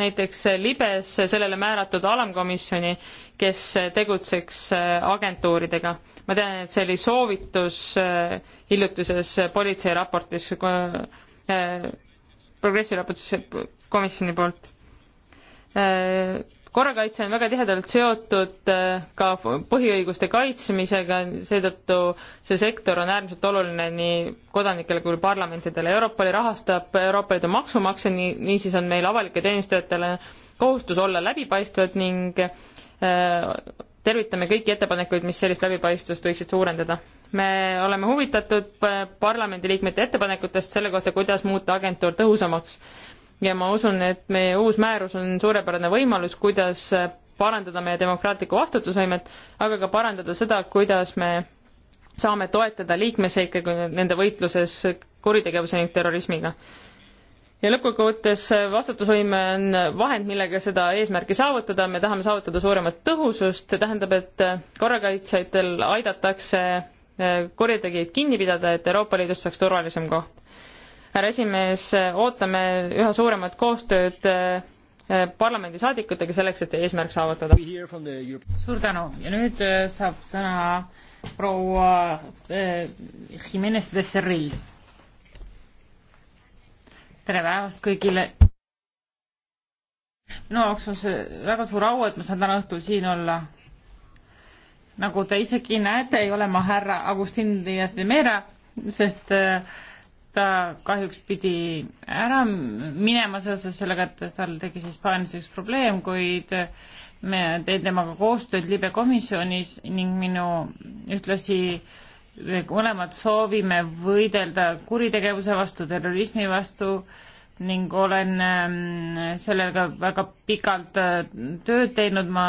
näiteks libes sellele määratud alamkomisjoni, kes tegutseks äh, agentuuridega. ma tean, et see oli soovitus hiljutises politseiraportis, progressiraportis komisjoni poolt korrakaitse on väga tihedalt seotud äh, ka põhiõiguste kaitsmisega, seetõttu see sektor on äärmiselt oluline nii kodanikele kui parlamentidele. Europoli rahastab Euroopa Liidu maksumaksja, nii, niisiis on meil avalike teenistujatele kohustus olla läbipaistvad ning äh, tervitame kõiki ettepanekuid, mis sellist läbipaistvust võiksid suurendada. me oleme huvitatud äh, parlamendiliikmete ettepanekutest selle kohta, kuidas muuta agentuur tõhusamaks ja ma usun, et meie uus määrus on suurepärane võimalus, kuidas parandada meie demokraatlikku vastutusvõimet, aga ka parandada seda, kuidas me saame toetada liikmesriike nende võitluses kuritegevuse ning terrorismiga. ja lõppkokkuvõttes vastutusvõime on vahend, millega seda eesmärki saavutada, me tahame saavutada suuremat tõhusust, see tähendab, et korrakaitsjatel aidatakse kuritegijaid kinni pidada, et Euroopa Liidust saaks turvalisem koht härra esimees, ootame üha suuremat koostööd eh, eh, parlamendisaadikutega selleks, et eesmärk saavutada. suur tänu ja nüüd eh, saab sõna proua Jimenez Becerril. tere päevast kõigile. minu jaoks on see väga suur au, et ma saan täna õhtul siin olla. nagu te isegi näete, ei ole ma härra Agustin Diaz de Mera, sest äh, ta kahjuks pidi ära minema seoses sellega, et tal tekkis Hispaanias üks probleem, kuid me teen temaga koostööd libe komisjonis ning minu ühtlasi me mõlemad soovime võidelda kuritegevuse vastu, terrorismi vastu ning olen ähm, sellega väga pikalt äh, tööd teinud, ma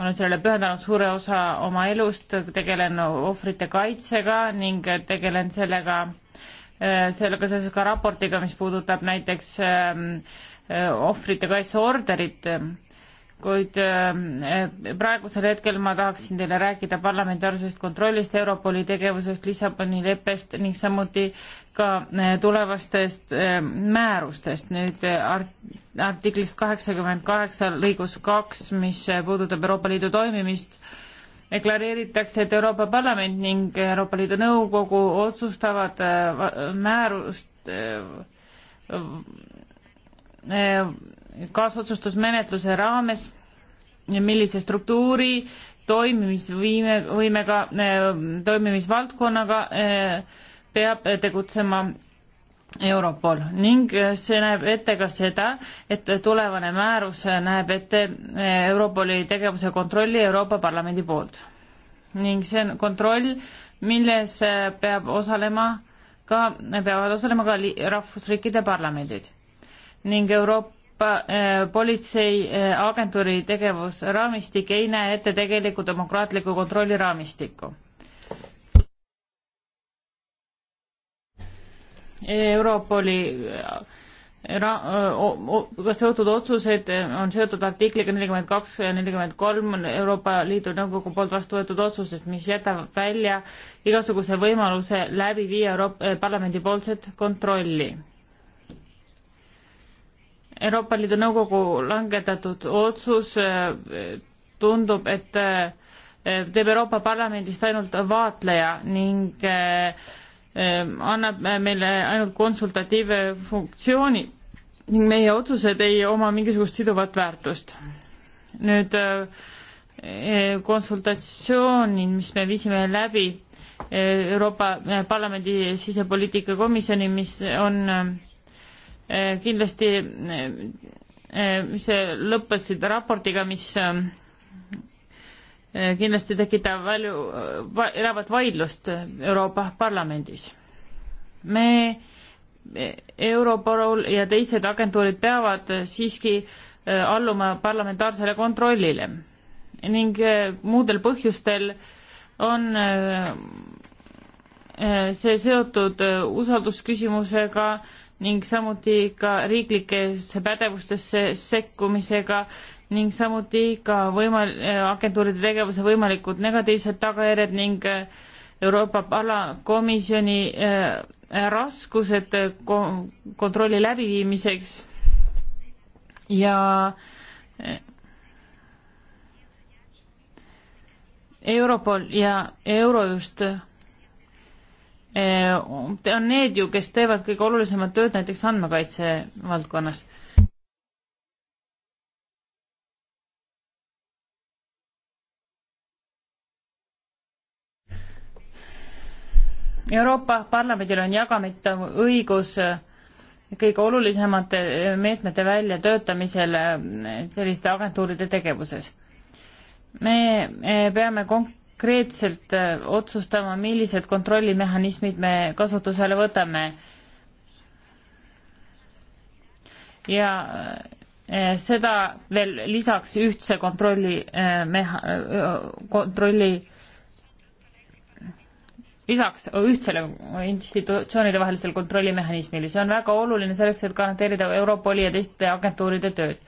olen sellele pühendanud suure osa oma elust, tegelen ohvrite kaitsega ning tegelen sellega, äh, sellega seoses ka raportiga, mis puudutab näiteks ähm, äh, ohvrite kaitseorderit, kuid äh, praegusel hetkel ma tahaksin teile rääkida parlamentaarsest kontrollist, Europoli tegevusest, Lissaboni leppest ning samuti ka eh, tulevastest eh, määrustest. nüüd eh, artiklist kaheksakümmend kaheksa lõigus kaks, mis puudutab Euroopa Liidu toimimist, deklareeritakse, et Euroopa Parlament ning Euroopa Liidu Nõukogu otsustavad määrust kaasotsustusmenetluse raames, millise struktuuri toimimisvõimega, toimimisvaldkonnaga äh, peab tegutsema Europol ning see näeb ette ka seda, et tulevane määrus näeb ette Europoli tegevuse kontrolli Euroopa Parlamendi poolt. ning see on kontroll, milles peab osalema ka, peavad osalema ka rahvusriikide parlamendid. ning Euroopa eh, Politseiagentuuri eh, tegevusraamistik ei näe ette tegelikku demokraatlikku kontrolli raamistikku Europoli äh, äh, ka seotud otsused äh, on seotud artikliga nelikümmend kaks ja nelikümmend kolm Euroopa Liidu Nõukogu poolt vastu võetud otsusest, mis jätab välja igasuguse võimaluse läbi viia Euroopa Parlamendi poolset kontrolli. Euroopa Liidu Nõukogu langetatud otsus tundub, et teeb Euroopa Parlamendist ainult vaatleja ning äh, Ehm, annab äh, meile ainult konsultatiive funktsiooni ning meie otsused ei oma mingisugust siduvat väärtust. nüüd äh, äh, konsultatsioonid, mis me viisime läbi Euroopa Parlamendi sisepoliitika komisjoni, mis on kindlasti, mis lõppesid raportiga, mis Eh, kindlasti tekitab palju eh, va,, elavat vaidlust Euroopa Parlamendis. me, eh, Europol ja teised agentuurid peavad siiski alluma parlamentaarsele kontrollile ning muudel põhjustel on see seotud usaldusküsimusega ning samuti ka riiklikesse pädevustesse sekkumisega ning samuti ka võimal-, agentuuride tegevuse võimalikud negatiivsed tagajärjed ning äh, Euroopa Pala-, komisjoni äh, raskused ko-, kontrolli läbiviimiseks ja äh, Europol ja Eurojust on need ju, kes teevad kõige olulisemat tööd näiteks andmekaitse valdkonnas Euroopa Parlamendil on jagamata õigus kõige olulisemate meetmete väljatöötamisel eh, selliste agentuuride tegevuses. me eh, peame konkreetselt eh, otsustama, millised kontrollimehhanismid me kasutusele võtame ja seda veel lisaks ühtse kontrolli meha-, kontrolli lisaks ühtsele institutsioonide vahelisele kontrollimehhanismile, see on väga oluline selleks, et garanteerida Europoli ja teiste agentuuride tööd.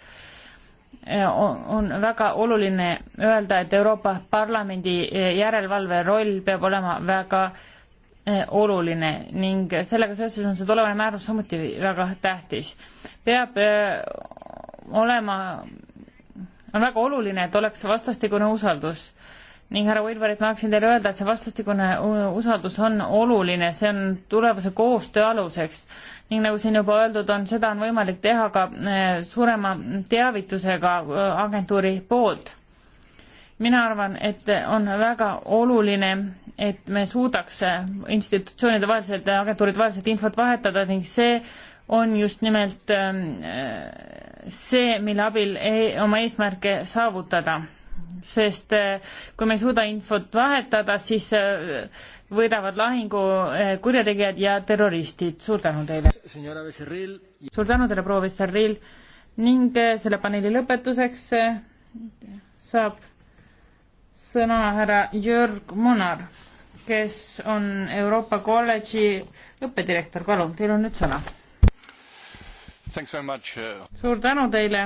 on väga oluline öelda, et Euroopa Parlamendi e, järelevalve roll peab olema väga e, oluline ning sellega seoses on see tulevane määrus samuti väga tähtis. peab e, olema, on väga oluline, et oleks vastastikune usaldus ning härra Wilberit ma tahaksin teile öelda, et see vastastikune usaldus on oluline, see on tulevase koostöö aluseks ning nagu siin juba öeldud on, seda on võimalik teha ka eh, suurema teavitusega eh, agentuuri poolt. mina arvan, et on väga oluline, et me suudaks eh, institutsioonide vaheliselt, agentuuride vaheliselt infot vahetada ning see on just nimelt see, mille abil ei, oma eesmärke saavutada sest eh, kui me ei suuda infot vahetada, siis eh, võidavad lahingu eh, kurjategijad ja terroristid. suur tänu teile. suur tänu teile, proua Vesteril ning selle paneeli lõpetuseks saab sõna härra Jörg Munar, kes on Euroopa kolledži õppedirektor. palun, teil on nüüd sõna. suur tänu teile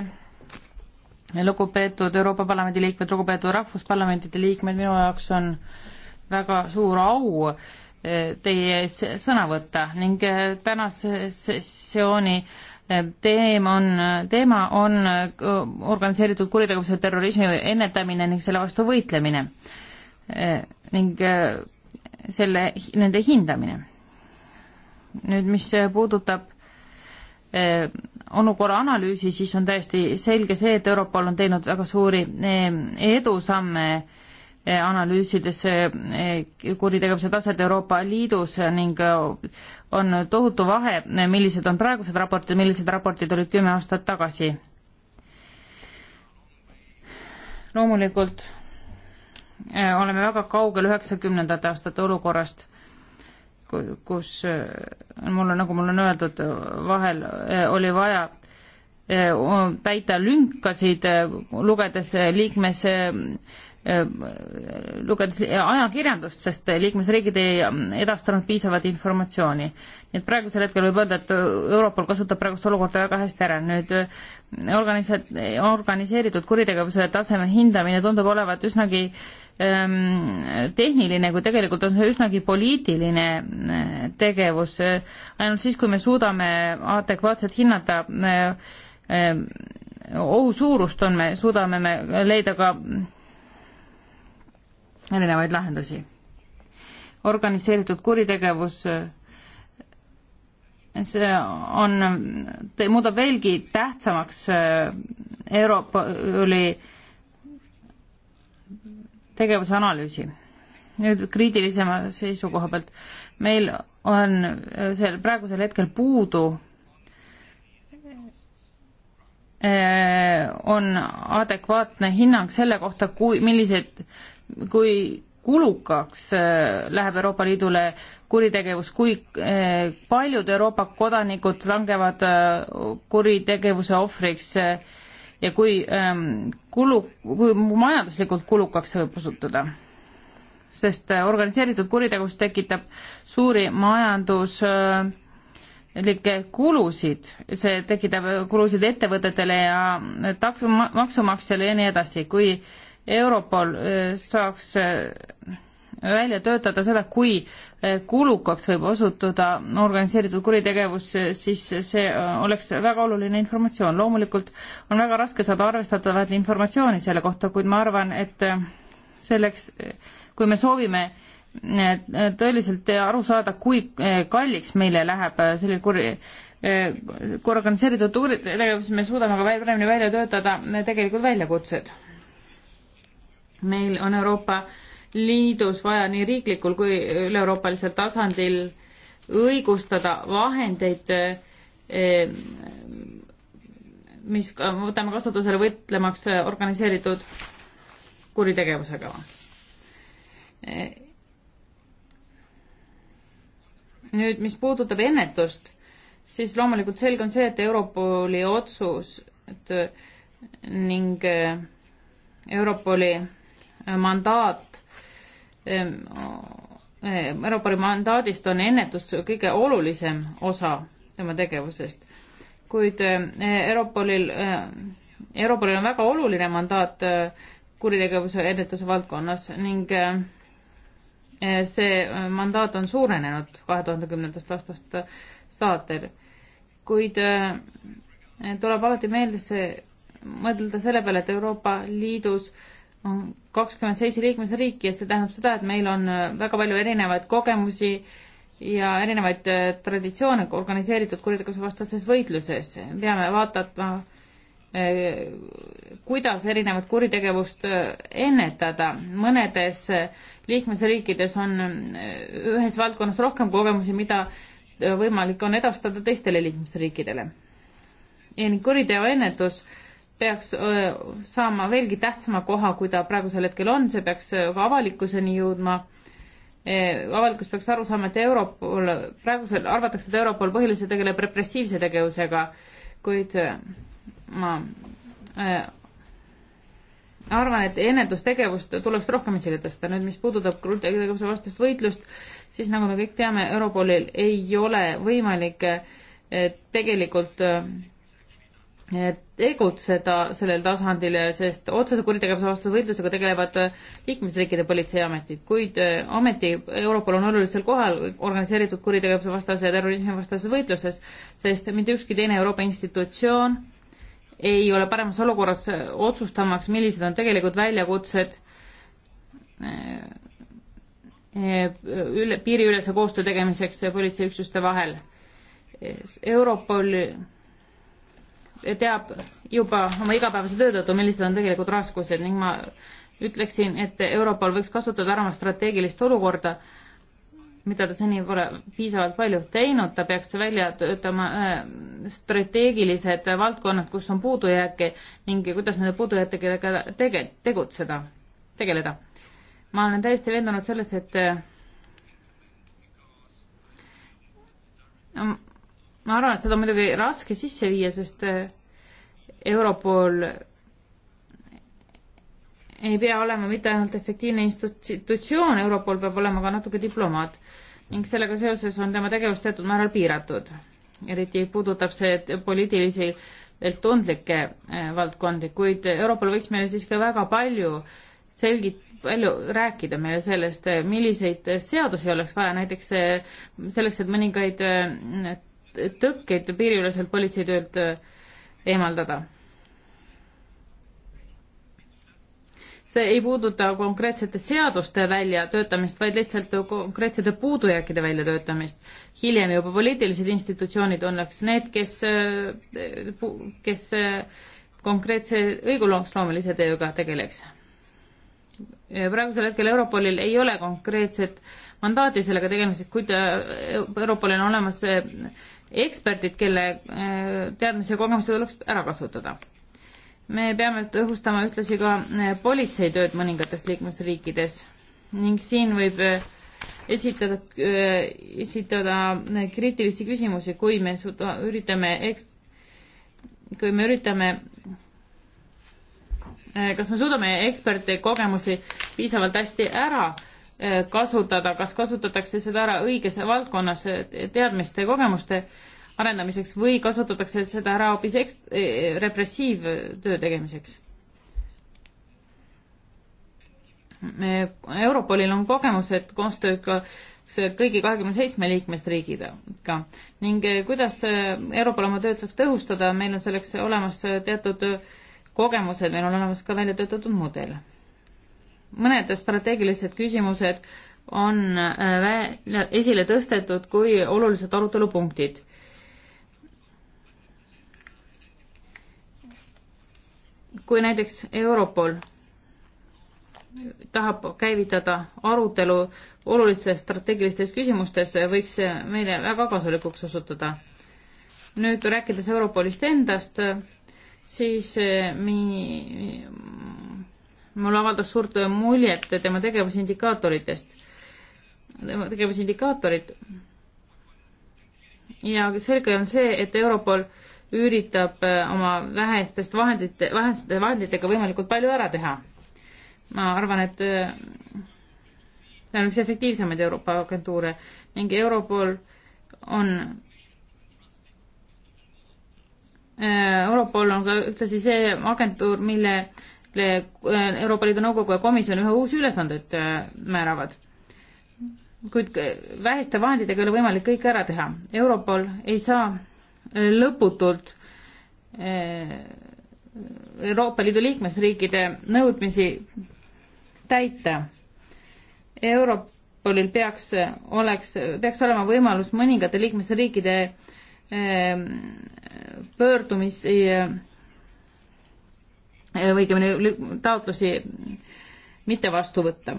lugupeetud Euroopa Parlamendi liikmed, lugupeetud Rahvusparlamentide liikmed, minu jaoks on väga suur au eh, teie ees sõna võtta ning eh, tänase sessiooni eh, teem on, teema on organiseeritud kuritegevuse terrorismi ennetamine ning selle vastu võitlemine ning selle, nende hindamine. nüüd, mis puudutab Eh, olukorra analüüsi, siis on täiesti selge see, et Europol on teinud väga suuri eh, edusamme eh, analüüsides kuritegevuse taset Euroopa Liidus ning on tohutu vahe, millised on praegused raportid, millised raportid olid kümme aastat tagasi. loomulikult oleme väga kaugel üheksakümnendate aastate olukorrast kus äh, mul on, nagu mul on öeldud, vahel äh, oli vaja äh, täita lünkasid, lugedes liikmes, lugedes ajakirjandust, sest liikmesriigid ei edastanud piisavat informatsiooni. nii et praegusel hetkel võib öelda, et Europol kasutab praegust olukorda väga hästi ära. nüüd organisa-, organiseeritud kuritegevuse taseme hindamine tundub olevat üsnagi äh, Ehm, tehniline, kui tegelikult on see üsnagi poliitiline eh, tegevus. Eh, ainult siis, kui me suudame adekvaatselt hinnata eh, ehm, ohu suurust, on me, suudame me leida ka erinevaid lahendusi. organiseeritud kuritegevus see on, muudab veelgi tähtsamaks Euroopa oli äh, tegevuse analüüsi. nüüd kriitilisema seisukoha pealt, meil on eh, seal praegusel hetkel puudu eh, on adekvaatne hinnang selle kohta, kui, millised, kui kulukaks eh, läheb Euroopa Liidule kuritegevus, kui paljud Euroopa kodanikud langevad kuritegevuse ohvriks äh, ja kui ähm, kulu, kui majanduslikult kulukaks see võib osutuda. sest äh, organiseeritud kuritegevus tekitab suuri majanduslikke äh, kulusid, see tekitab kulusid ettevõtetele ja äh, taksu, maksumaksjale ja nii edasi, kui Europol äh, saaks äh, välja töötada seda, kui äh, kulukaks võib osutuda organiseeritud kuritegevus, siis see äh, oleks väga oluline informatsioon. loomulikult on väga raske saada arvestatavat informatsiooni selle kohta, kuid ma arvan, et äh, selleks, kui me soovime äh, tõeliselt aru saada, kui kalliks meile läheb selline kuri, kui organiseeritud kuritegevus, me suudame ka paremini välja töötada tegelikult väljakutsed. meil on Euroopa äh, Liidus vaja nii riiklikul kui üleeuroopalisel tasandil õigustada vahendeid, eh, mis võtame kasutusele võitlemaks organiseeritud kuritegevusega. Eh, nüüd, mis puudutab ennetust, siis loomulikult selge on see, et Europoli otsus et, ning eh, Europoli mandaat Eh, Euroopa mandaadist on ennetus kõige olulisem osa tema tegevusest, kuid eh, Europolil, eh, Europolil on väga oluline mandaat kuritegevuse ennetuse valdkonnas ning see mandaat on suurenenud kahe tuhande kümnendast aastast saatel, kuid tuleb alati meelde see, mõelda selle peale, et Euroopa Liidus äh, on kakskümmend seitse liikmesriiki ja see tähendab seda, et meil on äh, väga palju erinevaid kogemusi ja erinevaid äh, traditsioone organiseeritud kuritegevusvastases võitluses. peame vaatama, äh, kuidas erinevat kuritegevust ennetada. mõnedes liikmesriikides on ühes valdkonnas rohkem kogemusi, mida võimalik on edastada teistele liikmesriikidele. kuriteo ennetus äh, peaks öö, saama veelgi tähtsama koha, kui ta praegusel hetkel on, see peaks ka avalikkuseni jõudma e,. avalikkus peaks aru saama, et Europol, praegusel arvatakse, et Europol põhiliselt tegeleb repressiivse tegevusega, kuid ma öö, arvan, et ennetustegevust tuleks rohkem esile tõsta. nüüd, mis puudutab kuritegevuse vastast võitlust, siis nagu me kõik teame, Europolil ei ole võimalik e, tegelikult öö, tegutseda sellel tasandil, sest otsese kuritegevuse vastase võitlusega tegelevad äh, liikmesriikide politseiametid, kuid äh, ometi Europol on olulisel kohal organiseeritud kuritegevuse vastase ja terrorismi vastases võitluses, sest mitte ükski teine Euroopa institutsioon ei ole paremas olukorras äh, otsustamaks, millised on tegelikud väljakutsed üle, piiriülese koostöö tegemiseks politseiüksuste vahel. Europol teab juba oma igapäevase töö tõttu, millised on tegelikult raskused ning ma ütleksin, et Europol võiks kasutada ära oma strateegilist olukorda, mida ta seni pole piisavalt palju teinud, ta peaks välja töötama äh, strateegilised valdkonnad, kus on puudujääke ning kuidas nende puudujääkidega tege-, tegutseda, tegeleda. ma olen täiesti veendunud selles, et äh, ma arvan, et seda on muidugi raske sisse viia, sest äh, Europol ei pea olema mitte ainult efektiivne institutsioon, Europol peab olema ka natuke diplomaat ning sellega seoses on tema tegevus teatud määral piiratud. eriti puudutab see poliitilisi tundlikke äh, valdkondi, kuid Europol võiks meile siiski väga palju selgit-, palju rääkida meile sellest, milliseid seadusi oleks vaja näiteks äh, selleks, et mõningaid tõkkeid piiriüleselt politseitöölt äh, eemaldada. see ei puuduta konkreetsete seaduste väljatöötamist, vaid lihtsalt konkreetsete puudujääkide väljatöötamist. hiljem juba poliitilised institutsioonid oleks need, kes, äh, kes äh, konkreetse õiguloomelise tööga tegeleks. praegusel hetkel Europolil ei ole konkreetset äh, mandaati sellega tegemiseks, kuid äh, Euroopal on olemas äh, eksperdid, kelle äh, teadmisi ja kogemusi tuleks ära kasutada. me peame tõhustama ühtlasi ka politsei tööd mõningates liikmesriikides ning siin võib esitada, esitada kriitilisi küsimusi, kui me suuda, üritame eks-, kui me üritame kas me suudame eksperte kogemusi piisavalt hästi ära Äh, kasutada, kas kasutatakse seda ära õiges valdkonnas äh, teadmiste ja kogemuste arendamiseks või kasutatakse seda ära hoopis eks-, äh, repressiivtöö tegemiseks? Europolil on kogemused koostööga kõigi kahekümne seitsme liikmesriigiga ning kuidas Europol oma tööd saaks tõhustada, meil on selleks olemas teatud kogemused, meil on olemas ka välja töötatud mudel mõned strateegilised küsimused on äh, esile tõstetud kui olulised arutelupunktid. kui näiteks Europol tahab käivitada arutelu olulistes strateegilistes küsimustes, võiks see meile väga kasulikuks osutuda. nüüd rääkides Europolist endast, siis äh, mi-, mulle avaldas suurt muljet tema tegevusindikaatoritest, tema tegevusindikaatorid. ja selge on see, et Europol üritab äh, oma vähestest vahendite, väheste vahenditega võimalikult palju ära teha. ma arvan, et ta äh, on üks efektiivsemaid Euroopa agentuure ning Europol on äh, Europol on ka ühtlasi see agentuur, mille Euroopa Liidu Nõukogu ja komisjon ühe uusi ülesandeid äh, määravad. kuid äh, väheste vahenditega ei ole võimalik kõike ära teha. Europol ei saa äh, lõputult Euroopa Liidu liikmesriikide nõudmisi täita. Europolil peaks, oleks, peaks olema võimalus mõningate liikmesriikide pöördumisi Äh, õigemini taotlusi mitte vastu võtta.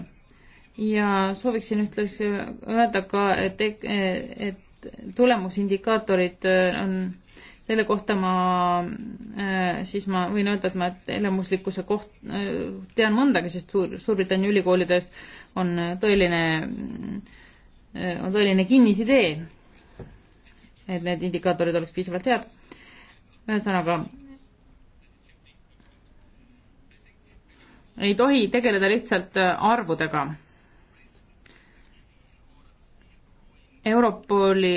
ja sooviksin ühtlasi äh, öelda ka, et, äh, et tulemusindikaatorid on, selle kohta ma, siis ma võin öelda, et ma elamuslikkuse koht, tean mõndagi, sest Suur, Suurbritannia ülikoolides on tõeline, on tõeline kinnisidee, et need indikaatorid oleks piisavalt head. ühesõnaga ei tohi tegeleda lihtsalt äh, arvudega. Europoli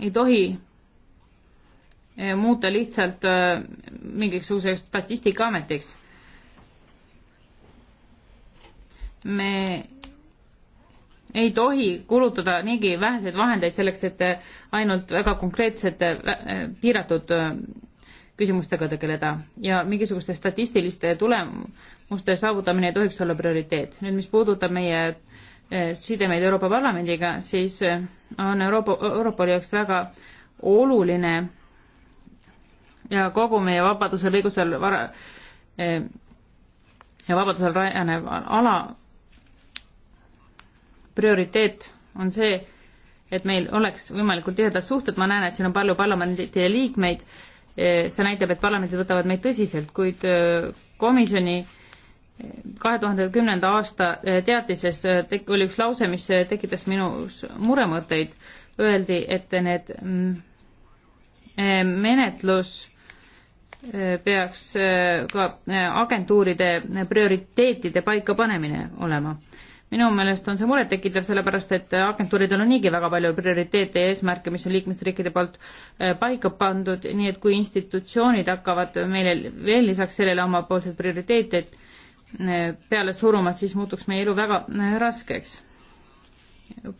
ei tohi äh, muuta lihtsalt äh, mingisuguseks statistikaametiks. me ei tohi kulutada niigi väheseid vahendeid selleks, et ainult väga konkreetsete piiratud küsimustega tegeleda ja mingisuguste statistiliste tulem-, muste saavutamine ei tohiks olla prioriteet. nüüd, mis puudutab meie eh, sidemeid Euroopa Parlamendiga, siis eh, on Euroopa, Europoli jaoks väga oluline ja kogu meie vabadusel, õigusel vara- eh, ja vabadusel rajanev ala prioriteet on see, et meil oleks võimalikult tihedad suhted, ma näen, et siin on palju parlamendi liikmeid, see näitab, et parlamendid võtavad meid tõsiselt, kuid komisjoni kahe tuhande kümnenda aasta eh, teatises eh, tek-, oli üks lause, mis eh, tekitas minus muremõtteid. Öeldi, et need mm, menetlus peaks ka agentuuride prioriteetide paikapanemine olema. minu meelest on see murettekitav, sellepärast et agentuuridel on niigi väga palju prioriteete ja eesmärke, mis on liikmesriikide poolt paika pandud, nii et kui institutsioonid hakkavad meile veel lisaks sellele omapoolseid prioriteete, et peale suruma, siis muutuks meie elu väga eh, raskeks.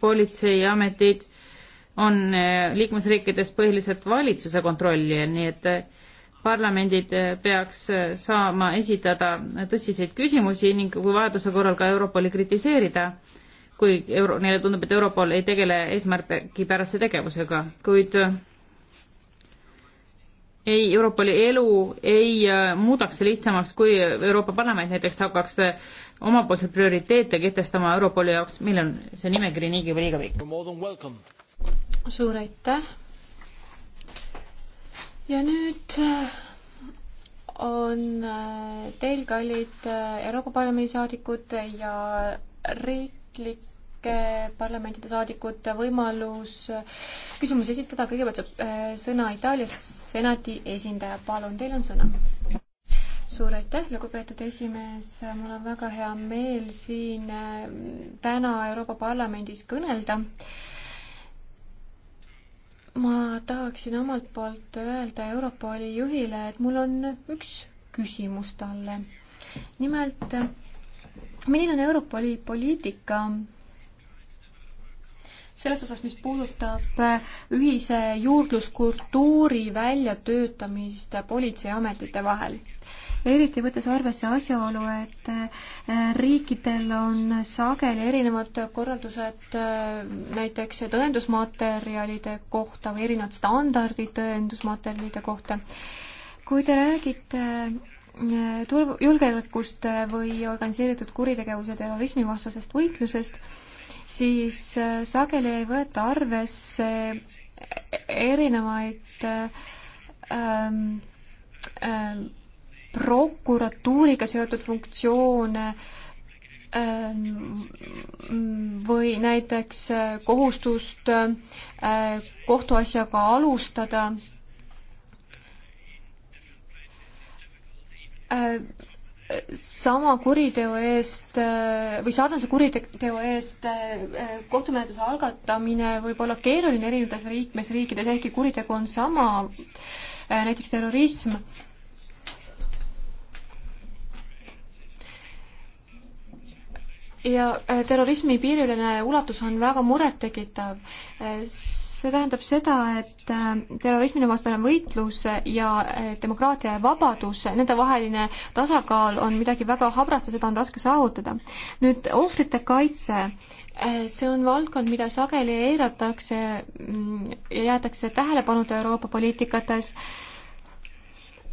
politseiametid on eh, liikmesriikides põhiliselt valitsuse kontrolli, nii et eh, parlamendid peaks saama esitada tõsiseid küsimusi ning kui vajaduse korral ka Europoli kritiseerida, kui euro, neile tundub, et Europol ei tegele eesmärgipärase tegevusega, kuid ei, Euroopa elu ei äh, muudaks lihtsamaks, kui Euroopa Parlament näiteks hakkaks äh, omapoolseid prioriteete kehtestama Europoli jaoks, meil on see nimekiri niigi või liiga pikk. suur aitäh. ja nüüd äh, on teil, kallid Euroopa Parlamendi saadikud ja riiklik parlamentide saadikute võimalus küsimusi esitada. kõigepealt saab äh, sõna Itaalias senati esindaja. palun, teil on sõna. suur aitäh, lugupeetud esimees. mul on väga hea meel siin äh, täna Euroopa Parlamendis kõnelda. ma tahaksin omalt poolt öelda Europoli juhile, et mul on üks küsimus talle. nimelt, milline on Europoli poliitika selles osas, mis puudutab äh, ühise juurdluskultuuri väljatöötamist politseiametite vahel eriti võttes arvesse asjaolu, et äh, riikidel on sageli erinevad korraldused äh, näiteks tõendusmaterjalide kohta või erinevad standardid tõendusmaterjalide kohta. kui te räägite turv-, julgeolekust või organiseeritud kuritegevuse terrorismivastasest võitlusest, siis äh, sageli ei võeta arvesse erinevaid ähm, ähm, prokuratuuriga seotud funktsioone ähm, või näiteks äh, kohustust äh, kohtuasjaga alustada äh, sama kuriteo eest või sarnase kuriteo eest eh, kohtumenetluse algatamine võib olla keeruline erinevates liikmesriikides, ehkki kuritegu on sama, eh, näiteks terrorism. ja eh, terrorismi piiriülene ulatus on väga murettekitav see tähendab seda, et äh, terrorismivastane võitlus ja äh, demokraatia ja vabadus, nendevaheline tasakaal on midagi väga habrast ja seda on raske saavutada. nüüd ohvrite kaitse, äh, see on valdkond, mida sageli eiratakse mm, ja jäetakse tähelepanuta Euroopa poliitikates.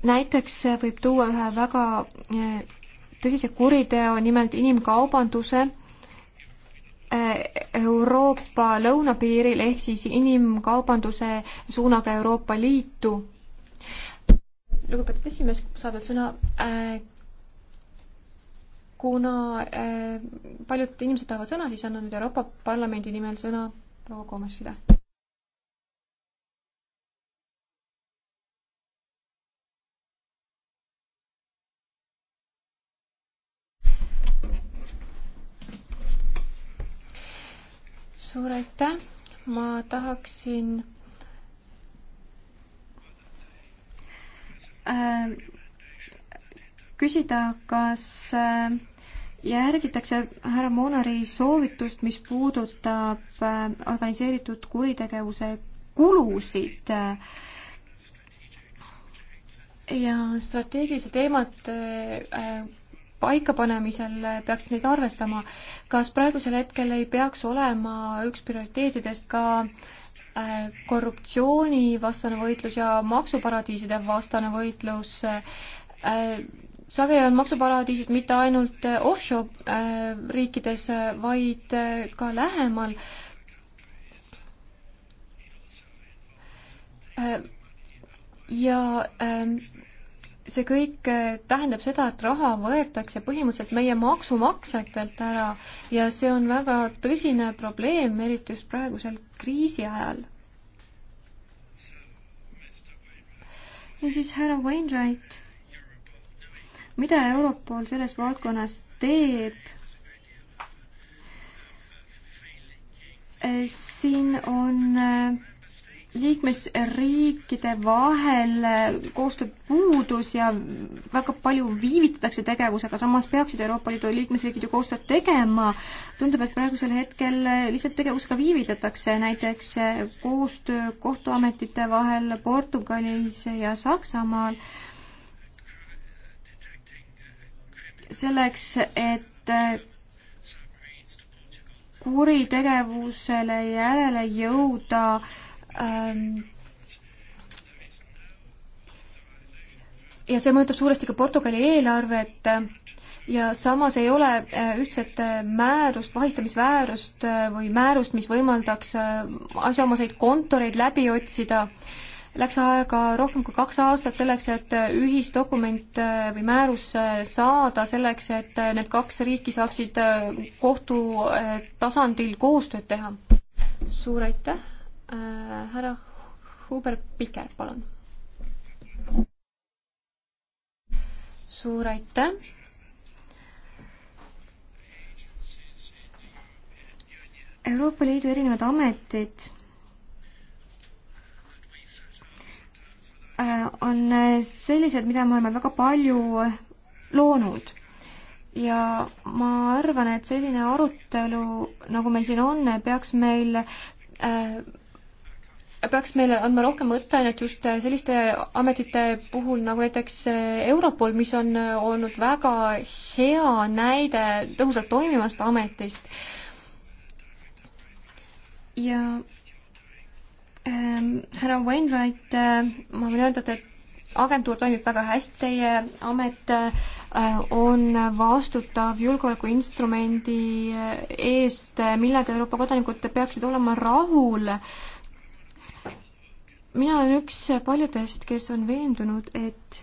näiteks võib tuua ühe väga tõsise kuriteo, nimelt inimkaubanduse Euroopa lõunapiiril ehk siis inimkaubanduse suunaga Euroopa Liitu. lugupeetud esimees, saab veel sõna äh,. kuna äh, paljud inimesed tahavad sõna, siis annan nüüd Euroopa Parlamendi nimel sõna proua Koomessile. suur aitäh, ma tahaksin äh, küsida, kas äh, järgitakse härra Moonari soovitust, mis puudutab äh, organiseeritud kuritegevuse kulusid äh, ja strateegilised teemad äh, paikapanemisel peaks neid arvestama. kas praegusel hetkel ei peaks olema üks prioriteetidest ka äh, korruptsioonivastane võitlus ja maksuparadiiside vastane võitlus? Äh, sageli on maksuparadiisid mitte ainult äh, offshore riikides, vaid ka lähemal. ja ähm, see kõik äh, tähendab seda, et raha võetakse põhimõtteliselt meie maksumaksjatelt ära ja see on väga tõsine probleem, eriti just praegusel kriisi ajal. niisiis, härra Wainwright, mida Europol selles valdkonnas teeb? Äh, siin on äh, liikmesriikide vahel koostöö puudus ja väga palju viivitatakse tegevusega, samas peaksid Euroopa Liidu liikmesriigid ju koostööd tegema. tundub, et praegusel hetkel lihtsalt tegevusega viivitatakse, näiteks koostöö kohtuametite vahel Portugalis ja Saksamaal. selleks, et kuritegevusele järele jõuda äh, ähm, ja see mõjutab suuresti ka Portugali eelarvet äh, ja samas ei ole äh, ühtset äh, määrust, vahistamisväärust või määrust, mis võimaldaks asjaomaseid kontoreid läbi otsida. Läks aega rohkem kui kaks aastat selleks, et ühisdokument või määrus saada, selleks et need kaks riiki saaksid kohtu tasandil koostööd teha. suur aitäh! Äh, härra Huber Piker, palun. suur aitäh. Euroopa Liidu erinevad ametid äh, on sellised, mida me oleme väga palju loonud ja ma arvan, et selline arutelu, nagu meil siin on, peaks meil äh, peaks meile andma rohkem mõtteainet just äh, selliste ametite puhul nagu näiteks äh, Europol, mis on äh, olnud väga hea näide tõhusalt toimivast ametist. ja ähm, härra Wainwright äh,, ma võin öelda, et agentuur toimib väga hästi, teie amet on vastutav julgeolekuinstrumendi eest, millega Euroopa kodanikud peaksid olema rahul äh, mina olen üks paljudest, kes on veendunud, et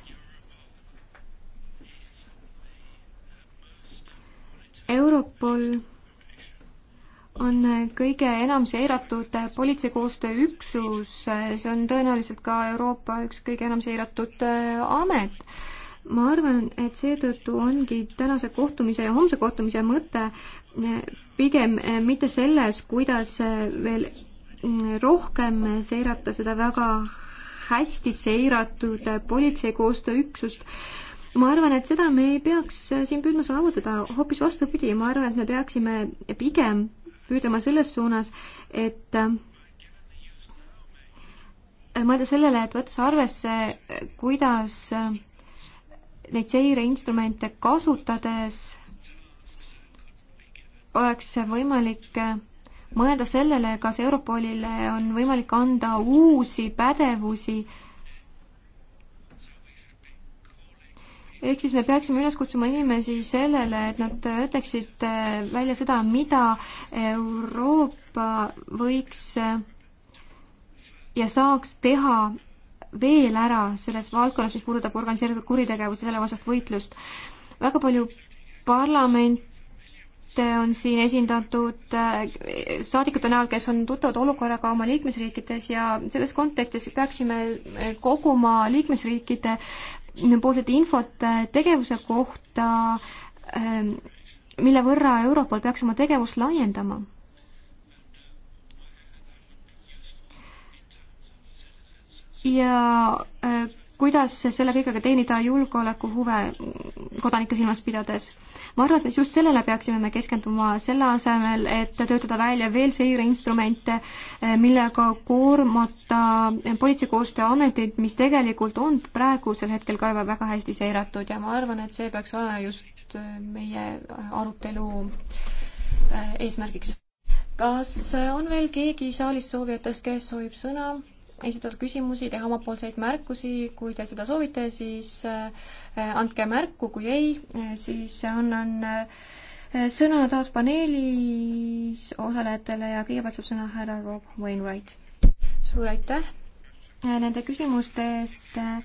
Europol on kõige enam seiratud politseikoostöö üksus, see on tõenäoliselt ka Euroopa üks kõige enam seiratud äh, amet. ma arvan, et seetõttu ongi tänase kohtumise ja homse kohtumise mõte äh, pigem äh, mitte selles, kuidas veel rohkem seirata seda väga hästi seiratud politsei koostööüksust. ma arvan, et seda me ei peaks siin püüdma saavutada, hoopis vastupidi, ma arvan, et me peaksime pigem püüdlema selles suunas, et äh, mõelda sellele, et võttes arvesse, kuidas äh, neid seireinstrumente kasutades oleks võimalik äh, mõelda sellele, kas Europolile on võimalik anda uusi pädevusi. ehk siis me peaksime üles kutsuma inimesi sellele, et nad ütleksid välja seda, mida Euroopa võiks ja saaks teha veel ära selles valdkonnas, mis puudutab organiseeritud kuritegevuse, selle vastasest võitlust. väga palju parlament on siin esindatud äh, saadikute näol, kes on tuttavad olukorraga oma liikmesriikides ja selles kontekstis peaksime äh, koguma liikmesriikide poolset infot äh, tegevuse kohta, ähm, mille võrra Europol peaks oma tegevust laiendama. ja kuidas selle kõigega teenida julgeolekuhuve kodanikke silmas pidades. ma arvan, et me just sellele peaksime me keskenduma, selle asemel, et töötada välja veel seireinstrumente, eh, millega koormata Politsei Koostööametit, mis tegelikult on praegusel hetkel ka väga hästi seiratud ja ma arvan, et see peaks olema just eh, meie arutelu eh, eesmärgiks. kas on veel keegi saalis soovijatest, kes soovib sõna? esitada küsimusi, teha omapoolseid märkusi, kui te seda soovite, siis äh, andke märku, kui ei, äh, siis annan äh, sõna taas paneelis osalejatele ja kõigepealt saab sõna härra Rob Wainwright. suur aitäh nende küsimuste eest ähm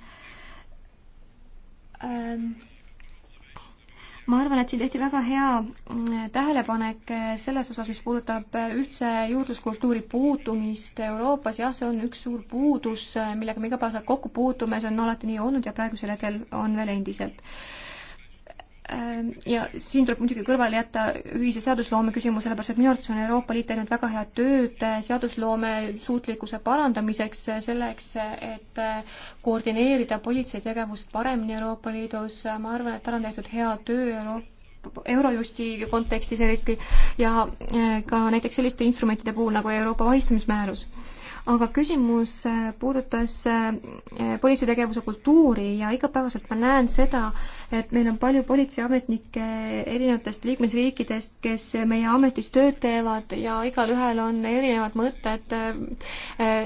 ma arvan, et siin tehti väga hea mm, tähelepanek eh, selles osas, mis puudutab eh, ühtse juurdluskultuuri puudumist Euroopas, jah, see on üks suur puudus, eh, millega me igapäevaselt kokku puutume, see on alati nii olnud ja praegusel hetkel on veel endiselt Ehm, ja siin tuleb muidugi kõrvale jätta ühise seadusloome küsimus, sellepärast et minu arvates on Euroopa Liit teinud väga head tööd eh, seadusloome suutlikkuse parandamiseks, eh, selleks, eh, et koordineerida politsei tegevust paremini Euroopa Liidus, ma arvan, et tal on tehtud hea töö Euroopa Eurojusti kontekstis eriti ja ka näiteks selliste instrumentide puhul nagu Euroopa vahistamismäärus aga küsimus äh, puudutas äh, äh, politsei tegevuse kultuuri ja igapäevaselt ma näen seda, et meil on palju politseiametnikke erinevatest liikmesriikidest, kes meie ametis tööd teevad ja igalühel on erinevad mõtted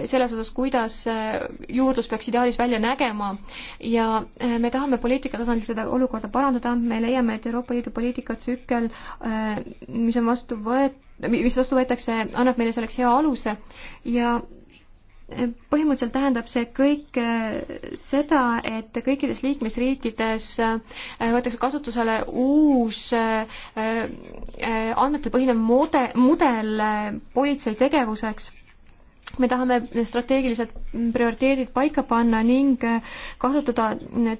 selles osas, kuidas juurdlus peaks ideaalis välja nägema. ja me tahame poliitika tasandil seda olukorda parandada, me leiame, et Euroopa Liidu poliitikatsükkel, mis on vastu võetud, mis vastu võetakse, annab meile selleks hea aluse ja põhimõtteliselt tähendab see kõik äh, seda, et kõikides liikmesriikides äh, võetakse kasutusele uus äh, andmetel põhinev mode, mudel politsei tegevuseks me tahame strateegilised prioriteedid paika panna ning kasutada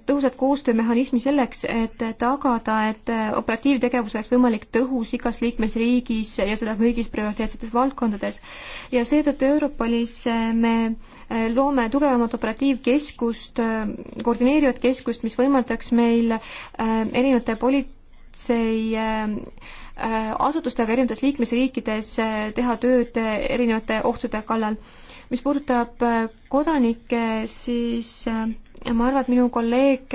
tõhusat koostöömehhanismi selleks, et tagada, et operatiivtegevus oleks võimalik tõhus igas liikmesriigis ja seda kõigis prioriteetsetes valdkondades. ja seetõttu Europolis me loome tugevamat operatiivkeskust, koordineerivat keskust, mis võimaldaks meil erinevate politsei Äh, asutustega erinevates liikmesriikides äh, teha tööd äh, erinevate ohtude kallal. mis puudutab kodanikke, siis ma arvan, et minu kolleeg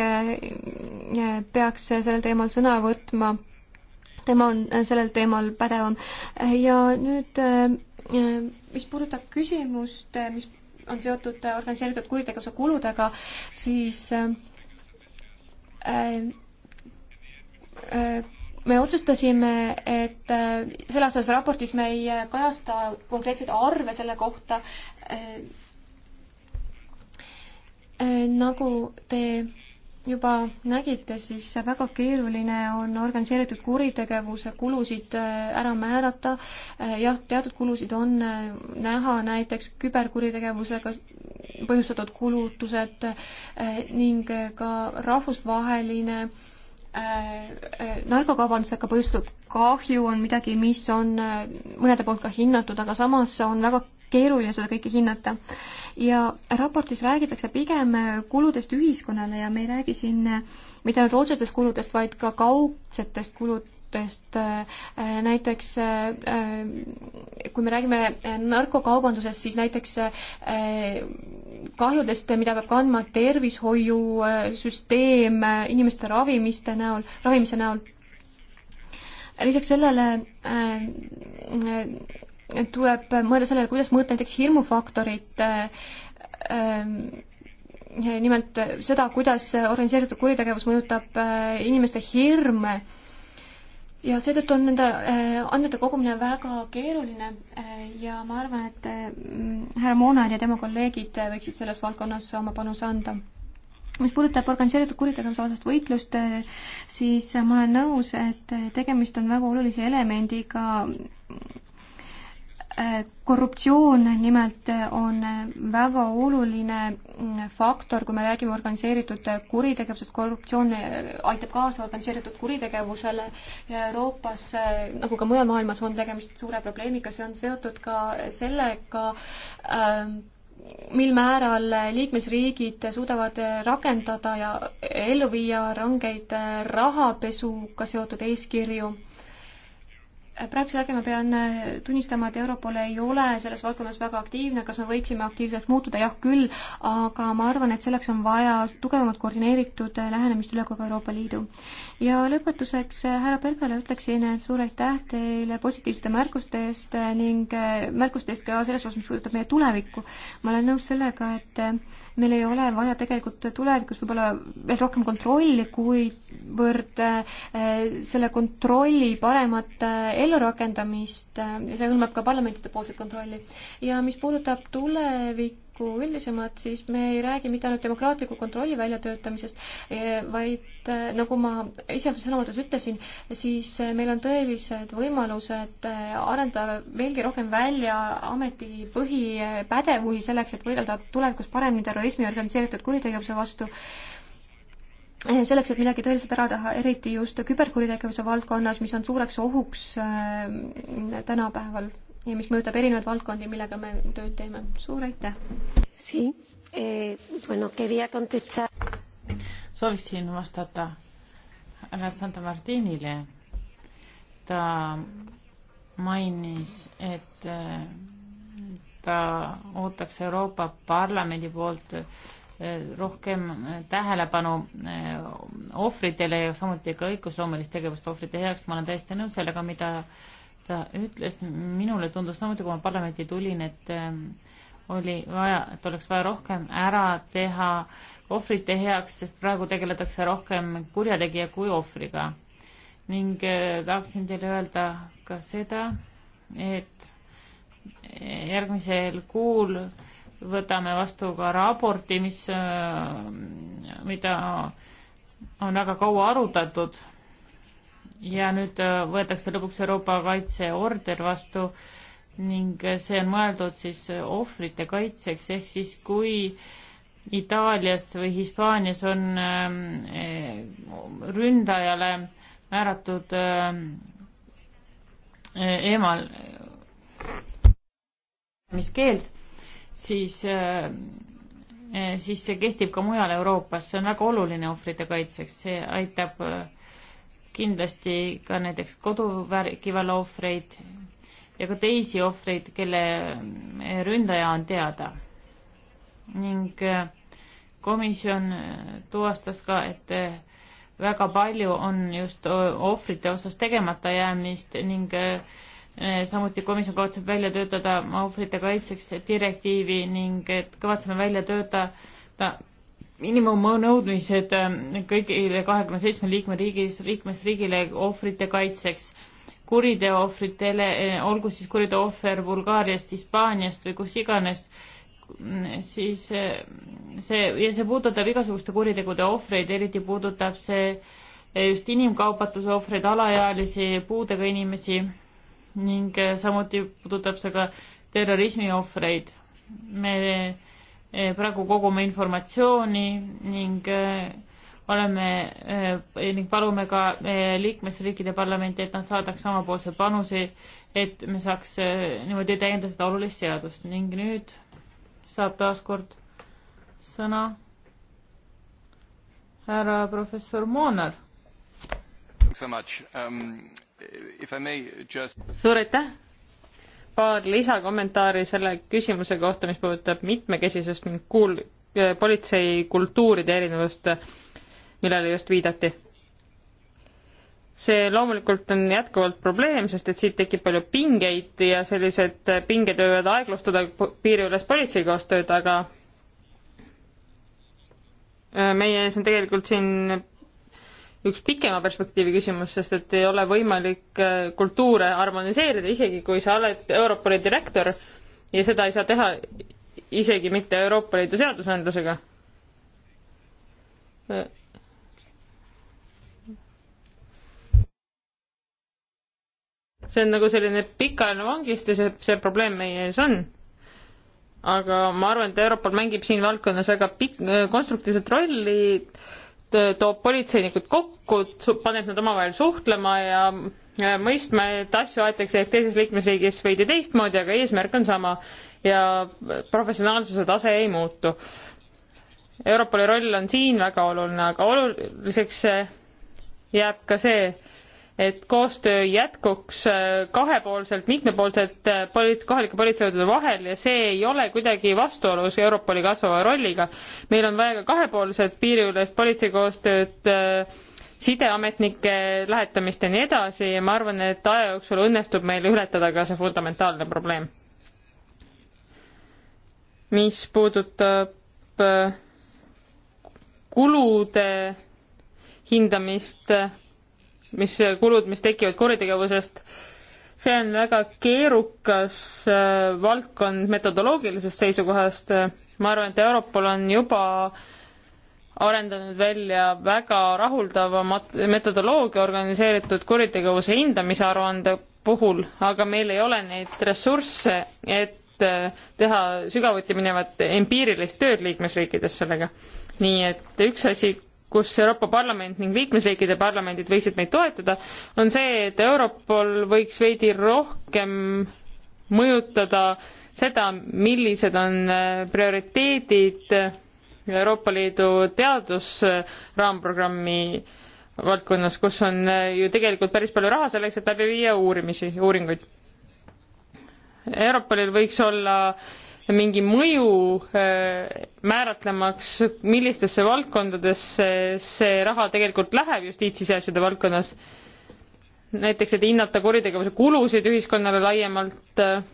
peaks sellel teemal sõna võtma. tema on sellel teemal pädevam. ja nüüd, mis puudutab küsimust, mis on seotud organiseeritud kuritegevuse kuludega, siis äh, äh, me otsustasime, et äh, selles osas raportis me ei äh, kajasta konkreetseid arve selle kohta. Äh, nagu te juba nägite, siis väga keeruline on organiseeritud kuritegevuse kulusid ära määrata. jah, teatud kulusid on näha, näiteks küberkuritegevusega põhjustatud kulutused ning ka rahvusvaheline äh, Äh, äh, narkokaubandusega põhjustatud kahju on midagi, mis on äh, mõnede poolt ka hinnatud, aga samas on väga keeruline seda kõike hinnata. ja raportis räägitakse pigem kuludest ühiskonnale ja me ei räägi siin mitte ainult otsestest kuludest, vaid ka kaudsetest kuludest, näiteks kui me räägime narkokaubandusest, siis näiteks kahjudest, mida peab kandma tervishoiusüsteem inimeste ravimiste näol, ravimise näol. lisaks sellele äh, äh, tuleb mõelda sellele, kuidas mõõta näiteks hirmufaktorit, äh, nimelt seda, kuidas organiseeritud kuritegevus mõjutab inimeste hirme ja seetõttu on nende äh, andmete kogumine väga keeruline äh, ja ma arvan, et äh, härra Moonar ja tema kolleegid võiksid selles valdkonnas oma panuse anda mis puudutab organiseeritud kuritegevuse vastasest võitlust, siis ma olen nõus, et tegemist on väga olulise elemendiga Äh, korruptsioon nimelt äh, on äh, väga oluline mm, faktor, kui me räägime organiseeritud kuritegevusest, korruptsioon aitab kaasa organiseeritud kuritegevusele ja Euroopas, nagu ka mujal maailmas, on tegemist suure probleemiga, see on seotud ka sellega, ähm, mil määral liikmesriigid suudavad rakendada ja ellu viia rangeid rahapesuga seotud eeskirju praegusel hetkel ma pean äh, tunnistama, et Europol ei ole selles valdkonnas väga aktiivne, kas me võiksime aktiivseks muutuda, jah küll, aga ma arvan, et selleks on vaja tugevamat koordineeritud äh, lähenemist üle kogu Euroopa Liidu ja lõpetuseks äh, härra Pergale ütleksin, et suur aitäh teile positiivsete märkuste eest äh, ning äh, märkuste eest ka selles osas, mis puudutab meie tulevikku. ma olen nõus sellega, et meil ei ole vaja tegelikult tulevikus võib-olla veel rohkem kontrolli, kuivõrd selle kontrolli paremat ellurakendamist ja see hõlmab ka parlamentidepoolset kontrolli. ja mis puudutab tulevikku, kui üldisemad, siis me ei räägi mitte ainult demokraatliku kontrolli väljatöötamisest, eh, vaid eh, nagu ma esialgses sõnavõtus ütlesin, siis eh, meil on tõelised võimalused arendada veelgi rohkem välja ameti põhipädevusi selleks, et võidelda tulevikus paremini terrorismi ja organiseeritud kuritegevuse vastu selleks, et midagi tõeliselt ära teha, eriti just küberkuritegevuse valdkonnas, mis on suureks ohuks tänapäeval ja mis mõjutab erinevaid valdkondi, millega me tööd teeme. suur aitäh! Eh, sooviksin vastata härra Santa Martinile. ta mainis, et eh, ta ootaks Euroopa Parlamendi poolt eh, rohkem tähelepanu ohvritele ja samuti ka õigusloomelist tegevust ohvrite heaks, ma olen täiesti nõus sellega, mida ta ütles, minule tundus samuti, kui ma parlamenti tulin, et ähm, oli vaja, et oleks vaja rohkem ära teha ohvrite heaks, sest praegu tegeletakse rohkem kurjategija kui ohvriga. ning äh, tahaksin teile öelda ka seda, et äh, järgmisel kuul võtame vastu ka raporti, mis, äh, mida on väga kaua arutatud ja nüüd äh, võetakse lõpuks Euroopa kaitseorder vastu ning äh, see on mõeldud siis äh, ohvrite kaitseks, ehk siis kui Itaalias või Hispaanias on ähm, ründajale määratud eemal ähm, mis keeld, siis, siis see kehtib ka mujal Euroopas, see on väga oluline ohvrite kaitseks, see aitab äh, kindlasti ka näiteks koduvägivalla ohvreid ja ka teisi ohvreid, kelle ründaja on teada. ning äh, komisjon äh, tuvastas ka, et äh, väga palju on just ohvrite osas tegemata jäämist ning samuti komisjon kavatseb välja töötada ohvrite kaitseks direktiivi ning kavatseme välja töötada miinimumnõudmised ähm, kõigile kahekümne seitsme liikmeriigis, liikmesriigile ohvrite kaitseks, kuriteo ohvritele, äh, olgu siis kuriteo ohver Bulgaariast, Hispaaniast või kus iganes, siis äh, see, ja see puudutab igasuguste kuritegude ohvreid, eriti puudutab see äh, just inimkaupatuse ohvreid, alaealisi, puudega inimesi ning samuti puudutab see ka terrorismi ohvreid. me Eh, praegu kogume informatsiooni ning eh, oleme eh, ning palume ka liikmesriikide parlamenti, et nad saadaks omapoolse panuse, et me saaks niimoodi täiendada seda olulist seadust ning nüüd saab taaskord sõna härra professor Moonar. Um, suur aitäh paar lisakommentaari selle küsimuse kohta, mis puudutab mitmekesisust ning kuul-, äh, politsei kultuuride erinevust, millele just viidati. see loomulikult on jätkuvalt probleem, sest et siit tekib palju pingeid ja sellised pinged võivad aeglustada piiriüles politsei koostööd, aga äh, meie ees on tegelikult siin üks pikema perspektiivi küsimus, sest et ei ole võimalik äh, kultuure harmoniseerida, isegi kui sa oled Euroopa Liidu direktor ja seda ei saa teha isegi mitte Euroopa Liidu seadusandlusega. see on nagu selline pikaajaline vangistus ja see probleem meie ees on. aga ma arvan, et Euroopal mängib siin valdkonnas väga pikk, konstruktiivset rolli Äh, toob politseinikud kokku, paneb nad omavahel suhtlema ja mõistma, et asju aetakse ehk teises liikmesriigis veidi teistmoodi, aga eesmärk on sama ja professionaalsuse tase ei muutu. Europoli roll on siin väga oluline, aga oluliseks äh, jääb ka see, et koostöö jätkuks äh, kahepoolselt, mitmepoolselt äh, polit-, kohalike politseijõudude vahel ja see ei ole kuidagi vastuolus Europoli kasvava rolliga. meil on vaja ka kahepoolset piiriülest politseikoostööd, äh, sideametnike lähetamist ja nii edasi ja ma arvan, et aja jooksul õnnestub meil ületada ka see fundamentaalne probleem. mis puudutab kulude hindamist mis kulud, mis tekivad kuritegevusest, see on väga keerukas äh, valdkond metodoloogilisest seisukohast. ma arvan, et Europol on juba arendanud välja väga rahuldava mat-, metodoloogia organiseeritud kuritegevuse hindamise aruande puhul, aga meil ei ole neid ressursse, et äh, teha sügavuti minevat empiirilist tööd liikmesriikides sellega. nii et üks asi, kus Euroopa Parlament ning liikmesriikide parlamendid võiksid meid toetada, on see, et Europol võiks veidi rohkem mõjutada seda, millised on äh, prioriteedid Euroopa Liidu teadusraamprogrammi valdkonnas, kus on äh, ju tegelikult päris palju raha selleks, et läbi viia uurimisi, uuringuid. Europolil võiks olla mingi mõju äh, määratlemaks, millistesse valdkondadesse see raha tegelikult läheb justiits- ja siseasjade valdkonnas. näiteks, et hinnata kuritegevuse kulusid ühiskonnale laiemalt, äh,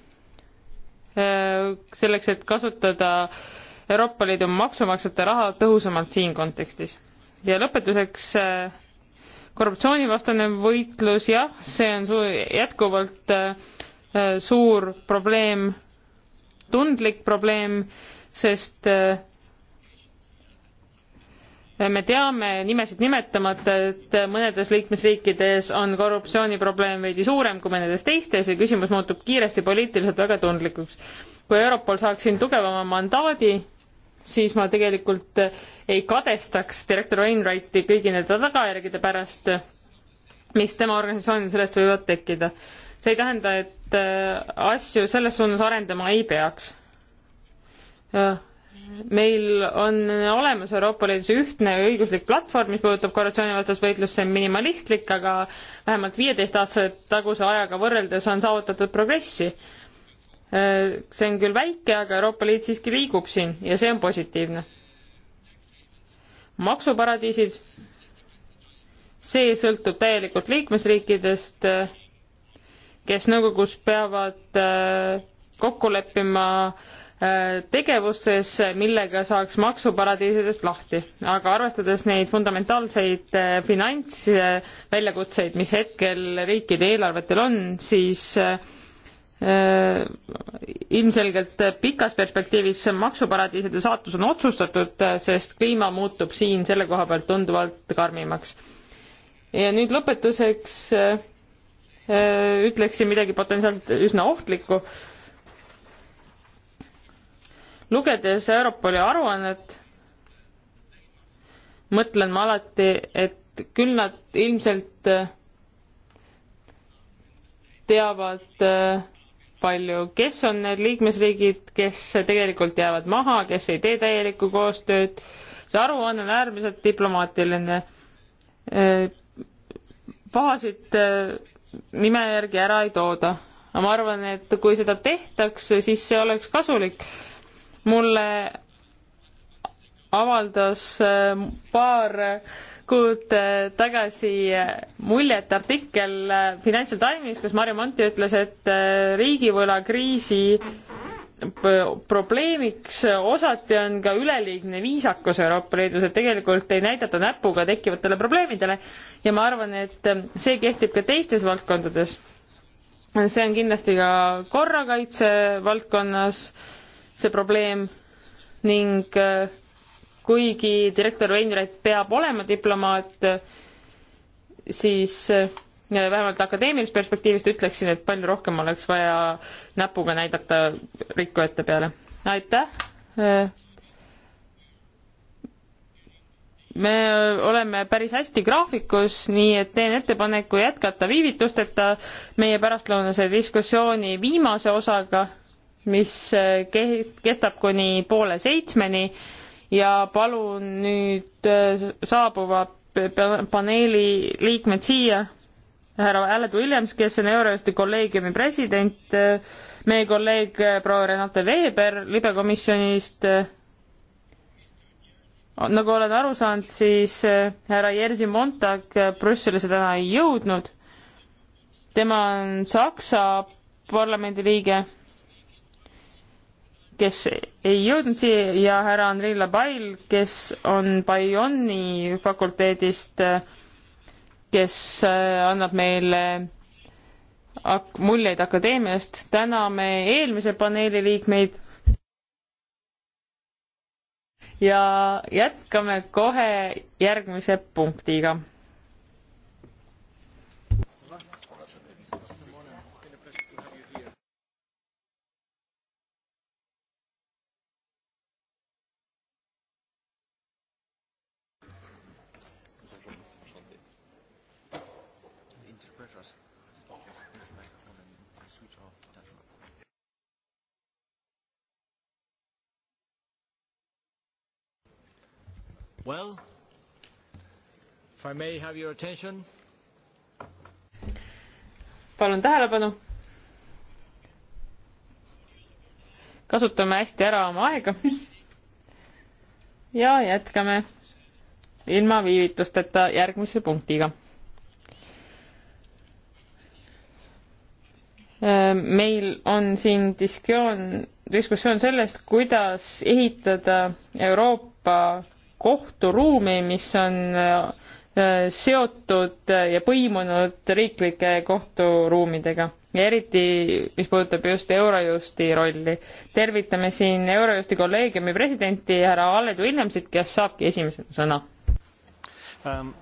selleks, et kasutada Euroopa Liidu maksumaksjate raha tõhusamalt siin kontekstis. ja lõpetuseks äh, korruptsioonivastane võitlus, jah, see on su-, jätkuvalt suur probleem tundlik probleem, sest äh, me teame nimesid nimetamata, et mõnedes liikmesriikides on korruptsiooniprobleem veidi suurem kui mõnedes teistes ja küsimus muutub kiiresti poliitiliselt väga tundlikuks. kui Europol saaks siin tugevama mandaadi, siis ma tegelikult ei kadestaks direktor Wainwrighti kõigi nende tagajärgede pärast, mis tema organisatsioonil sellest võivad tekkida see ei tähenda, et äh, asju selles suunas arendama ei peaks. Äh, meil on olemas Euroopa Liidus ühtne õiguslik platvorm, mis puudutab korruptsioonivastast võitlust, see on minimalistlik, aga vähemalt viieteist aastat taguse ajaga võrreldes on saavutatud progressi. Äh, see on küll väike, aga Euroopa Liit siiski liigub siin ja see on positiivne. maksuparadiisid, see sõltub täielikult liikmesriikidest kes nõukogus peavad äh, kokku leppima äh, tegevustes, millega saaks maksuparadiisidest lahti. aga arvestades neid fundamentaalseid äh, finantsväljakutseid, mis hetkel riikide eelarvetel on, siis ilmselgelt pikas perspektiivis maksuparadiiside saatus on otsustatud, sest kliima muutub siin selle koha pealt tunduvalt karmimaks. ja nüüd lõpetuseks Äh, ütleksin midagi potentsiaalselt üsna ohtlikku. lugedes Europoli aruannet, mõtlen ma alati, et küll nad ilmselt äh, teavad äh, palju, kes on need liikmesriigid, kes tegelikult jäävad maha, kes ei tee täielikku koostööd. see aruanne on äärmiselt diplomaatiline. pahasid nime järgi ära ei tooda. aga ma arvan, et kui seda tehtaks, siis see oleks kasulik. mulle avaldas äh, paar kuud äh, tagasi muljet artikkel äh, Financial Times, kus Marju Monti ütles, et riigivõlakriisi probleemiks osati on ka üleliigne viisakus Euroopa Liidus, et tegelikult ei näidata näpuga tekkivatele probleemidele ja ma arvan, et see kehtib ka teistes valdkondades. see on kindlasti ka korrakaitse valdkonnas see probleem ning äh, kuigi direktor Veinreit peab olema diplomaat, siis äh, vähemalt akadeemilisest perspektiivist ütleksin, et palju rohkem oleks vaja näpuga näidata rikkujate peale. aitäh! Äh, me äh, oleme päris hästi graafikus, nii et teen ettepaneku jätkata viivitusteta meie pärastlõunase diskussiooni viimase osaga, mis äh, kestab kuni poole seitsmeni ja palun nüüd äh, saabuva paneeli liikmed siia, härra Aled Williams, kes on Eurojusti kolleegiumi president, meie kolleeg proua Renate Veeber libekomisjonist nagu olen aru saanud, siis eh, härra Jerzy Montag eh, Brüsselisse täna ei jõudnud. tema on Saksa parlamendi liige, kes ei jõudnud siia ja härra Andrei Labail, kes on Bayonne'i fakulteedist, eh, kes annab meile ak muljeid akadeemiast. täname eelmise paneeli liikmeid ja jätkame kohe järgmise punktiga Well, if I may have your attention. palun tähelepanu. kasutame hästi ära oma aega. ja jätkame ilma viivitusteta järgmise punktiga. meil on siin diskioon, diskussioon sellest, kuidas ehitada Euroopa kohturuumi, mis on äh, seotud ja põimunud riiklike kohturuumidega ja eriti, mis puudutab just Eurojusti rolli. tervitame siin Eurojusti kolleegiumi presidenti härra Aled Williamsit, kes saabki esimesena sõna um,.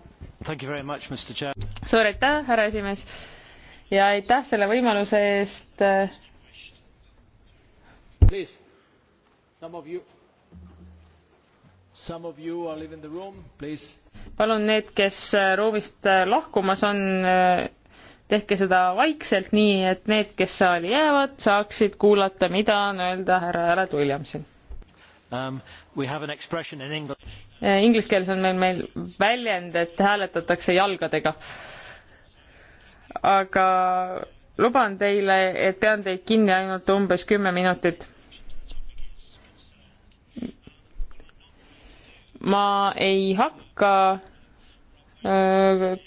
suur aitäh, härra esimees ja aitäh selle võimaluse eest. Äh, Please, some of you Room, palun need, kes äh, ruumist äh, lahkumas on, äh, tehke seda vaikselt, nii et need, kes saali jäävad, saaksid kuulata, mida on öelda härra Jared Williamsil um,. In Inglise keeles on meil, meil väljend, et hääletatakse jalgadega. aga luban teile, et pean teid kinni ainult umbes kümme minutit ma ei hakka öö, äh,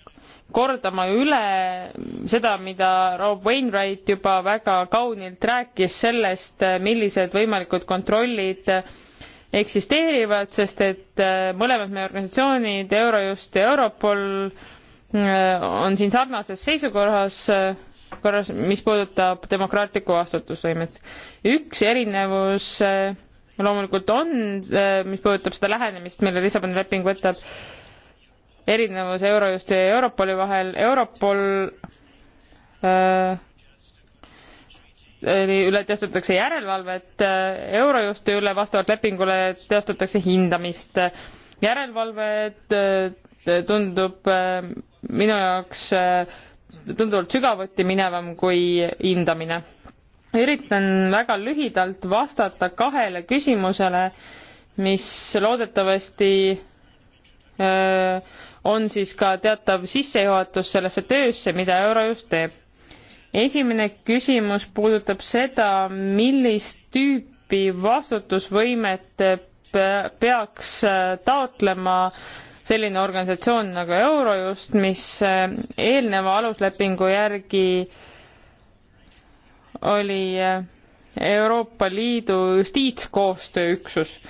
kordama üle seda, mida Rob Wainwright juba väga kaunilt rääkis sellest, millised võimalikud kontrollid eksisteerivad, sest et äh, mõlemad meie organisatsioonid, Eurojust ja Europol, äh, on siin sarnases seisukorras, korras, mis puudutab demokraatlikku vastutusvõimet. üks erinevus loomulikult on, äh, mis puudutab seda lähenemist, mille Lissaboni leping võtab, erinevus Eurojusti ja Europoli vahel, Europol äh, üle teostatakse järelevalvet, äh, Eurojusti üle vastavalt lepingule teostatakse hindamist. järelevalved äh, tundub minu jaoks tunduvalt sügavuti minevam kui hindamine üritan väga lühidalt vastata kahele küsimusele, mis loodetavasti öö, on siis ka teatav sissejuhatus sellesse töösse, mida Eurojust teeb. esimene küsimus puudutab seda, millist tüüpi vastutusvõimet peaks taotlema selline organisatsioon nagu Eurojust, mis eelneva aluslepingu järgi äh, oli äh, Euroopa Liidu justiitskoostööüksus.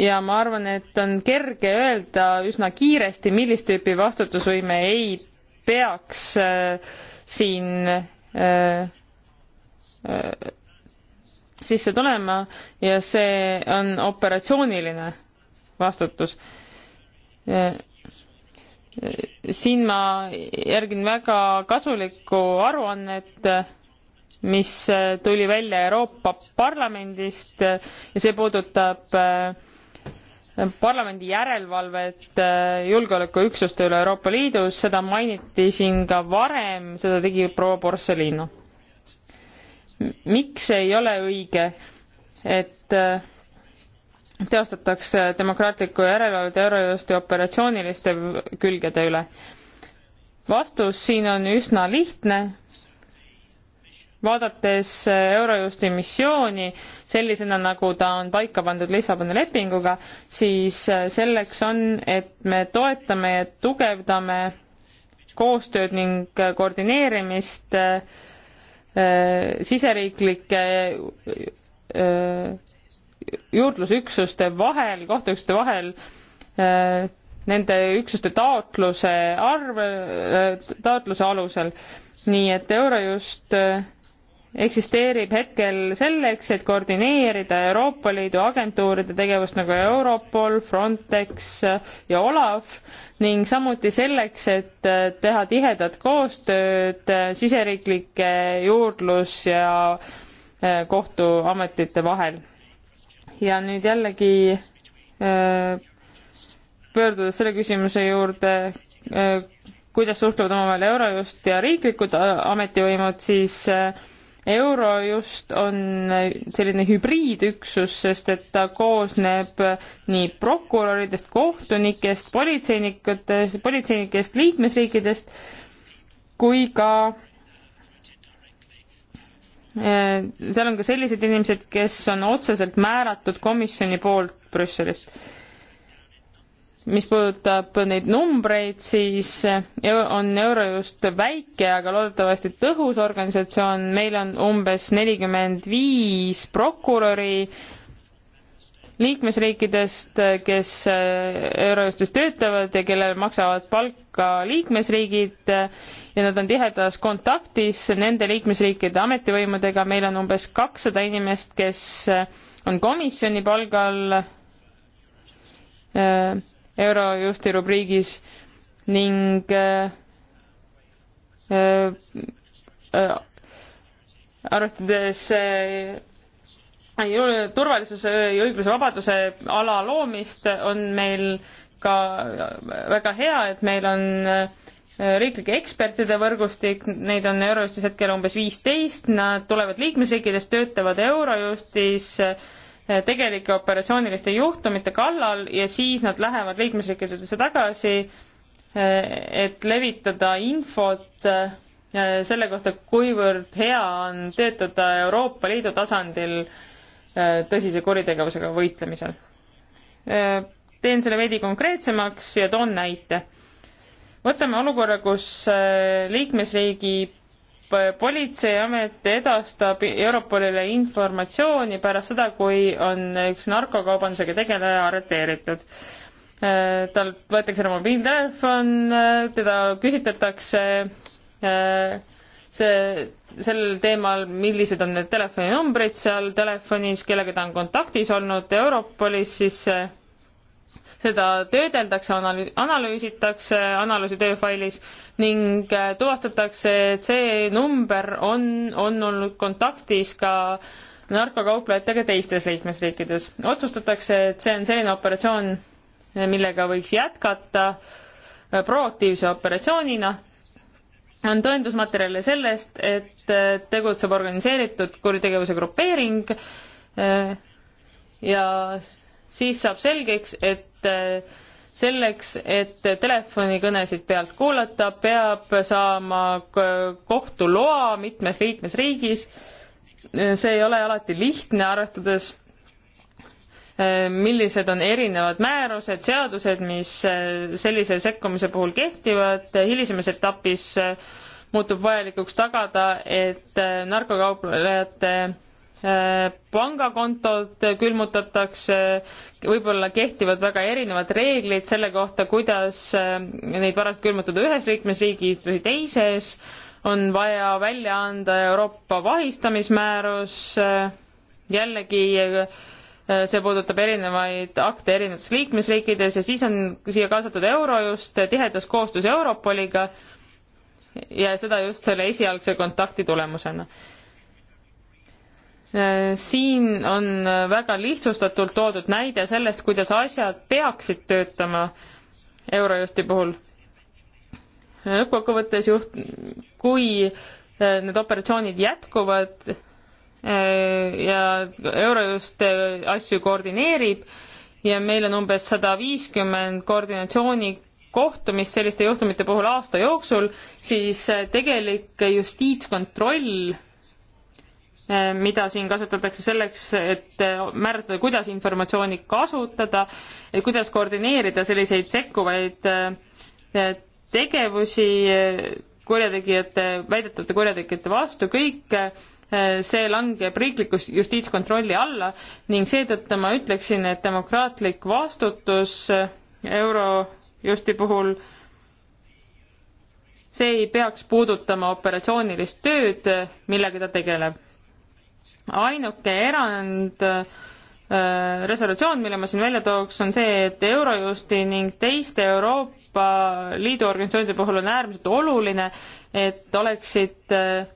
ja ma arvan, et on kerge öelda üsna kiiresti, millist tüüpi vastutusvõime ei peaks äh, siin äh, äh, sisse tulema ja see on operatsiooniline vastutus äh, siin ma järgin väga kasulikku aruannet, mis tuli välja Euroopa Parlamendist ja see puudutab äh, parlamendi järelevalvet äh, julgeolekuüksuste üle Euroopa Liidus, seda mainiti siin ka varem, seda tegi proua Borsellino. miks ei ole õige, et äh, teostatakse demokraatlikku järelevalvet Eurojusti operatsiooniliste külgede üle? vastus siin on üsna lihtne. vaadates Eurojusti missiooni sellisena, nagu ta on paika pandud Lissaboni lepinguga, siis selleks on, et me toetame ja tugevdame koostööd ning koordineerimist äh, siseriiklike äh, juurdlusüksuste vahel, kohtuüksuste vahel äh, nende üksuste taotluse arv, äh, taotluse alusel. nii et Eurojust äh, eksisteerib hetkel selleks, et koordineerida Euroopa Liidu agentuuride tegevust nagu Europol, Frontex ja Olav ning samuti selleks, et teha tihedat koostööd siseriiklike juurdlus- ja kohtuametite vahel ja nüüd jällegi äh, pöördudes selle küsimuse juurde, äh, kuidas suhtlevad omavahel Eurojust ja riiklikud äh, ametivõimud, siis Eurojust on selline hübriidüksus, sest et ta koosneb nii prokuröridest, kohtunikest, politseinikutest, politseinikest liikmesriikidest kui ka Äh, seal on ka sellised inimesed, kes on otseselt määratud komisjoni poolt Brüsselist. mis puudutab neid numbreid, siis äh, on Eurojust väike, aga loodetavasti tõhus organisatsioon, meil on umbes nelikümmend viis prokuröri, liikmesriikidest, kes äh, Eurojustis töötavad ja kellel maksavad palka liikmesriigid ja nad on tihedas kontaktis nende liikmesriikide ametivõimudega, meil on umbes kakssada inimest, kes äh, on komisjoni palgal äh, Eurojusti rubriigis ning arvestades turvalisuse ja õigluse vabaduse ala loomist on meil ka väga hea, et meil on äh, riiklike ekspertide võrgustik, neid on Eurojustis hetkel umbes viisteist, nad tulevad liikmesriikidest, töötavad Eurojustis äh, tegelike operatsiooniliste juhtumite kallal ja siis nad lähevad liikmesriikidesse tagasi, äh, et levitada infot selle kohta, kuivõrd hea on töötada Euroopa Liidu tasandil äh, Äh, tõsise kuritegevusega võitlemisel. Äh, teen selle veidi konkreetsemaks ja toon näite. võtame olukorra, kus äh, liikmesriigi politseiamet edastab Europolile informatsiooni pärast seda, kui on üks narkokaubandusega tegeleja arreteeritud. tal võetakse ära mobiiltelefon, teda küsitletakse see, sel teemal, millised on need telefoninumbrid seal telefonis, kellega ta on kontaktis olnud Europolis, siis seda töödeldakse, analüüsitakse analüüsi tööfailis ning äh, tuvastatakse, et see number on, on olnud kontaktis ka narkokauplejatega teistes liikmesriikides. otsustatakse, et see on selline operatsioon, millega võiks jätkata äh, proaktiivse operatsioonina on tõendusmaterjale sellest, et äh, tegutseb organiseeritud kuritegevuse grupeering äh, ja siis saab selgeks, et äh, selleks, et telefonikõnesid pealt kuulata, peab saama kohtu loa mitmes liikmesriigis. see ei ole alati lihtne, arvestades Äh, millised on erinevad määrused, seadused, mis äh, sellise sekkumise puhul kehtivad, hilisemas etapis äh, muutub vajalikuks tagada, et narkokauplejate pangakontod külmutatakse, võib-olla kehtivad väga erinevad reeglid selle kohta, kuidas neid varasid külmutada ühes liikmesriigis või teises, on vaja välja anda Euroopa vahistamismäärus, jällegi see puudutab erinevaid akte erinevates liikmesriikides ja siis on siia kaasatud euro just tihedas koostöös Europoliga ja seda just selle esialgse kontakti tulemusena. siin on väga lihtsustatult toodud näide sellest, kuidas asjad peaksid töötama Eurojusti puhul. lõppkokkuvõttes juht, kui need operatsioonid jätkuvad, Äh, ja Eurojust äh, asju koordineerib ja meil on umbes sada viiskümmend koordinatsiooni kohtumist selliste juhtumite puhul aasta jooksul, siis äh, tegelik justiitskontroll, mida siin kasutatakse selleks, et määratleda, kuidas informatsiooni kasutada, et kuidas koordineerida selliseid sekkuvaid tegevusi kurjategijate, väidetavate kurjategijate vastu, kõik Äh, see langeb riikliku justiitskontrolli alla ning seetõttu ma ütleksin, et demokraatlik vastutus äh, Eurojusti puhul see ei peaks puudutama operatsioonilist tööd, äh, millega ta tegeleb. ainuke erand äh, resolutsioon, mille ma siin välja tooks, on see, et Eurojusti ning teiste Euroopa Liidu organisatsioonide puhul on äärmiselt oluline, et oleksid äh,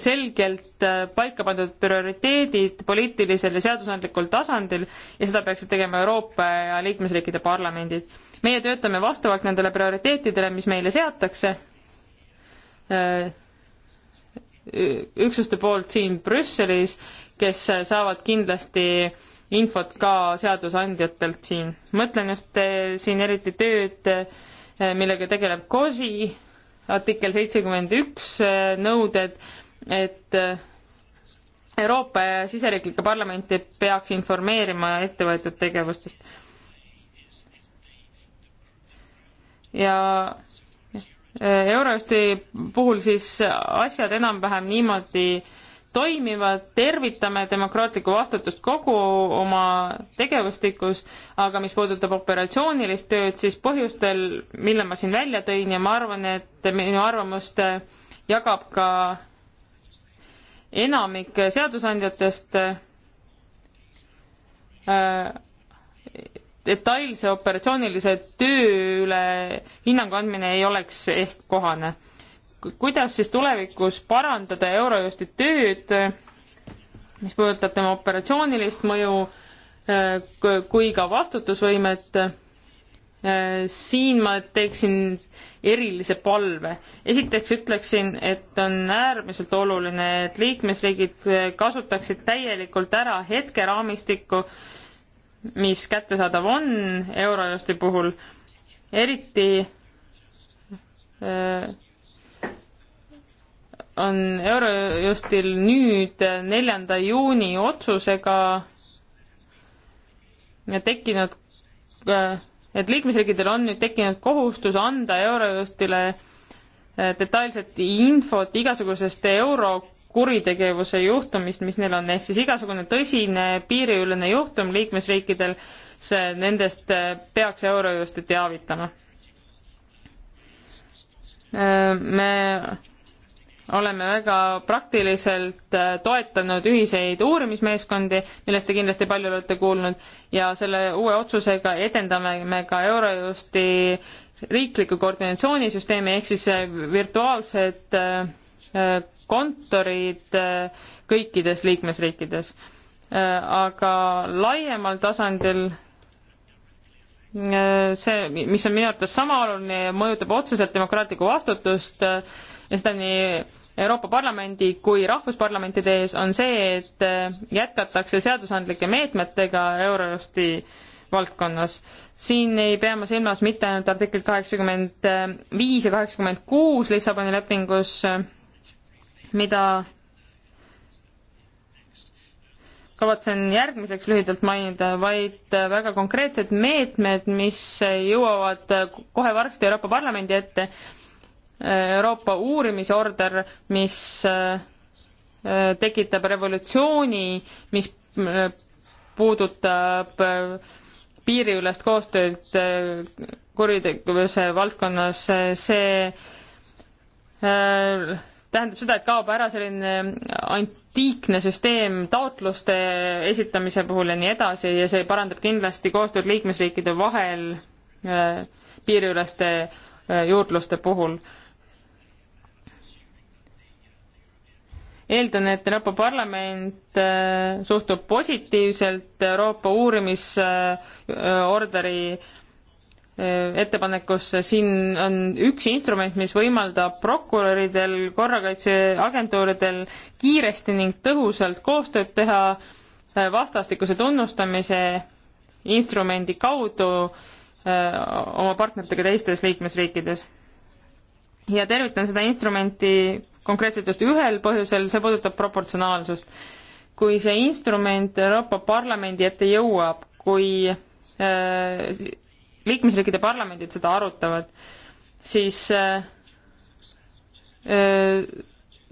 selgelt äh, paika pandud prioriteedid poliitilisel ja seadusandlikul tasandil ja seda peaksid tegema Euroopa ja liikmesriikide parlamendid. meie töötame vastavalt nendele prioriteetidele, mis meile seatakse äh, üksuste poolt siin Brüsselis, kes saavad kindlasti infot ka seadusandjatelt siin. mõtlen just äh, siin eriti tööd, millega tegeleb COSI, artikkel seitsekümmend üks nõuded et äh, Euroopa ja siseriiklikke parlamente peaks informeerima ettevõetud tegevustest. ja äh, Eurojusti puhul siis asjad enam-vähem niimoodi toimivad, tervitame demokraatlikku vastutust kogu oma tegevustikus, aga mis puudutab operatsioonilist tööd, siis põhjustel, mille ma siin välja tõin ja ma arvan, et minu arvamust äh, jagab ka enamik seadusandjatest äh, detailse operatsioonilise töö üle hinnangu andmine ei oleks ehk kohane. kuidas siis tulevikus parandada Eurojusti tööd, mis puudutab tema operatsioonilist mõju äh, kui ka vastutusvõimet Äh, siin ma teeksin erilise palve. esiteks ütleksin, et on äärmiselt oluline, et liikmesriigid äh, kasutaksid täielikult ära hetkeraamistikku, mis kättesaadav on Eurojusti puhul, eriti äh, on Eurojustil nüüd neljanda juuni otsusega tekkinud et liikmesriikidel on nüüd tekkinud kohustus anda Eurojustile eh, detailset infot igasugusest euro kuritegevuse juhtumist, mis neil on, ehk siis igasugune tõsine piiriülene juhtum liikmesriikidel, see, nendest eh, peaks Eurojusti teavitama. Eh, me oleme väga praktiliselt äh, toetanud ühiseid uurimismeeskondi, millest te kindlasti palju olete kuulnud ja selle uue otsusega edendame me ka Eurojusti riikliku koordinatsioonisüsteemi ehk siis äh, virtuaalsed äh, kontorid kõikides liikmesriikides. aga laiemal tasandil see, mis on minu arvates sama oluline ja mõjutab otseselt demokraatlikku vastutust, ja seda nii Euroopa Parlamendi kui rahvusparlamentide ees, on see, et äh, jätkatakse seadusandlike meetmetega Eurojusti valdkonnas. siin ei pea ma silmas mitte ainult artiklit kaheksakümmend viis ja kaheksakümmend kuus Lissaboni lepingus, äh, mida kavatsen järgmiseks lühidalt mainida, vaid äh, väga konkreetsed meetmed, mis jõuavad kohe varsti Euroopa Parlamendi ette Euroopa uurimisorder, mis äh, tekitab revolutsiooni, mis äh, puudutab äh, piiriülest koostööd kuritegevuse valdkonnas, see tähendab seda, et kaob ära selline antiikne süsteem taotluste esitamise puhul ja nii edasi ja see parandab kindlasti koostööd liikmesriikide vahel piiriüleste juurdluste puhul eeldan, et Euroopa Parlament äh, suhtub positiivselt Euroopa uurimisorderi äh, ettepanekusse, siin on üks instrument, mis võimaldab prokuröridel, korrakaitseagentuuridel kiiresti ning tõhusalt koostööd teha äh, vastastikuse tunnustamise instrumendi kaudu oma partneritega teistes liikmesriikides. ja tervitan seda instrumenti konkreetselt just ühel põhjusel, see puudutab proportsionaalsust. kui see instrument Euroopa Parlamendi ette jõuab, kui äh, liikmesriikide parlamendid seda arutavad, siis äh, äh,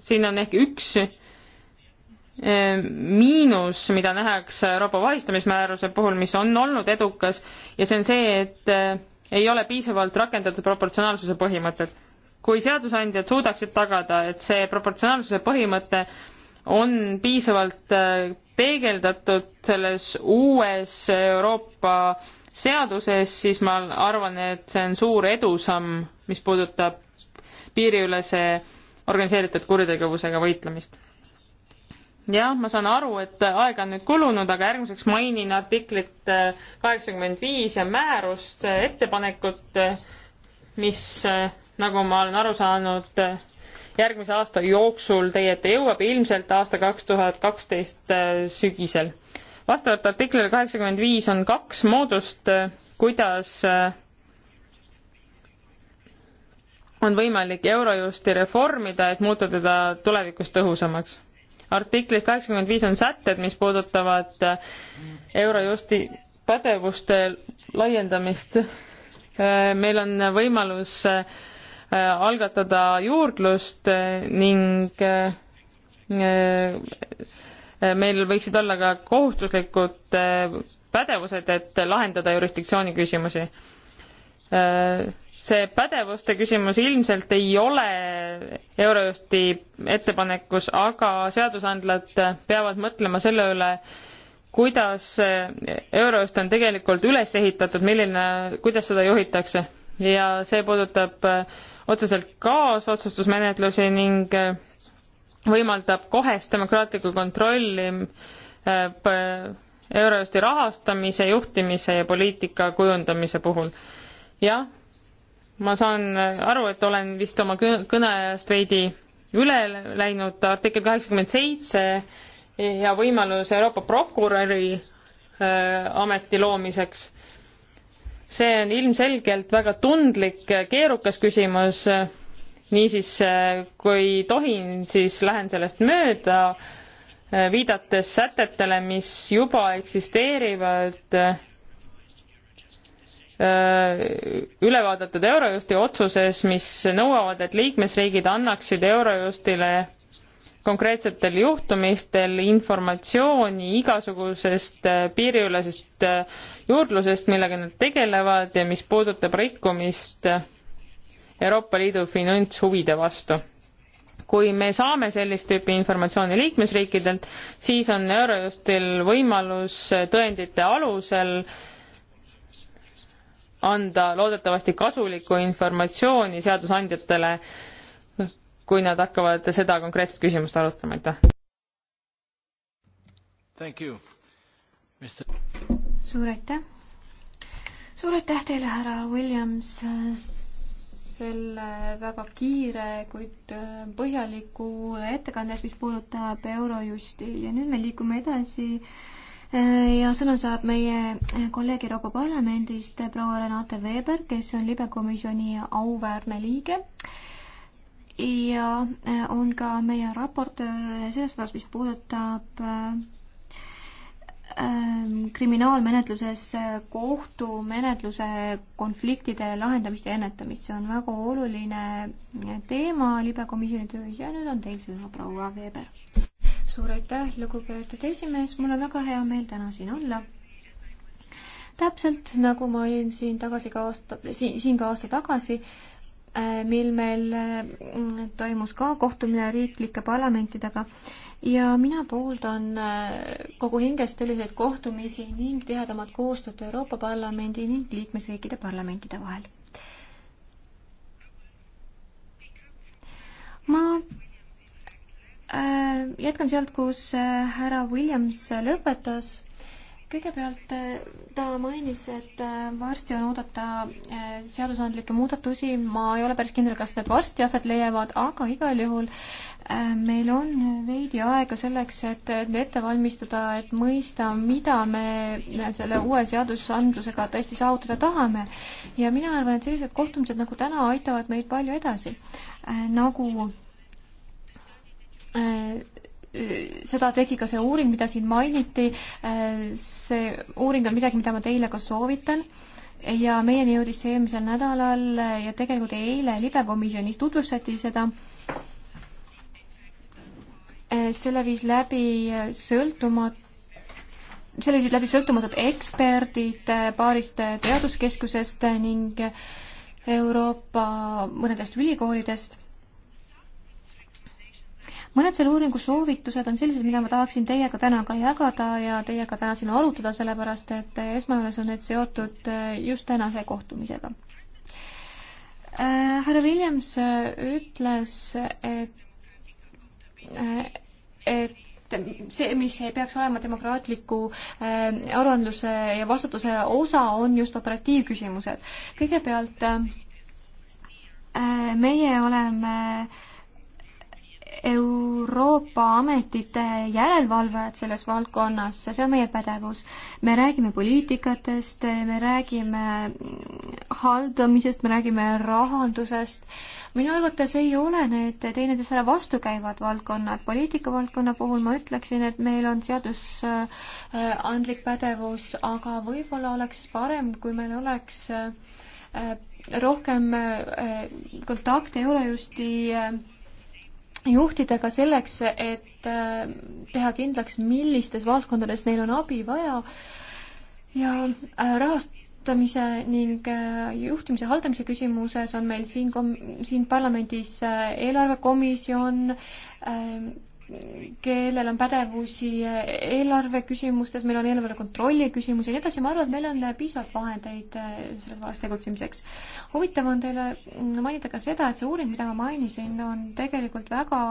siin on ehk üks äh, miinus, mida nähakse Euroopa vahistamismääruse puhul, mis on olnud edukas ja see on see, et äh, ei ole piisavalt rakendatud proportsionaalsuse põhimõtet kui seadusandjad suudaksid tagada, et see proportsionaalsuse põhimõte on piisavalt äh, peegeldatud selles uues Euroopa seaduses, siis ma arvan, et see on suur edusamm, mis puudutab piiriülese organiseeritud kuritegevusega võitlemist. jah, ma saan aru, et aega on nüüd kulunud, aga järgmiseks mainin artiklit äh, kaheksakümmend viis ja määrust, äh, ettepanekut, mis nagu ma olen aru saanud, järgmise aasta jooksul teie ette jõuab, ilmselt aasta kaks tuhat kaksteist äh, sügisel. vastavalt artiklile kaheksakümmend viis on kaks moodust, äh, kuidas äh, on võimalik Eurojusti reformida, et muuta teda tulevikus tõhusamaks. artiklis kaheksakümmend viis on sätted, mis puudutavad Eurojusti pädevuste laiendamist. meil on võimalus äh, Äh, algatada juurdlust äh, ning äh, meil võiksid olla ka kohustuslikud pädevused, et lahendada jurisdiktsiooni küsimusi. see pädevuste küsimus ilmselt ei ole Eurojusti ettepanekus, aga seadusandlad peavad mõtlema selle üle, kuidas Eurojust on tegelikult üles ehitatud, milline, kuidas seda juhitakse ja see puudutab äh, otseselt kaasotsustusmenetlusi ning äh, võimaldab kohest demokraatlikku kontrolli äh, Eurojusti rahastamise, juhtimise ja poliitika kujundamise puhul. jah, ma saan äh, aru, et olen vist oma kõneajast veidi üle läinud, artikkel kaheksakümmend seitse ja võimalus Euroopa prokuröri ameti loomiseks see on ilmselgelt väga tundlik, keerukas küsimus. niisiis, kui tohin, siis lähen sellest mööda, viidates sätetele, mis juba eksisteerivad üle vaadatud Eurojusti otsuses, mis nõuavad, et liikmesriigid annaksid Eurojustile konkreetsetel juhtumistel informatsiooni igasugusest äh, piiriülesest äh, juurdlusest, millega nad tegelevad ja mis puudutab rikkumist äh, Euroopa Liidu finantshuvide vastu. kui me saame sellist tüüpi informatsiooni liikmesriikidelt, siis on Eurojustil võimalus tõendite alusel anda loodetavasti kasulikku informatsiooni seadusandjatele kui nad hakkavad seda konkreetset küsimust arutama, aitäh. suur aitäh. suur aitäh teile, härra Williams, selle väga kiire, kuid äh, põhjaliku ettekande eest, mis puudutab Eurojusti ja nüüd me liigume edasi äh, ja sõna saab meie kolleeg Euroopa Parlamendist proua Renate Weber, kes on libekomisjoni auväärne liige ja eh, on ka meie raportöör selles osas, mis puudutab eh, eh, kriminaalmenetluses kohtumenetluse konfliktide lahendamist ja ennetamist, see on väga oluline teema libekomisjoni töös ja nüüd on teil sõna, proua Veber. suur aitäh, lugupeetud esimees, mul on väga hea meel täna siin olla täpselt nagu ma olin siin tagasi ka aasta, siin, siin ka aasta tagasi Äh, mil meil äh, toimus ka kohtumine riiklike parlamentidega ja mina pooldan äh, kogu hingest selliseid kohtumisi ning tihedamat koostööd Euroopa Parlamendi ning liikmesriikide parlamentide vahel. ma jätkan sealt, kus härra Williams lõpetas kõigepealt äh, ta mainis, et äh, varsti on oodata äh, seadusandlikke muudatusi, ma ei ole päris kindel, kas need varsti aset leiavad, aga igal juhul meil on veidi aega selleks, et ette valmistada, et mõista, mida me selle uue seadusandlusega tõesti saavutada tahame. ja mina arvan, et sellised kohtumised nagu täna aitavad meid palju edasi, nagu seda tegi ka see uuring, mida siin mainiti. see uuring on midagi, mida ma teile ka soovitan ja meieni jõudis see eelmisel nädalal ja tegelikult eile libekomisjonis tutvustati seda. selle viis läbi sõltumatu selle viisid läbi sõltumatud eksperdid paarist teaduskeskusest ning Euroopa mõnedest ülikoolidest mõned selle uuringu soovitused on sellised, mida ma tahaksin teiega täna ka jagada ja teiega täna siin arutada, sellepärast et esmajoones on need seotud äh, just tänase kohtumisega. Äh, härra Williams äh, ütles, et, et see, mis ei peaks olema demokraatliku äh, aruandluse ja vastutuse osa, on just operatiivküsimused. kõigepealt äh, meie oleme äh, Euroopa ametite järelevalvajad selles valdkonnas, see on meie pädevus. me räägime poliitikatest, me räägime haldamisest, me räägime rahandusest. minu arvates ei ole need teineteisele vastukäivad valdkonnad. poliitikavaldkonna puhul ma ütleksin, et meil on seadusandlik äh, pädevus, aga võib-olla oleks parem, kui meil oleks äh, rohkem äh, kontakte Eurojusti juhtidega selleks, et äh, teha kindlaks, millistes valdkondades neil on abi vaja ja äh, rahastamise ning äh, juhtimise haldamise küsimuses on meil siin kom-, siin parlamendis eelarvekomisjon, kellel on pädevusi eelarve küsimustes, meil on eelarve kontrolli küsimus ja nii edasi, ma arvan, et meil on piisavalt vahendeid äh, selles vallas tegutsemiseks. huvitav on teile mainida ka seda, et see uuring, mida ma mainisin, on tegelikult väga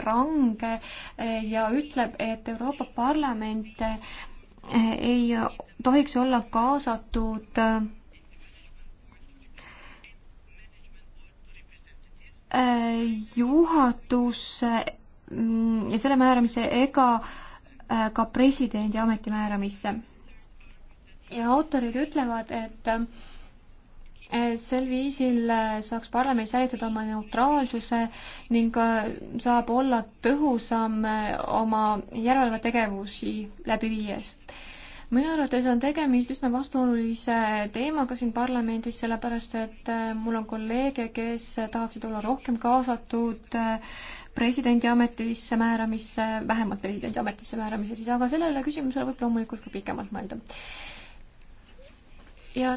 range äh, ja ütleb, et Euroopa Parlament äh, ei tohiks olla kaasatud juhatusse Mm, selle määramisse ega äh, ka presidendi ametimääramisse. ja autorid ütlevad, et äh, sel viisil äh, saaks parlament säilitada oma neutraalsuse ning saab olla tõhusam oma järelevalvetegevusi läbi viies minu arvates on tegemist üsna vastuolulise teemaga siin parlamendis, sellepärast et mul on kolleege, kes tahaksid olla rohkem kaasatud presidendi ametisse määramisse, vähemalt presidendi ametisse määramise siis, aga sellele küsimusele võib loomulikult ka pikemalt mõelda. ja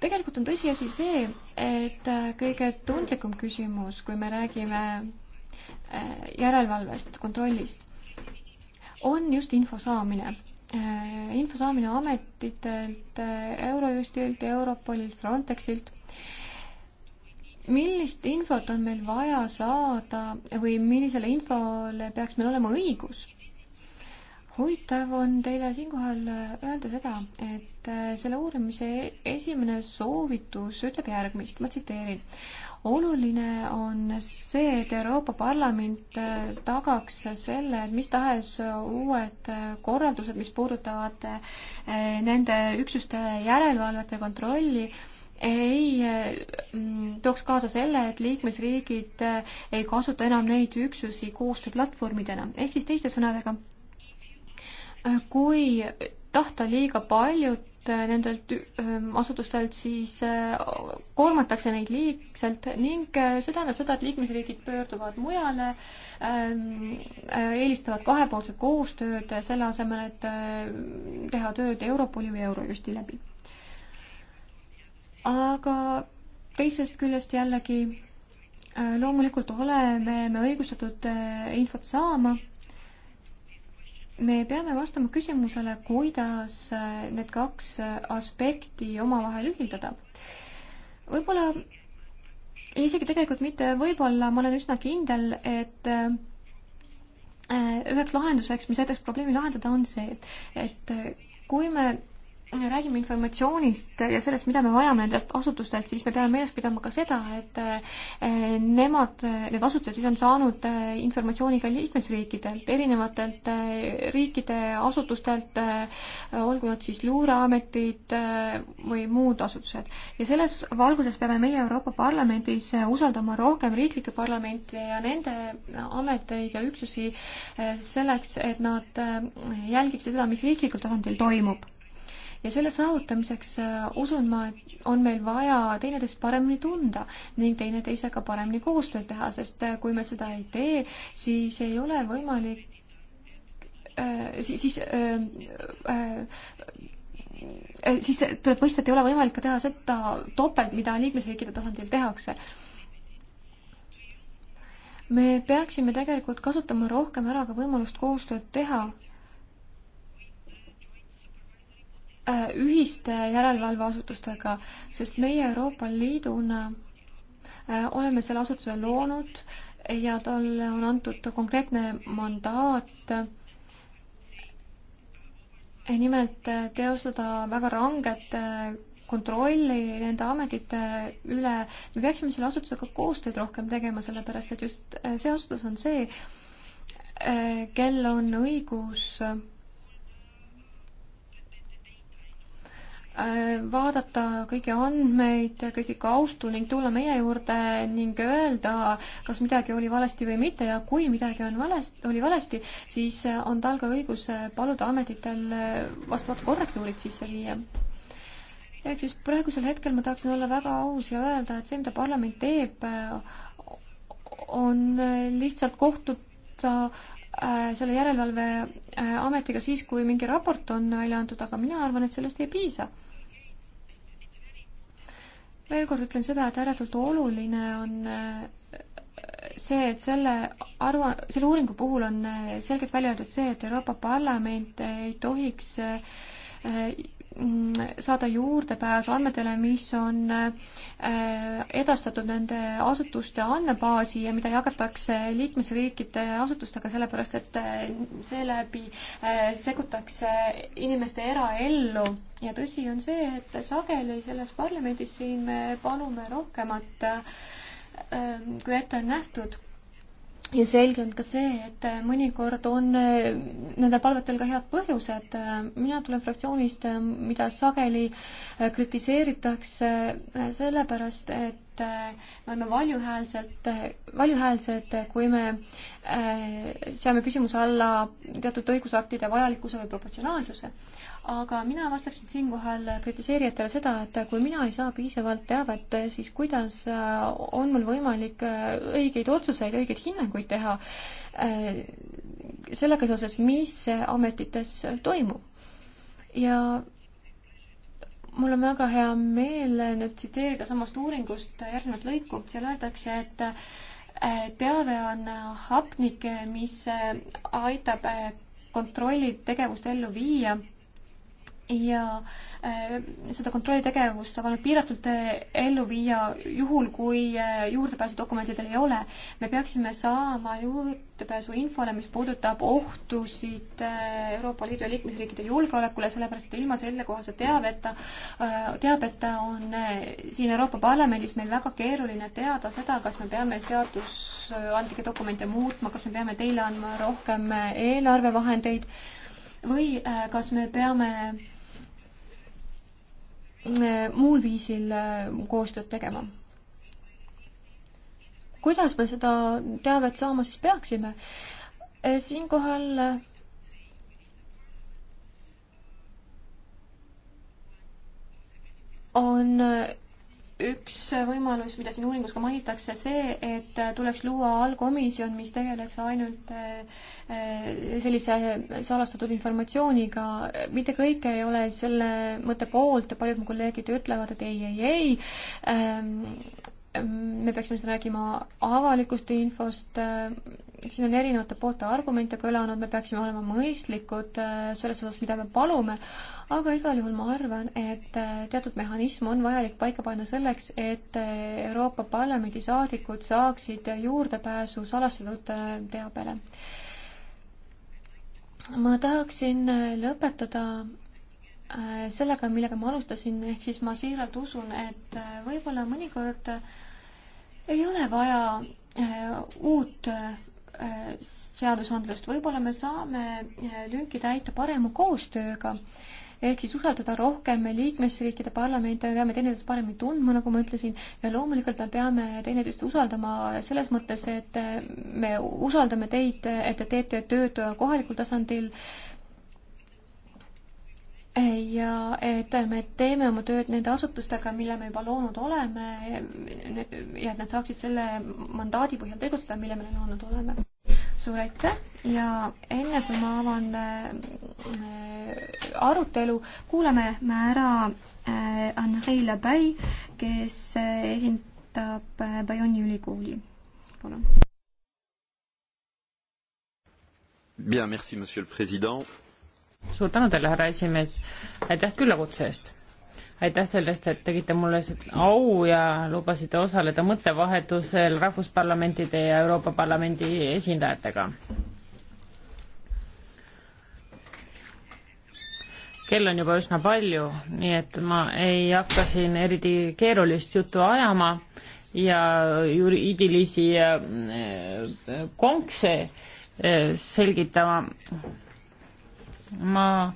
tegelikult on tõsiasi see, et äh, kõige tundlikum küsimus, kui me räägime äh, järelevalvest, kontrollist, on just info saamine. Äh, info saamine ametitelt, Eurojustilt, Europolilt, Frontexilt millist infot on meil vaja saada või millisele infole peaks meil olema õigus? huvitav on teile siinkohal öelda seda, et äh, selle uurimise esimene soovitus ütleb järgmist, ma tsiteerin. oluline on see, et Euroopa Parlament äh, tagaks selle, et mis tahes uued äh, korraldused, mis puudutavad nende üksuste järelevalvet ja kontrolli, ei mm, tooks kaasa selle, et liikmesriigid eh, ei kasuta enam neid üksusi koostööplatvormidena, ehk siis teiste sõnadega, eh, kui tahta liiga paljut eh, nendelt asutustelt siis koormatakse neid liigselt ning see tähendab seda, et liikmesriigid pöörduvad mujale, eelistavad kahepoolset koostööd selle asemel, et teha tööd Europoli või Eurojusti läbi aga teisest küljest jällegi äh, loomulikult oleme me õigustatud äh, infot saama. me peame vastama küsimusele, kuidas äh, need kaks aspekti omavahel ühildada. võib-olla, isegi tegelikult mitte võib-olla, ma olen üsna kindel, et üheks lahenduseks, mis aitaks probleemi lahendada, on see, et kui me räägime informatsioonist ja sellest, mida me vajame nendest asutustelt, siis me peame meeles pidama ka seda, et eh, nemad, need asutused siis on saanud eh, informatsiooni ka liikmesriikidelt, erinevatelt eh, riikide asutustelt, olgu nad siis luureametid või muud asutused. ja selles valguses peame meie Euroopa Parlamendis usaldama rohkem riiklikke parlamente ja nende ameteid ja üksusi selleks, et nad jälgiksid seda, mis riiklikul tasandil toimub ja selle saavutamiseks äh, usun ma, et on meil vaja teineteist paremini tunda ning teineteisega paremini koostööd teha, sest äh, kui me seda ei tee, siis ei ole võimalik äh, siis, siis siis tuleb mõista, et ei ole võimalik ka teha seda topelt, mida liikmesriikide tasandil tehakse me peaksime tegelikult kasutama rohkem ära ka võimalust koostööd teha Äh, ühiste järelevalveasutustega, sest meie Euroopa Liiduna äh, oleme selle asutuse loonud ja talle on antud konkreetne mandaat äh, nimelt teostada väga ranget kontrolli nende ametite üle. me peaksime selle asutusega koostööd rohkem tegema, sellepärast et just see asutus on see, kel on õigus Äh, vaadata kõiki andmeid, kõiki kaustu ning tulla meie juurde ning öelda, kas midagi oli valesti või mitte ja kui midagi on valesti, oli valesti, siis äh, on tal ka õigus äh, paluda ametitel vastavad korrektuurid sisse viia ehk siis praegusel hetkel ma tahaksin olla väga aus ja öelda, et see, mida parlament teeb, on lihtsalt kohtuda Äh, selle järelevalveametiga äh, siis, kui mingi raport on välja antud, aga mina arvan, et sellest ei piisa. veel kord ütlen seda, et ääretult oluline on äh, see, et selle arva, selle uuringu puhul on selgelt välja öeldud see, et Euroopa Parlament ei tohiks Mm, saada juurdepääsu andmetele, mis on äh, edastatud nende asutuste andmebaasi ja mida jagatakse liikmesriikide asutustega, sellepärast et äh, seeläbi äh, segutakse inimeste eraellu. ja tõsi on see, et sageli selles parlamendis siin me palume rohkemat, kui ette on nähtud ja selge on ka see, et äh, mõnikord on äh, nendel palvetel ka head põhjused. Äh, mina tulen fraktsioonist, mida sageli kritiseeritakse sellepärast, et me oleme valjuhäälselt, valjuhäälsed, kui me seame küsimuse alla teatud õigusaktide vajalikkuse või proportsionaalsuse aga mina vastaksin siinkohal kritiseerijatele seda, et kui mina ei saa piisavalt teavet, siis kuidas äh, on mul võimalik äh, õigeid otsuseid, õigeid hinnanguid teha äh, sellega seoses, mis ametites toimub. ja mul on väga hea meel nüüd tsiteerida samast uuringust järgnevat lõiku, seal öeldakse, et teave on hapnik, mis aitab kontrolli tegevust ellu viia ja äh, seda kontrollitegevust saab ainult piiratult äh, ellu viia juhul, kui äh, juurdepääsu dokumentidel ei ole. me peaksime saama juurdepääsu infole, mis puudutab ohtusid Euroopa Liidu liikmesriikide julgeolekule, sellepärast et ilma sellekohase teaveta, teabeta on siin Euroopa Parlamendis meil väga keeruline teada seda, kas me peame seadusandlikke dokumente muutma, kas me peame teile andma rohkem eelarvevahendeid või kas me peame Äh, muul viisil äh, koostööd tegema. kuidas me seda teavet saama siis peaksime? Äh, siinkohal on üks võimalus, mida siin uuringus ka mainitakse, see, et tuleks luua allkomisjon, mis tegeleks ainult eh, sellise salastatud informatsiooniga. mitte kõik ei ole selle mõtte poolt, paljud mu kolleegid ütlevad, et ei, ei, ei. Ehm, me peaksime siin rääkima avalikust infost, äh, siin on erinevate poolte argumente kõlanud, me peaksime olema mõistlikud äh, selles osas, mida me palume, aga igal juhul ma arvan, et äh, teatud mehhanism on vajalik paika panna selleks, et Euroopa Parlamendi saadikud saaksid juurdepääsu salastatud teabele. ma tahaksin lõpetada sellega, millega ma alustasin, ehk siis ma siiralt usun, et võib-olla mõnikord äh, ei ole vaja äh, uut äh, seadusandlust, võib-olla me saame äh, lünki täita parema koostööga, ehk siis usaldada rohkem liikmesriikide parlamente, me peame teineteist paremini tundma, nagu ma ütlesin, ja loomulikult me peame teineteist usaldama selles mõttes, et me usaldame teid, et te teete tööd kohalikul tasandil, ja et me teeme oma tööd nende asutustega, mille me juba loonud oleme ja et nad saaksid selle mandaadi põhjal tegutseda, mille me loonud oleme. suur aitäh ja enne kui ma avan äh, arutelu, kuulame me ära äh, Andrei Labai, kes äh, esindab Bayonne'i ülikooli. palun. Bien, merci, monsieur le president suur tänu teile, härra esimees, aitäh küllakutse eest. aitäh sellest, et tegite mulle au ja lubasite osaleda mõttevahetusel rahvusparlamentide ja Euroopa Parlamendi esindajatega. kell on juba üsna palju, nii et ma ei hakka siin eriti keerulist juttu ajama ja juriidilisi äh, äh, konkse äh, selgitama ma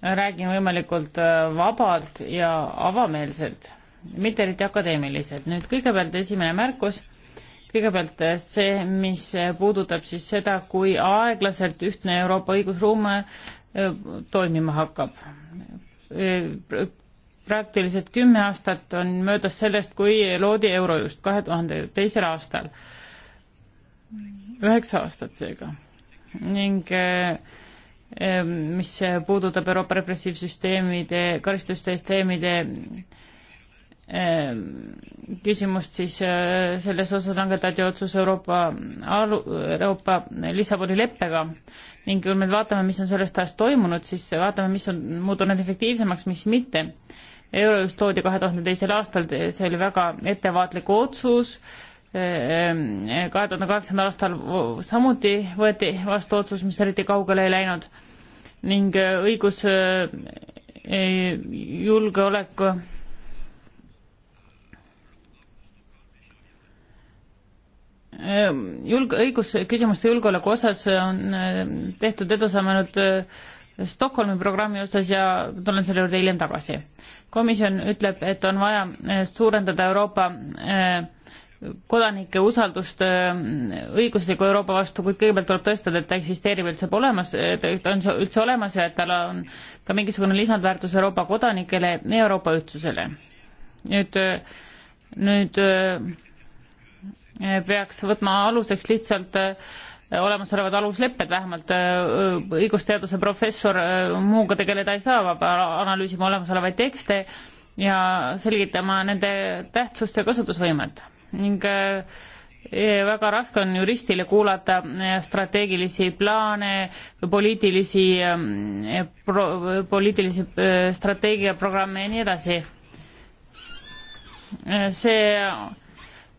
räägin võimalikult äh, vabalt ja avameelselt, mitte eriti akadeemiliselt. nüüd kõigepealt esimene märkus, kõigepealt äh, see, mis äh, puudutab siis seda, kui aeglaselt ühtne Euroopa õigusruum toimima hakkab. praktiliselt kümme aastat on möödas sellest, kui loodi Eurojust kahe tuhande teisel aastal. üheksa aastat seega ning äh, Ehm, mis puudutab Euroopa repressiivsüsteemide, karistussüsteemide ehm, küsimust, siis eh, selles osas langetati otsus Euroopa alu-, Euroopa Lissaboni leppega ning kui me vaatame, mis on sellest ajast toimunud, siis vaatame, mis on muutunud efektiivsemaks, mis mitte. euro just toodi kahe tuhande teisel aastal, see oli väga ettevaatlik otsus, kahe tuhande kaheksandal aastal samuti võeti vastu otsus, mis eriti kaugele ei läinud ning äh, õigus äh, julgeolek äh, julg-, õigusküsimuste julgeoleku osas on tehtud edusamme nüüd Stockholmi programmi osas ja tulen selle juurde hiljem tagasi. komisjon ütleb, et on vaja suurendada Euroopa äh, kodanike usaldust äh, õigusliku Euroopa vastu, kuid kõigepealt tuleb tõestada, et ta eksisteerib üldse olemas, äh, ta on üldse olemas ja et tal on ka mingisugune lisandväärtus Euroopa kodanikele ja Euroopa ühtsusele. nüüd, äh, nüüd peaks võtma aluseks lihtsalt olemasolevad aluslepped, vähemalt õigusteaduse professor muuga tegeleda ei saa, peab analüüsima olemasolevaid tekste ja selgitama nende tähtsust ja kasutusvõimet ning eh, eh, väga raske on juristile kuulata eh, strateegilisi plaane, poliitilisi, poliitilisi strateegiaprogramme ja nii edasi. see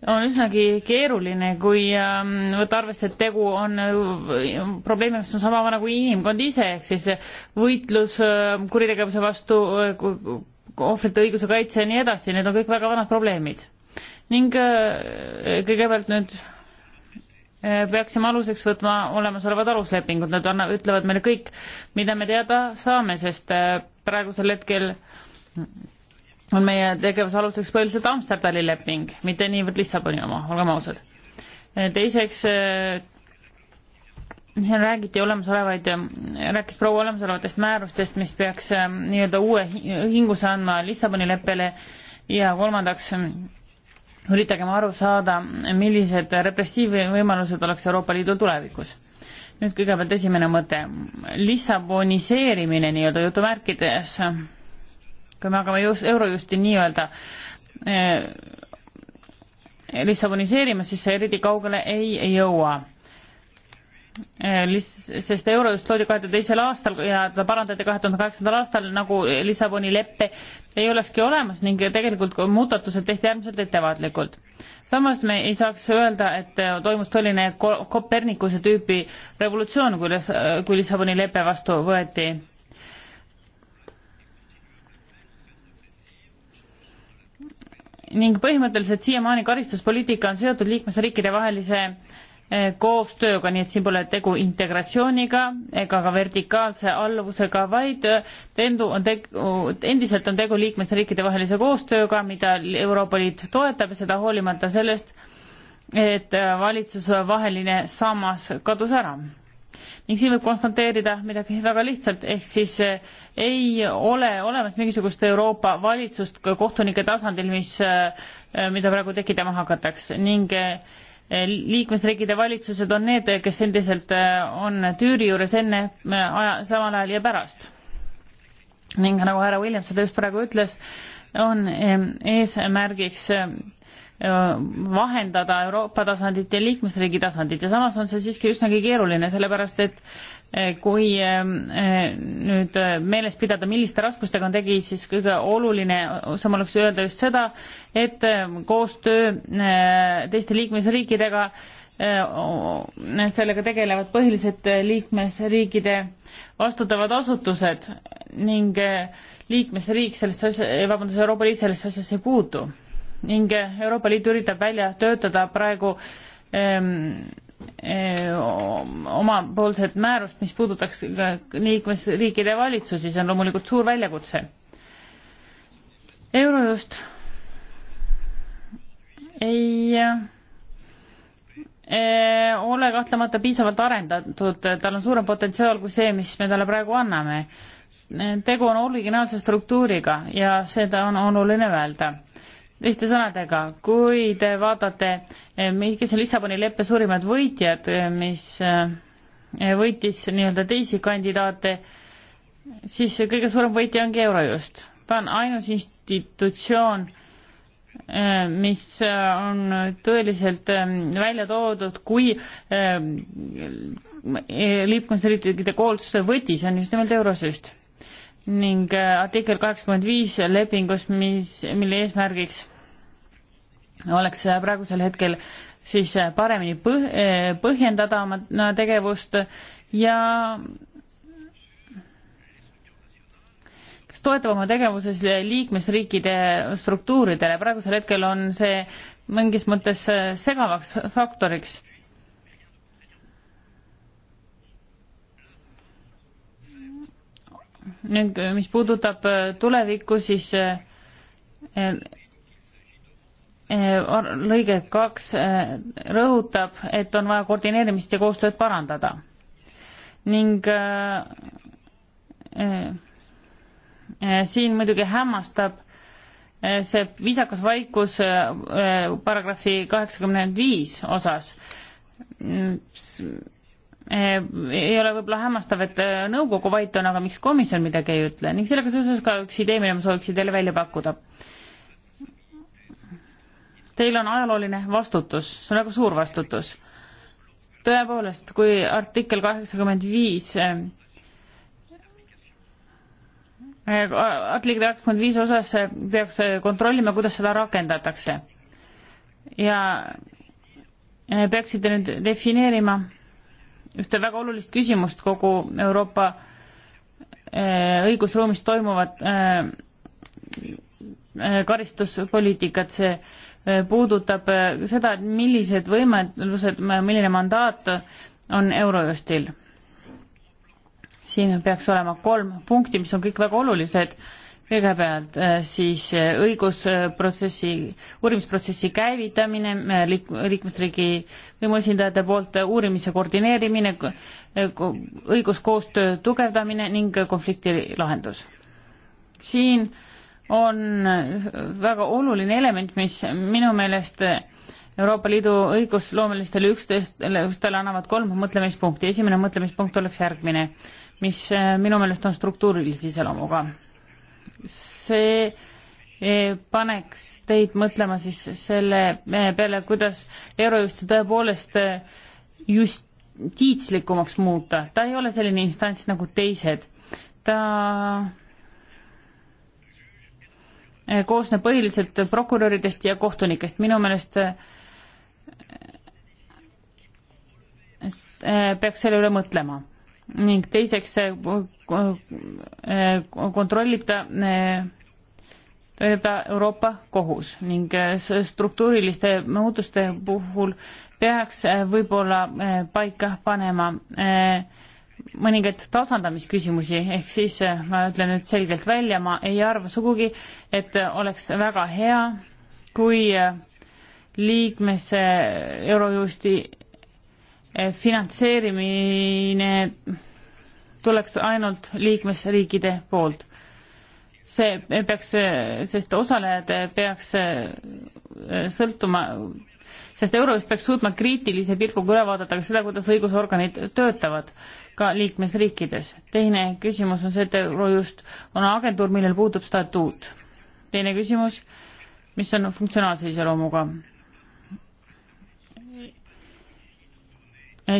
on üsnagi keeruline, kui võtta arvesse, et tegu on probleemi, mis on sama vana kui inimkond ise, ehk siis võitlus kuritegevuse vastu, ohvrite õiguse kaitse ja nii edasi, need on kõik väga vanad probleemid ning äh, kõigepealt nüüd äh, peaksime aluseks võtma olemasolevad aluslepingud, need anna-, ütlevad meile kõik, mida me teada saame, sest äh, praegusel hetkel on meie tegevuse aluseks põhiliselt Amsterdami leping, mitte niivõrd Lissaboni oma, olgem ausad. teiseks, siin räägiti olemasolevaid, rääkis proua olemasolevatest määrustest, mis peaks nii-öelda uue hinguse andma Lissaboni leppele ja kolmandaks üritagem aru saada, millised repressiivvõimalused oleks Euroopa Liidul tulevikus. nüüd kõigepealt esimene mõte, Lissaboniseerimine nii-öelda jutumärkides, kui me hakkame just Eurojusti nii-öelda eh, Lissaboniseerima, siis see eriti kaugele ei jõua Eh, sest euro just loodi kahe tuhande teisel aastal ja ta parandati kahe tuhande kaheksandal aastal nagu Lissaboni leppe ei olekski olemas ning tegelikult muudatused tehti äärmiselt ettevaatlikult. samas me ei saaks öelda, et eh, toimus selline Kopernikuse tüüpi revolutsioon, kuidas, kui Lissaboni lepe vastu võeti. ning põhimõtteliselt siiamaani karistuspoliitika on seotud liikmesriikide vahelise äh, Eh, koostööga, nii et siin pole tegu integratsiooniga ega ka vertikaalse alluvusega, vaid tendu on tegu, endiselt on tegu liikmesriikide vahelise koostööga, mida Euroopa Liit toetab ja seda hoolimata sellest, et valitsusvaheline sammas kadus ära. ning siin võib konstateerida midagi väga lihtsalt, ehk siis eh, ei ole olemas mingisugust Euroopa valitsust kohtunike tasandil, mis, eh, mida praegu tekitama hakatakse ning eh, liikmesriikide valitsused on need, kes endiselt äh, on tüüri juures enne, äh, aja, samal ajal ja pärast. ning nagu härra Williams seda just praegu ütles, on ähm, eesmärgiks äh, vahendada Euroopa tasandit ja liikmesriigi tasandit ja samas on see siiski üsnagi keeruline, sellepärast et eh, kui eh, eh, nüüd meeles pidada, milliste raskustega on tegi, siis kõige oluline, sama oleks öelda just seda, et koostöö teiste liikmesriikidega sellega tegelevad põhilised liikmesriikide vastutavad asutused ning liikmesriik sellesse asja, vabandust, Euroopa Liit sellesse asjasse ei puutu ning Euroopa Liit üritab välja töötada praegu ehm, ehm, omapoolset määrust, mis puudutaks liikmesriikide valitsusi, see on loomulikult suur väljakutse. Eurojust ei eh, ole kahtlemata piisavalt arendatud, tal on suurem potentsiaal kui see, mis me talle praegu anname. tegu on originaalse struktuuriga ja seda on oluline öelda teiste sõnadega, kui te vaatate, eh, kes on Lissaboni leppe suurimad võitjad, eh, mis eh, võitis nii-öelda teisi kandidaate, siis kõige suurem võitja ongi Eurojust. ta on ainus institutsioon, mis on tõeliselt välja toodud kui liikmesriikide koolituse võti, see on just nimelt Eurosüst. ning artikkel kaheksakümmend viis lepingus, mis, mille eesmärgiks oleks äh, praegusel hetkel siis äh, paremini põh äh, põhjendada oma tegevust ja kes toetab oma tegevuses liikmesriikide struktuuridele, praegusel hetkel on see mingis mõttes segavaks faktoriks. nüüd, mis puudutab tulevikku, siis Eh, lõige kaks eh, rõhutab, et on vaja koordineerimist ja koostööd parandada ning eh, siin muidugi hämmastab see viisakas vaikus paragrahvi kaheksakümmend viis osas. Mm, ei ole võib-olla hämmastav, et nõukogu vait on, aga miks komisjon midagi ei ütle ning sellega seoses ka üks idee, mille ma sooviksin teile välja pakkuda. Teil on ajalooline vastutus, see on väga suur vastutus. tõepoolest, kui artikkel kaheksakümmend viis äh, äh, artikkel kakskümmend viis osas äh, peaks kontrollima, kuidas seda rakendatakse. ja peaksite nüüd defineerima ühte väga olulist küsimust kogu Euroopa õigusruumis toimuvat karistuspoliitikat, see Äh, puudutab äh, seda, et millised võimalused, milline mandaat on Eurojustil. siin peaks olema kolm punkti, mis on kõik väga olulised. kõigepealt äh, siis õigusprotsessi, uurimisprotsessi käivitamine liik-, liikmesriigi võimuesindajate poolt, uurimise koordineerimine, õiguskoostöö tugevdamine ning konflikti lahendus. siin äh, on väga oluline element, mis minu meelest Euroopa Liidu õigusloomelistele üksteistele annavad kolm mõtlemispunkti. esimene mõtlemispunkt oleks järgmine, mis äh, minu meelest on struktuurilise iseloomuga. see eh, paneks teid mõtlema siis selle eh, peale, kuidas Eurojusti tõepoolest eh, justiitslikumaks muuta. ta ei ole selline instants nagu teised. ta koosneb põhiliselt prokuröridest ja kohtunikest. minu meelest äh, äh, peaks selle üle mõtlema. ning teiseks äh, kontrollib ta ta Euroopa kohus ning struktuuriliste muutuste puhul peaks võib-olla paika panema äh, mõningaid tasandamisküsimusi, ehk siis eh, ma ütlen nüüd selgelt välja, ma ei arva sugugi, et oleks väga hea, kui eh, liikmes eh, Eurojusti finantseerimine tuleks ainult liikmesriikide poolt. see peaks, sest osalejad peaks sõltuma sest Euroopas peaks suutma kriitilise pilguga üle vaadata ka seda, kuidas õigusorganid töötavad ka liikmesriikides. teine küsimus on see, et Eurojust on agentuur, millel puudub statuut. teine küsimus, mis on funktsionaalse iseloomuga.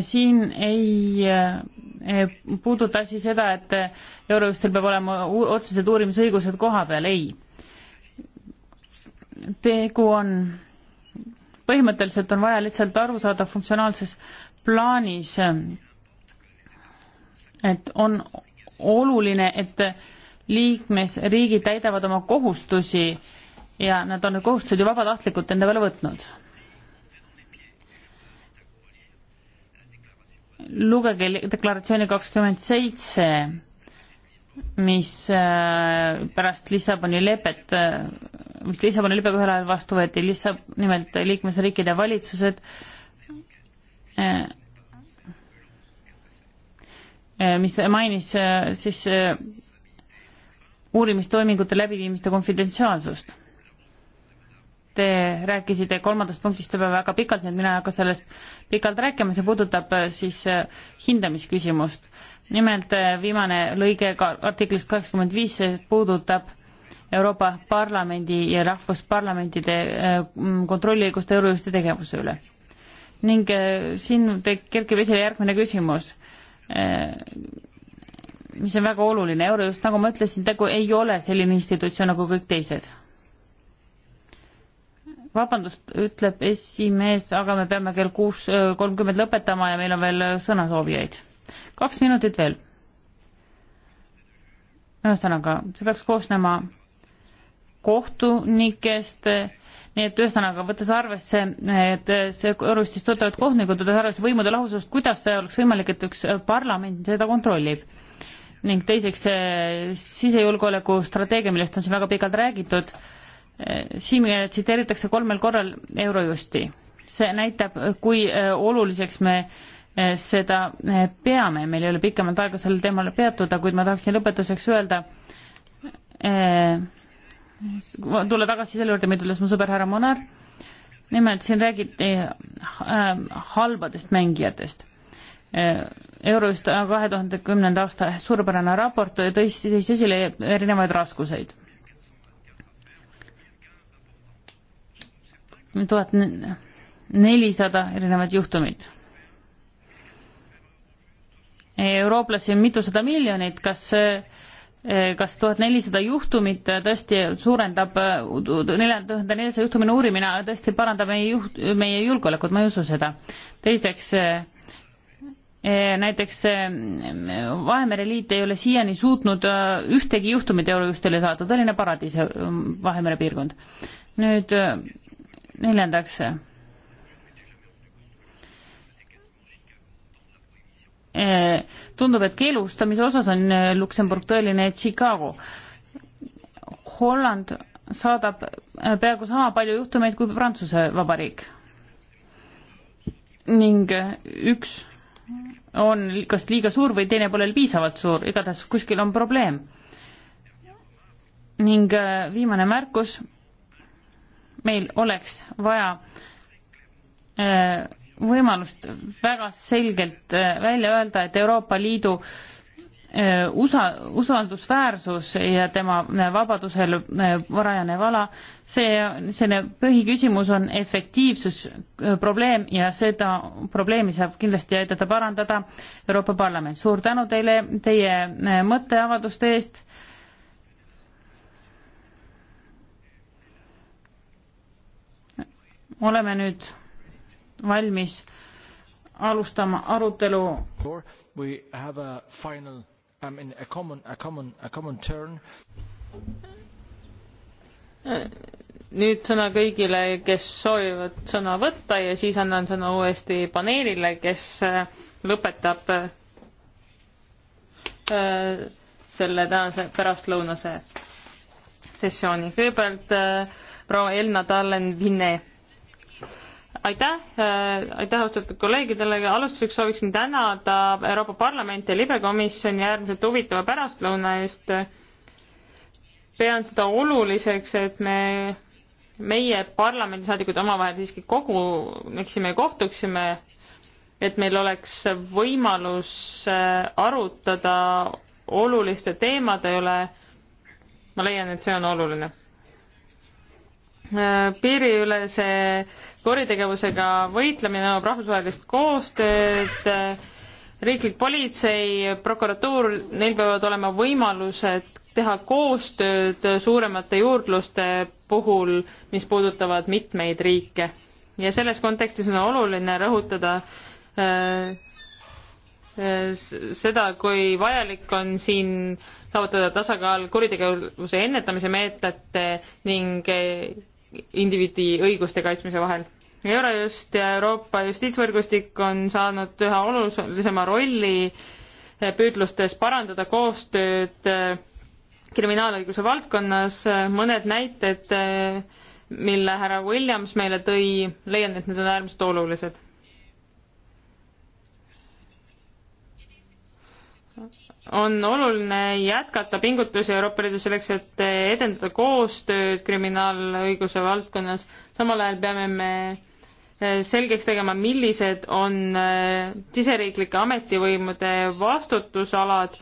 siin ei eh, puuduta asi seda, et Eurojustil peab olema otsesed uurimisõigused koha peal, ei. tegu on põhimõtteliselt on vaja lihtsalt aru saada funktsionaalses plaanis, et on oluline, et liikmesriigid täidavad oma kohustusi ja nad on need kohustused ju vabatahtlikult enda peale võtnud. lugege deklaratsiooni kakskümmend seitse, mis äh, pärast Lissaboni lepet äh, mis Lissaboni leppega ühel ajal vastu võeti, Lissa-, nimelt liikmesriikide valitsused eh, eh, mis mainis eh, siis uurimistoimingute läbiviimiste konfidentsiaalsust. Te rääkisite kolmandast punktist juba väga pikalt, nii et mina ei hakka sellest pikalt rääkima, see puudutab siis hindamisküsimust. nimelt viimane lõige ka artiklist kakskümmend viis, see puudutab Euroopa Parlamendi ja rahvusparlamentide eh, mm, kontrolliõiguste euroliidu tegevuse üle. ning eh, siin kerkib esile järgmine küsimus, eh, mis on väga oluline, Eurojust, nagu ma ütlesin, tegu ei ole selline institutsioon nagu kõik teised. vabandust, ütleb esimees, aga me peame kell kuus kolmkümmend lõpetama ja meil on veel sõnasoovijaid. kaks minutit veel ühesõnaga, see peaks koosnema kohtunikest, nii et ühesõnaga, võttes arvesse, et see Eurostis töötavad kohtunikud, võttes arvesse võimude lahusust, kuidas see oleks võimalik, et üks parlament seda kontrollib? ning teiseks, see sisejulgeoleku strateegia, millest on siin väga pikalt räägitud, siin tsiteeritakse kolmel korral Eurojusti. see näitab, kui oluliseks me seda peame, meil ei ole pikemalt aega sellel teemal peatuda, kuid ma tahaksin lõpetuseks öelda, tulla tagasi selle juurde, mida ütles mu sõber härra Monar, nimelt siin räägiti äh, halbadest mängijatest. Äh, Eurojust äh, kahe tuhande kümnenda aasta suurepärane raport tõi siis esile erinevaid raskuseid tuhat nelisada erinevat juhtumit. eurooplasi on mitusada miljonit, kas see Eh, kas tuhat nelisada juhtumit eh, tõesti suurendab, eh, nelja, tuhande neljasaja juhtumine uurimine tõesti parandab meie juht, meie julgeolekut, ma ei usu seda. teiseks, näiteks Vahemere Liit ei ole siiani suutnud ühtegi juhtumit Eurojustile saada, tõeline paradiis, Vahemere piirkond. nüüd neljandaks Eh, tundub, et keelustamise osas on eh, Luksemburg tõeline Chicago. Holland saadab eh, peaaegu sama palju juhtumeid kui Prantsuse Vabariik. ning üks on kas liiga suur või teine pole piisavalt suur, igatahes kuskil on probleem. ning viimane märkus, meil oleks vaja äh, võimalust väga selgelt äh, välja öelda, et Euroopa Liidu äh, usa-, usaldusväärsus ja tema äh, vabadusel varajanev ala, see, selle põhiküsimus on efektiivsus probleem ja seda probleemi saab kindlasti aidata parandada Euroopa Parlament. suur tänu teile teie mõtteavalduste eest. oleme nüüd valmis alustama arutelu. We have a final, I mean a common, a common, a common turn. nüüd sõna kõigile, kes soovivad sõna võtta ja siis annan sõna uuesti paneelile, kes äh, lõpetab äh, selle tänase pärastlõunase sessiooni. kõigepealt äh, proua Elna Tallen-Vine aitäh, äh, aitäh austatud kolleegidele, alustuseks sooviksin tänada Euroopa Parlamenti ja libekomisjoni äärmiselt huvitava pärastlõuna eest. pean seda oluliseks, et me, meie parlamendisaadikud omavahel siiski koguneksime ja kohtuksime, et meil oleks võimalus äh, arutada oluliste teemade üle. ma leian, et see on oluline Äh, piiriülese kuritegevusega võitlemine nõuab rahvusvahelist koostööd, äh, riiklik politsei, prokuratuur, neil peavad olema võimalused teha koostööd suuremate juurdluste puhul, mis puudutavad mitmeid riike. ja selles kontekstis on oluline rõhutada äh, äh seda, kui vajalik on siin saavutada tasakaal kuritegevuse ennetamise meetmete ning indiviidi õiguste kaitsmise vahel. Eurojust ja Euroopa justiitsvõrgustik on saanud üha olulisema rolli eh, püüdlustes parandada koostööd eh, kriminaalõiguse valdkonnas, mõned näited, eh, mille härra Williams meile tõi, leian, et need on äärmiselt olulised on oluline jätkata pingutusi Euroopa Liidus selleks, et edendada koostööd kriminaalõiguse valdkonnas, samal ajal peame me eh, selgeks tegema, millised on eh, siseriiklike ametivõimude vastutusalad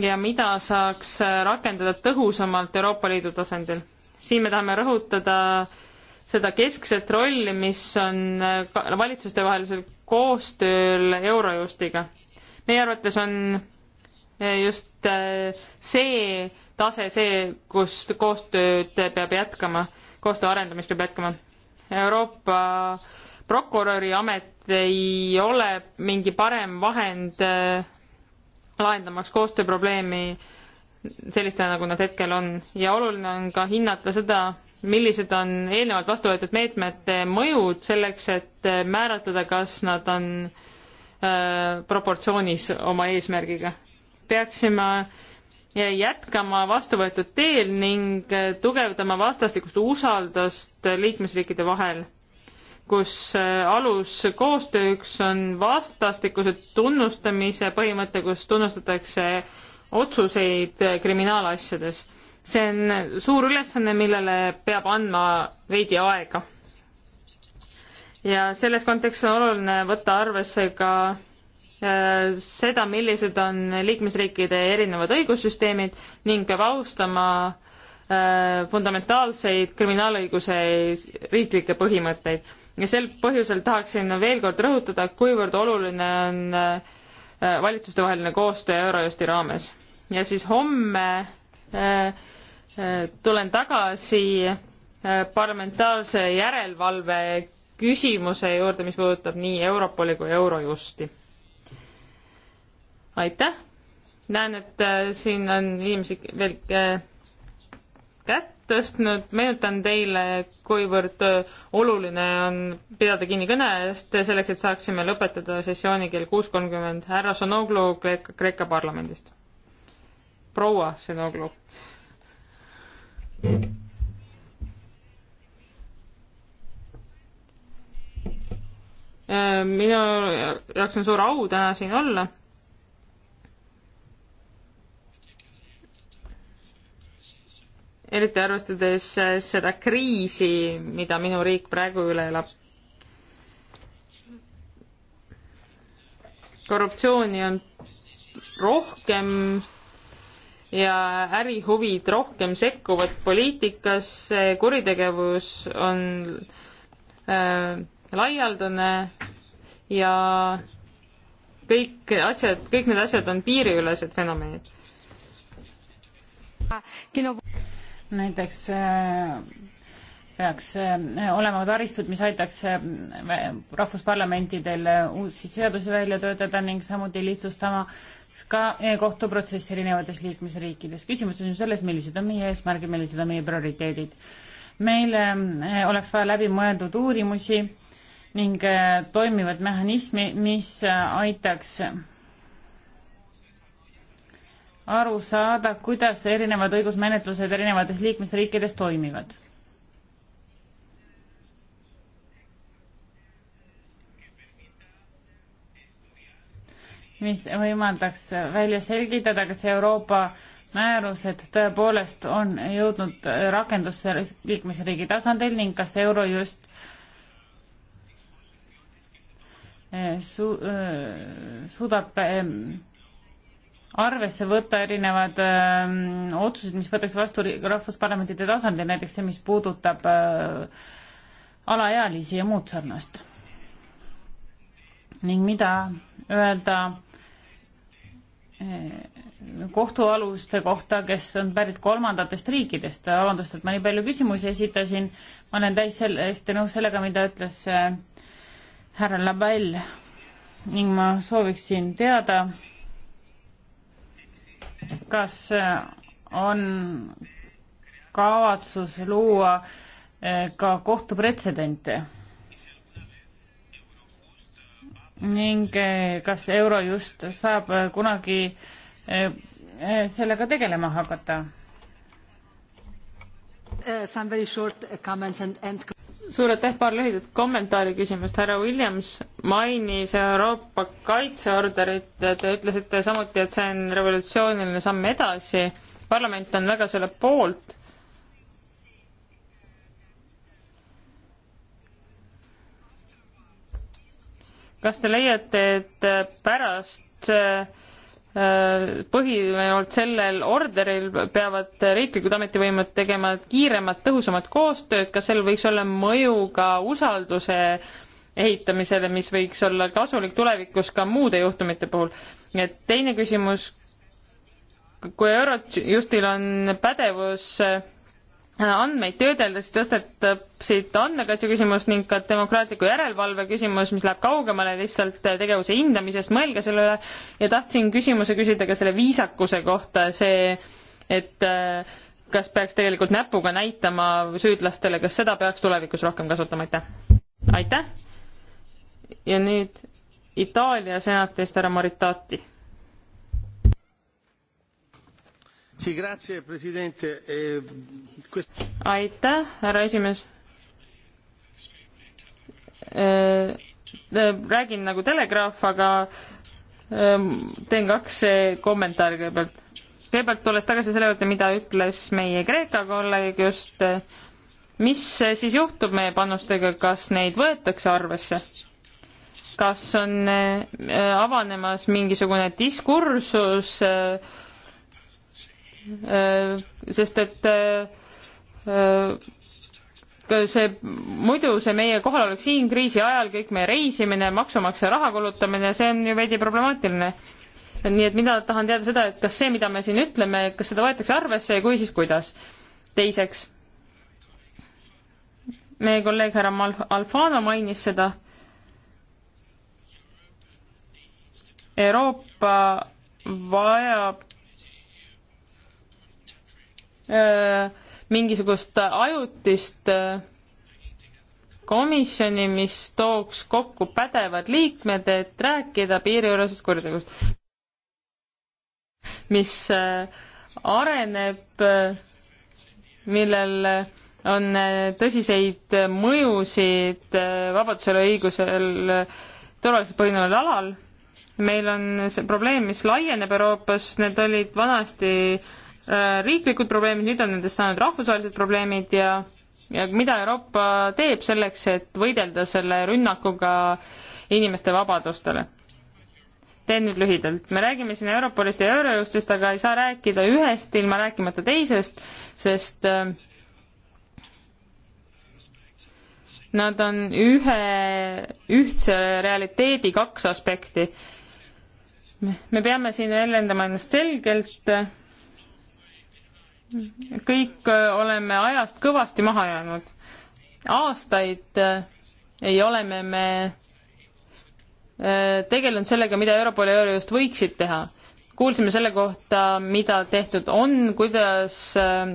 ja mida saaks eh, rakendada tõhusamalt Euroopa Liidu tasandil. siin me tahame rõhutada seda keskset rolli, mis on valitsustevahelisel koostööl Eurojustiga. meie arvates on just äh, see tase, see, kust koostööd peab jätkama, koostöö arendamist peab jätkama. Euroopa prokuröri amet ei ole mingi parem vahend äh, lahendamaks koostööprobleemi sellistena, nagu nad hetkel on ja oluline on ka hinnata seda, millised on eelnevalt vastu võetud meetmete mõjud selleks, et äh, määratleda, kas nad on äh, proportsioonis oma eesmärgiga peaksime eh, jätkama vastuvõetud teel ning eh, tugevdama vastastikust usaldust eh, liikmesriikide vahel, kus alus koostööks on vastastikuse tunnustamise põhimõte, kus tunnustatakse otsuseid kriminaalasjades. see on suur ülesanne, millele peab andma veidi aega. ja selles kontekstis on oluline võtta arvesse ka Äh, seda, millised on liikmesriikide erinevad õigussüsteemid ning peab austama äh, fundamentaalseid kriminaalõiguse riiklikke põhimõtteid. ja sel põhjusel tahaksin veel kord rõhutada, kuivõrd oluline on äh, valitsustevaheline koostöö Eurojusti raames. ja siis homme tulen tagasi parlamentaarse järelevalve küsimuse juurde, mis puudutab nii Europoli kui Eurojusti aitäh, näen, et äh, siin on inimesi veel äh, kätt tõstnud, meenutan teile, kuivõrd äh, oluline on pidada kinni kõne eest, selleks et saaksime lõpetada sessiooni kell kuus kolmkümmend. härra Sonoglu Kreeka, Kreeka parlamendist. proua Sonoglu. Äh, minu jaoks on suur au täna siin olla eriti arvestades äh, seda kriisi, mida minu riik praegu üle elab. korruptsiooni on rohkem ja ärihuvid rohkem sekkuvad poliitikasse, kuritegevus on äh, laialdane ja kõik asjad, kõik need asjad on piiriülesed fenomenid näiteks äh, peaks äh, olema taristud, mis aitaks äh, rahvusparlamentidel uusi seadusi välja töötada ning samuti lihtsustama ka kohtuprotsessi erinevates liikmesriikides. küsimus on ju selles, millised on meie eesmärgid, millised on meie prioriteedid. meil oleks vaja läbimõeldud uurimusi ning toimivat mehhanismi, mis aitaks aru saada, kuidas erinevad õigusmenetlused erinevates liikmesriikides toimivad. mis võimaldaks välja selgitada, kas Euroopa määrused tõepoolest on jõudnud rakendusse liikmesriigi tasandil ning kas euro just eh, su-, eh, suudab eh, arvesse võtta erinevad öö, ähm, otsused, mis võetakse vastu rahvusparlamentide tasandil, näiteks see, mis puudutab öö, äh, alaealisi ja muud sarnast. ning mida öelda äh, kohtualuste kohta, kes on pärit kolmandatest riikidest, vabandust, et ma nii palju küsimusi esitasin, ma olen täis täiesti nõus sellega, mida ütles äh, härra Labelle ning ma sooviksin teada, kas äh, on kavatsus luua äh, ka kohtupretsedente? ning äh, kas euro just saab kunagi sellega tegelema hakata? Uh, some very short uh, comments and, and suur aitäh, paar lühidat kommentaari küsimust. härra Williams mainis Euroopa kaitseorderit, te ütlesite samuti, et see on revolutsiooniline samm edasi. parlament on väga selle poolt. kas te leiate, et pärast äh, põhinevalt sellel orderil peavad riiklikud ametivõimud tegema kiiremat, tõhusamat koostööd, kas sellel võiks olla mõju ka usalduse ehitamisele, mis võiks olla kasulik tulevikus ka muude juhtumite puhul? et teine küsimus, kui Eurojustil on pädevus äh, andmeid töödeldes tõstatasid andmekaitse küsimus ning ka demokraatliku järelevalve küsimus, mis läheb kaugemale lihtsalt tegevuse hindamisest, mõelge selle üle ja tahtsin küsimuse küsida ka selle viisakuse kohta, see, et äh, kas peaks tegelikult näpuga näitama süüdlastele, kas seda peaks tulevikus rohkem kasutama, aitäh! aitäh! ja nüüd Itaalia senatist härra Maritati Eh, aitäh, härra esimees. Eh, eh, räägin nagu telegraaf, aga teen kaks kommentaari kõigepealt. kõigepealt tulles tagasi selle juurde, mida ütles meie Kreeka kolleeg just, mis siis juhtub meie panustega, kas neid võetakse arvesse? kas on avanemas mingisugune diskursus äh, Äh, sest et äh, äh, see, muidu see meie kohalolek siin kriisi ajal, kõik meie reisimine, maksumaksja raha kulutamine, see on ju veidi problemaatiline. nii et mina tahan teada seda, et kas see, mida me siin ütleme, kas seda võetakse arvesse ja kui, siis kuidas. teiseks, meie kolleeg härra Mal-, Alfano mainis seda, Euroopa vajab Äh, mingisugust ajutist äh, komisjoni, mis tooks kokku pädevad liikmed, et rääkida piiriülesest kuritegust, mis äh, areneb, millel on tõsiseid mõjusid vabadusel, õigusel, turvaliselt põhineval alal. meil on see probleem, mis laieneb Euroopas, need olid vanasti Äh, riiklikud probleemid, nüüd on nendest saanud rahvusvahelised probleemid ja ja mida Euroopa teeb selleks, et võidelda selle rünnakuga inimeste vabadustele? teen nüüd lühidalt, me räägime siin Europolist ja Eurojustist, aga ei saa rääkida ühest ilma rääkimata teisest, sest äh, nad on ühe ühtse realiteedi kaks aspekti. me peame siin väljendama ennast selgelt kõik äh, oleme ajast kõvasti maha jäänud. aastaid äh, ei ole me, me äh, tegelenud sellega, mida Europol ja Eurojust võiksid teha. kuulsime selle kohta, mida tehtud on, kuidas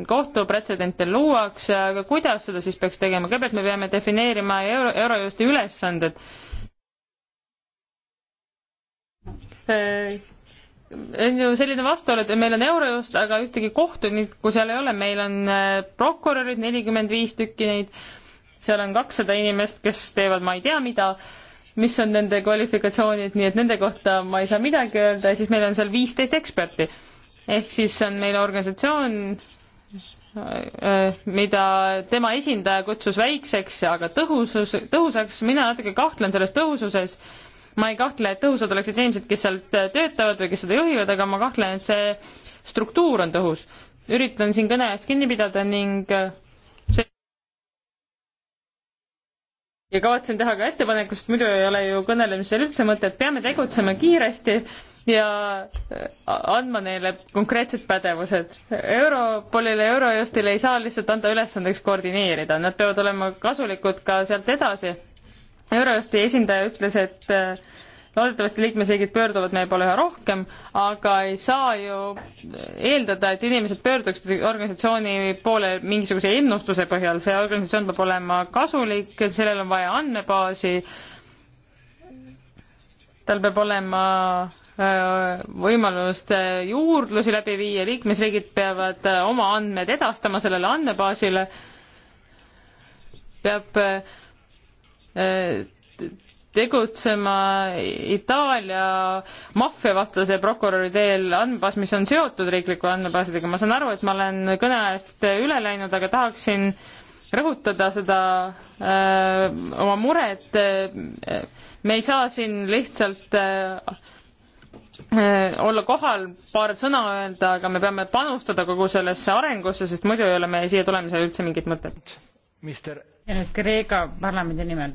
kohtupretsedente luuakse, aga kuidas seda siis peaks tegema. kõigepealt me peame defineerima Euro, Eurojusti ülesanded on ju selline vastuolu, et meil on Eurojust, aga ühtegi kohtunikku seal ei ole, meil on äh, prokurörid, nelikümmend viis tükki neid, seal on kakssada inimest, kes teevad ma ei tea mida, mis on nende kvalifikatsioonid, nii et nende kohta ma ei saa midagi öelda ja siis meil on seal viisteist eksperti. ehk siis on meil organisatsioon, äh, mida tema esindaja kutsus väikseks, aga tõhusus, tõhusaks, mina natuke kahtlen selles tõhususes ma ei kahtle, et tõhusad oleksid inimesed, kes sealt töötavad või kes seda juhivad, aga ma kahtlen, et see struktuur on tõhus. üritan siin kõne eest kinni pidada ning äh, see ja kavatsen teha ka ettepaneku, sest muidu ei ole ju kõnelemisel üldse mõtet, peame tegutsema kiiresti ja äh, andma neile konkreetsed pädevused. Europolile, Eurojustile ei saa lihtsalt anda ülesandeks koordineerida, nad peavad olema kasulikud ka sealt edasi Eurojusti esindaja ütles, et äh, loodetavasti liikmesriigid pöörduvad meie poole üha rohkem, aga ei saa ju eeldada, et inimesed pöörduks organisatsiooni poole mingisuguse ennustuse põhjal, see organisatsioon peab olema kasulik, sellel on vaja andmebaasi, tal peab olema äh, võimalust äh, juurdlusi läbi viia, liikmesriigid peavad oma andmed edastama sellele andmebaasile, peab tegutsema Itaalia maffiavastase prokuröri teel andmebaas, mis on seotud riikliku andmebaasidega. ma saan aru, et ma olen kõneajast üle läinud, aga tahaksin rõhutada seda öö, äh, oma muret. Äh, me ei saa siin lihtsalt öö, äh, olla kohal, paar sõna öelda, aga me peame panustada kogu sellesse arengusse, sest muidu ei ole meie siia tulemisel üldse mingit mõtet. Mister ja nüüd Kreeka parlamendi nimel.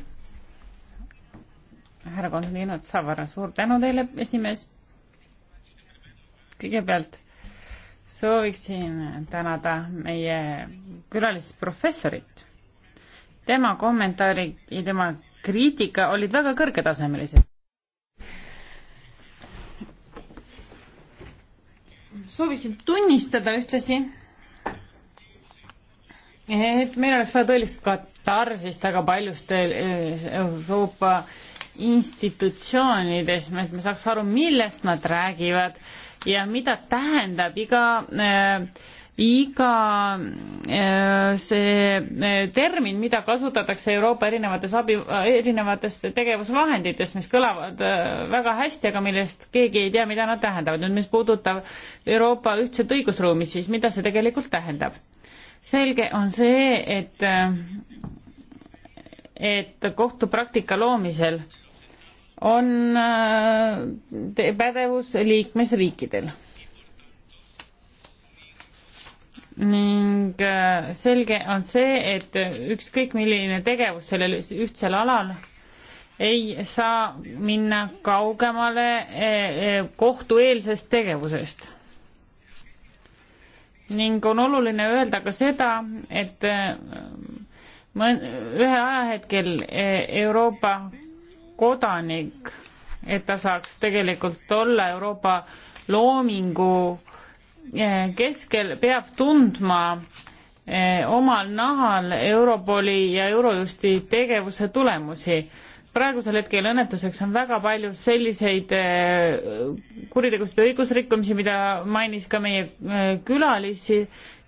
härra Konstantinot Savara, suur tänu teile, esimees. kõigepealt sooviksin tänada meie külalisprofessorit. tema kommentaarid ja tema kriitika olid väga kõrgetasemelised. soovisin tunnistada ühtlasi et meil oleks vaja tõelist katarsist väga paljustel eh, Euroopa institutsioonides, et me saaks aru, millest nad räägivad ja mida tähendab iga äh, iga äh, see äh, termin, mida kasutatakse Euroopa erinevates abi, erinevates tegevusvahendites, mis kõlavad väga hästi, aga millest keegi ei tea, mida nad tähendavad. nüüd, mis puudutab Euroopa ühtset õigusruumi, siis mida see tegelikult tähendab? selge on see, et, et kohtupraktika loomisel on äh, pädevus liikmesriikidel. ning äh, selge on see, et ükskõik milline tegevus sellel ühtsel alal ei saa minna kaugemale äh, kohtueelsest tegevusest ning on oluline öelda ka seda, et äh, ühe ajahetkel äh, Euroopa kodanik, et ta saaks tegelikult olla Euroopa loomingu äh, keskel, peab tundma omal nahal Europoli ja Eurojusti tegevuse tulemusi praegusel hetkel õnnetuseks on väga palju selliseid äh, kuritegusid ja õigusrikkumisi, mida mainis ka meie äh, külalisi,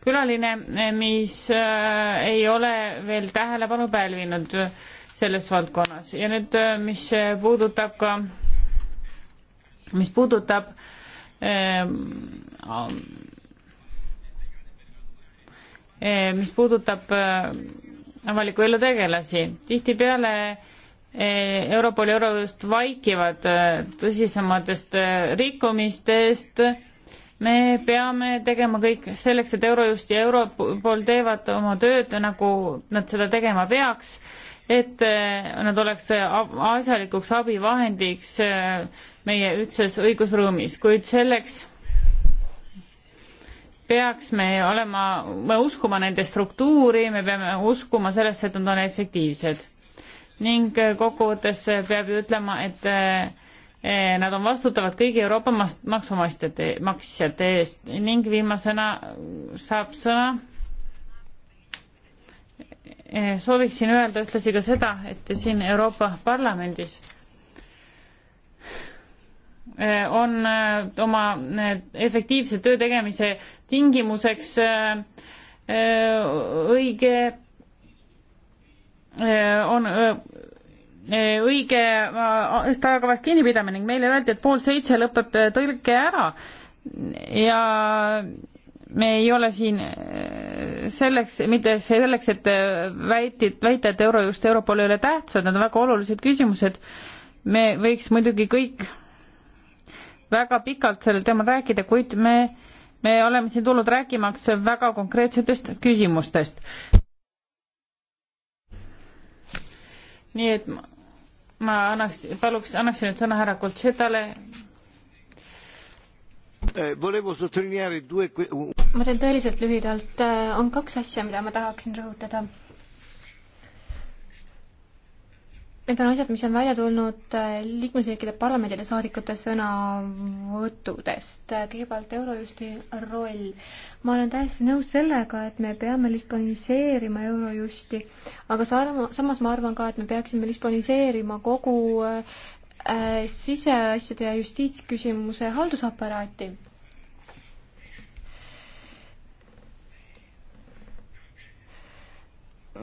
külaline, äh, mis ei ole veel tähelepanu pälvinud selles valdkonnas ja nüüd, mis puudutab ka, mis puudutab mis puudutab avaliku elu tegelasi, tihtipeale äh, Eh, Europoli Eurost vaikivad eh, tõsisematest eh, rikkumistest. me peame tegema kõik selleks, et Eurojust ja Europol teevad oma tööd, nagu nad seda tegema peaks, et nad oleks asjalikuks abivahendiks meie ühtses õigusruumis, kuid selleks peaks me olema, me uskuma nende struktuuri, me peame uskuma sellesse, et nad on efektiivsed ning äh, kokkuvõttes äh, peab ju ütlema, et äh, nad on vastutavad kõigi Euroopa maksumaksjate, maksjate eest ning viimasena saab sõna sooviksin öelda ühtlasi ka seda, et siin Euroopa Parlamendis on oma efektiivse töö tegemise tingimuseks õige Äh, on äh, äh, õige ajakavast kinnipidamine ning meile öeldi, et pool seitse lõpeb tõlge ära ja me ei ole siin selleks, mitte selleks, et väitid, väita, et euro just Europol ei ole tähtsad, need on väga olulised küsimused. me võiks muidugi kõik väga pikalt sellel teemal rääkida, kuid me, me oleme siin tulnud rääkimaks väga konkreetsetest küsimustest nii et ma, ma annaks, paluks, annaksin nüüd sõna härra Koltšetale. Eh, ma teen tõeliselt lühidalt, eh, on kaks asja, mida ma tahaksin rõhutada Need on asjad, mis on välja tulnud äh, liikmesriikide parlamendide saadikute sõnavõttudest. Äh, kõigepealt Eurojusti roll. ma olen täiesti nõus sellega, et me peame lisboniseerima Eurojusti, aga samas ma arvan ka, et me peaksime lisboniseerima kogu äh, siseasjade ja justiitsküsimuse haldusaparaati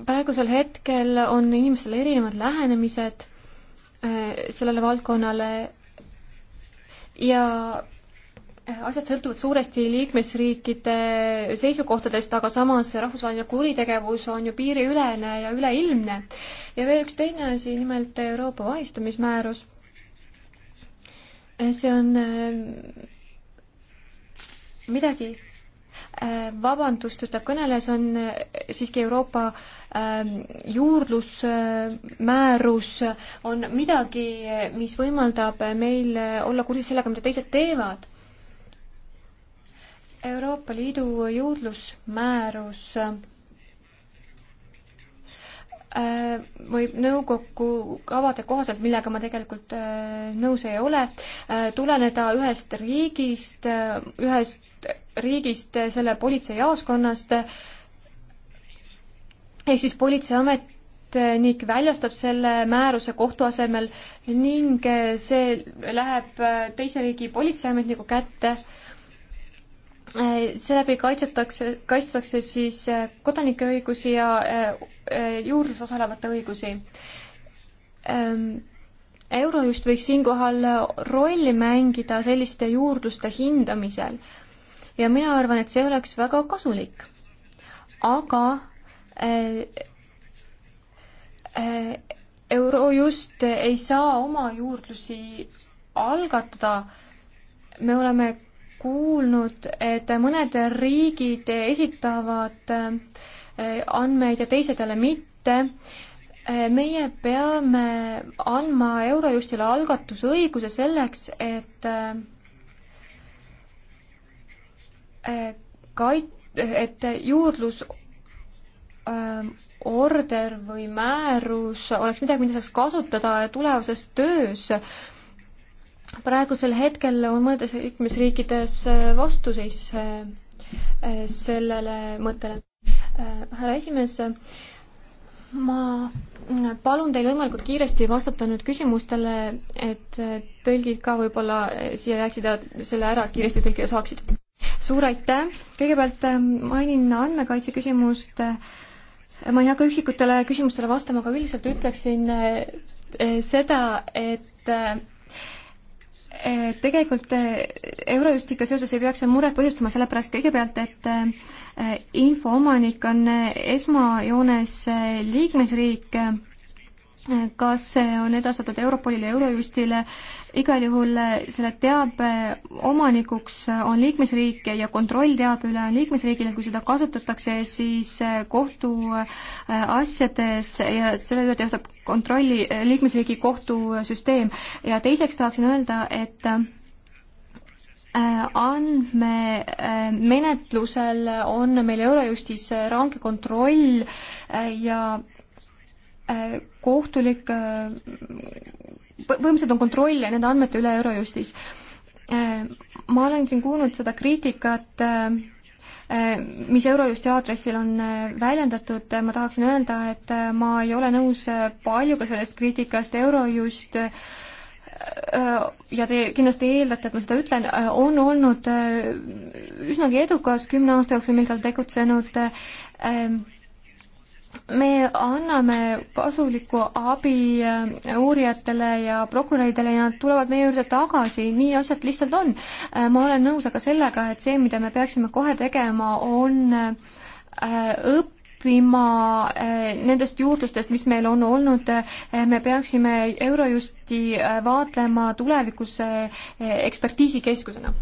praegusel hetkel on inimestel erinevad lähenemised äh, sellele valdkonnale ja äh, asjad sõltuvad suuresti liikmesriikide seisukohtadest, aga samas rahvusvaheline kuritegevus on ju piiriülene ja üleilmne. ja veel üks teine asi, nimelt Euroopa vahistamismäärus. Äh, see on midagi, Äh, vabandust, ütleb kõneleja, see on äh, siiski Euroopa ähm, juurdlusmäärus, on midagi, äh, mis võimaldab meil olla kursis sellega, mida teised teevad. Euroopa Liidu juurdlusmäärus Äh, võib nõukokku kavade kohaselt, millega ma tegelikult äh, nõus ei ole, äh, tuleneda ühest riigist, ühest riigist selle politseijaoskonnast, ehk siis politseiametnik väljastab selle määruse kohtu asemel ning see läheb teise riigi politseiametniku kätte seeläbi kaitsetakse, kaitstakse siis äh, kodanike õigusi ja äh, äh, juurdlus osalevate õigusi. Ähm, Eurojust võiks siinkohal rolli mängida selliste juurdluste hindamisel ja mina arvan, et see oleks väga kasulik. aga Eurojust ei saa oma juurdlusi algatada, me oleme kuulnud, et mõned riigid esitavad eh, andmeid ja teised jälle mitte. Eh, meie peame andma Eurojustile algatusõiguse selleks, et eh, kait-, et juurdlus order või määrus oleks midagi, mida saaks kasutada tulevases töös äh, praegusel hetkel on mõnedes liikmesriikides äh, vastuseis äh, äh, sellele mõttele. härra esimees, ma palun teil võimalikult kiiresti vastata nüüd küsimustele, et tõlgid ka võib-olla siia jääksid ja selle ära kiiresti tõlkida saaksid. suur aitäh, kõigepealt mainin andmekaitse küsimust, ma ei hakka üksikutele küsimustele vastama, aga üldiselt ütleksin seda, et tegelikult eh, Eurojustiga seoses ei peaks see muret põhjustama, sellepärast kõigepealt, et eh, info omanik on eh, esmajoones liikmesriik kas see on edastatud Europolile ja Eurojustile, igal juhul eh, selle teabe omanikuks on liikmesriik ja kontroll teabe üle on liikmesriigil ja kui seda kasutatakse, siis eh, kohtuasjades eh, ja selle üle teostab kontrolli liikmesriigi kohtusüsteem. ja teiseks tahaksin öelda, et andmemenetlusel on meil Eurojustis range kontroll ja Äh, kohtulik, äh, põhimõtteliselt on kontroll nende andmete üle Eurojustis. Äh, ma olen siin kuulnud seda kriitikat, mis Eurojusti aadressil on väljendatud, ma tahaksin öelda, et ma ei ole nõus paljuga sellest kriitikast, Eurojust ja te kindlasti eeldate, et ma seda ütlen, on olnud üsnagi edukas kümne aasta jooksul, mil ta on tegutsenud me anname kasulikku abi äh, uurijatele ja prokuröridele ja nad tulevad meie juurde tagasi, nii asjad lihtsalt on. Äh, ma olen nõus aga sellega, et see, mida me peaksime kohe tegema, on äh, õppima nendest juurdlustest, mis meil on olnud, me peaksime Eurojusti vaatlema tulevikus ekspertiisikeskusena,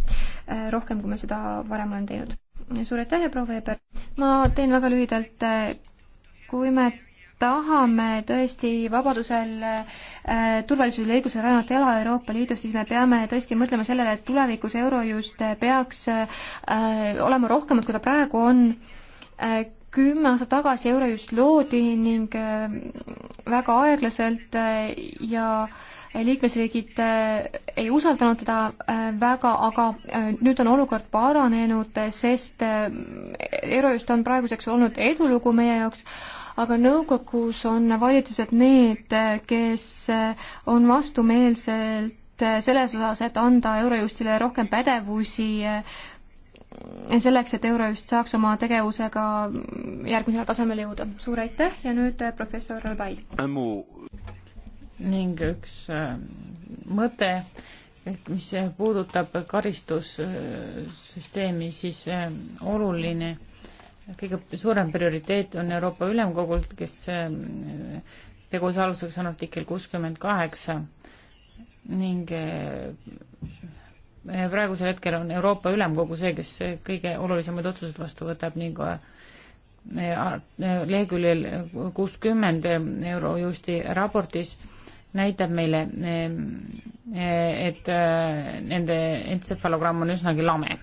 rohkem kui me seda varem olen teinud suur aitäh ja proua Veber! ma teen väga lühidalt kui me tahame tõesti vabadusel äh,, turvalisusel ja õigusel rajanud ela Euroopa Liidus, siis me peame tõesti mõtlema sellele, et tulevikus Eurojust peaks äh, olema rohkemad, kui ta praegu on äh,. kümme aastat tagasi Eurojust loodi ning äh, väga aeglaselt äh, ja liikmesriigid äh, ei usaldanud teda äh, väga, aga äh, nüüd on olukord paranenud, sest äh, Eurojust on praeguseks olnud edulugu meie jaoks äh,, aga nõukogus on valitsused need, kes on vastumeelselt selles osas, et anda Eurojustile rohkem pädevusi selleks, et Eurojust saaks oma tegevusega järgmisele tasemele jõuda. suur aitäh ja nüüd äh, professor Albai. ning üks äh, mõte, et mis puudutab karistussüsteemi, siis äh, oluline kõige suurem prioriteet on Euroopa Ülemkogult, kes ähm, tegus aluseks on artikkel kuuskümmend kaheksa ning äh, praegusel hetkel on Euroopa Ülemkogu see, kes äh, kõige olulisemaid otsuseid vastu võtab ning äh, leheküljel kuuskümmend Eurojusti raportis näitab meile, ähm, et nende entsefalogramm on üsnagi lame,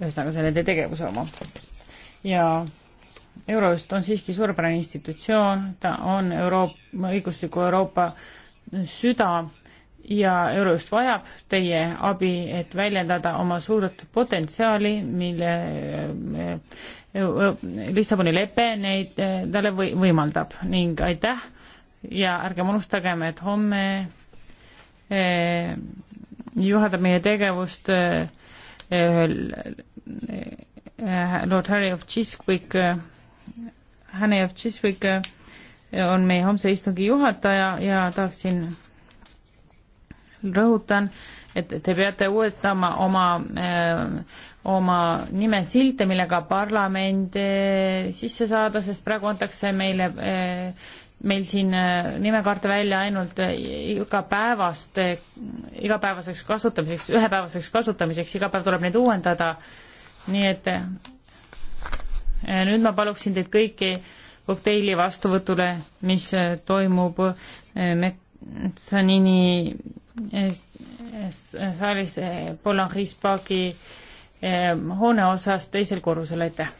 ühesõnaga see nende tegevuse oma ja Eurojust on siiski suurepärane institutsioon, ta on Euroop-, õigusliku Euroopa süda ja Eurojust vajab teie abi, et väljendada oma suurt potentsiaali, mille äh, äh, äh, Lissaboni lepe neid talle või-, võimaldab ning aitäh ja ärgem unustagem, et homme juhatab meie tegevust ühel Eh, Lord Harry of Chiswick, eh, Harry of Chiswick eh, on meie homse istungi juhataja ja tahaksin, rõhutan, et te peate uuendama oma, oma nimesilte, millega parlament sisse saada, sest praegu antakse meile, meil siin nimekaarte välja ainult igapäevaste, igapäevaseks kasutamiseks, ühepäevaseks kasutamiseks, iga päev tuleb neid uuendada nii et eh, nüüd ma paluksin teid kõiki kokteili vastuvõtule, mis eh, toimub eh, Metsanini saalis Polaris Parki hoone osas teisel korrusel, aitäh!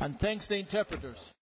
And thanks to interpreters.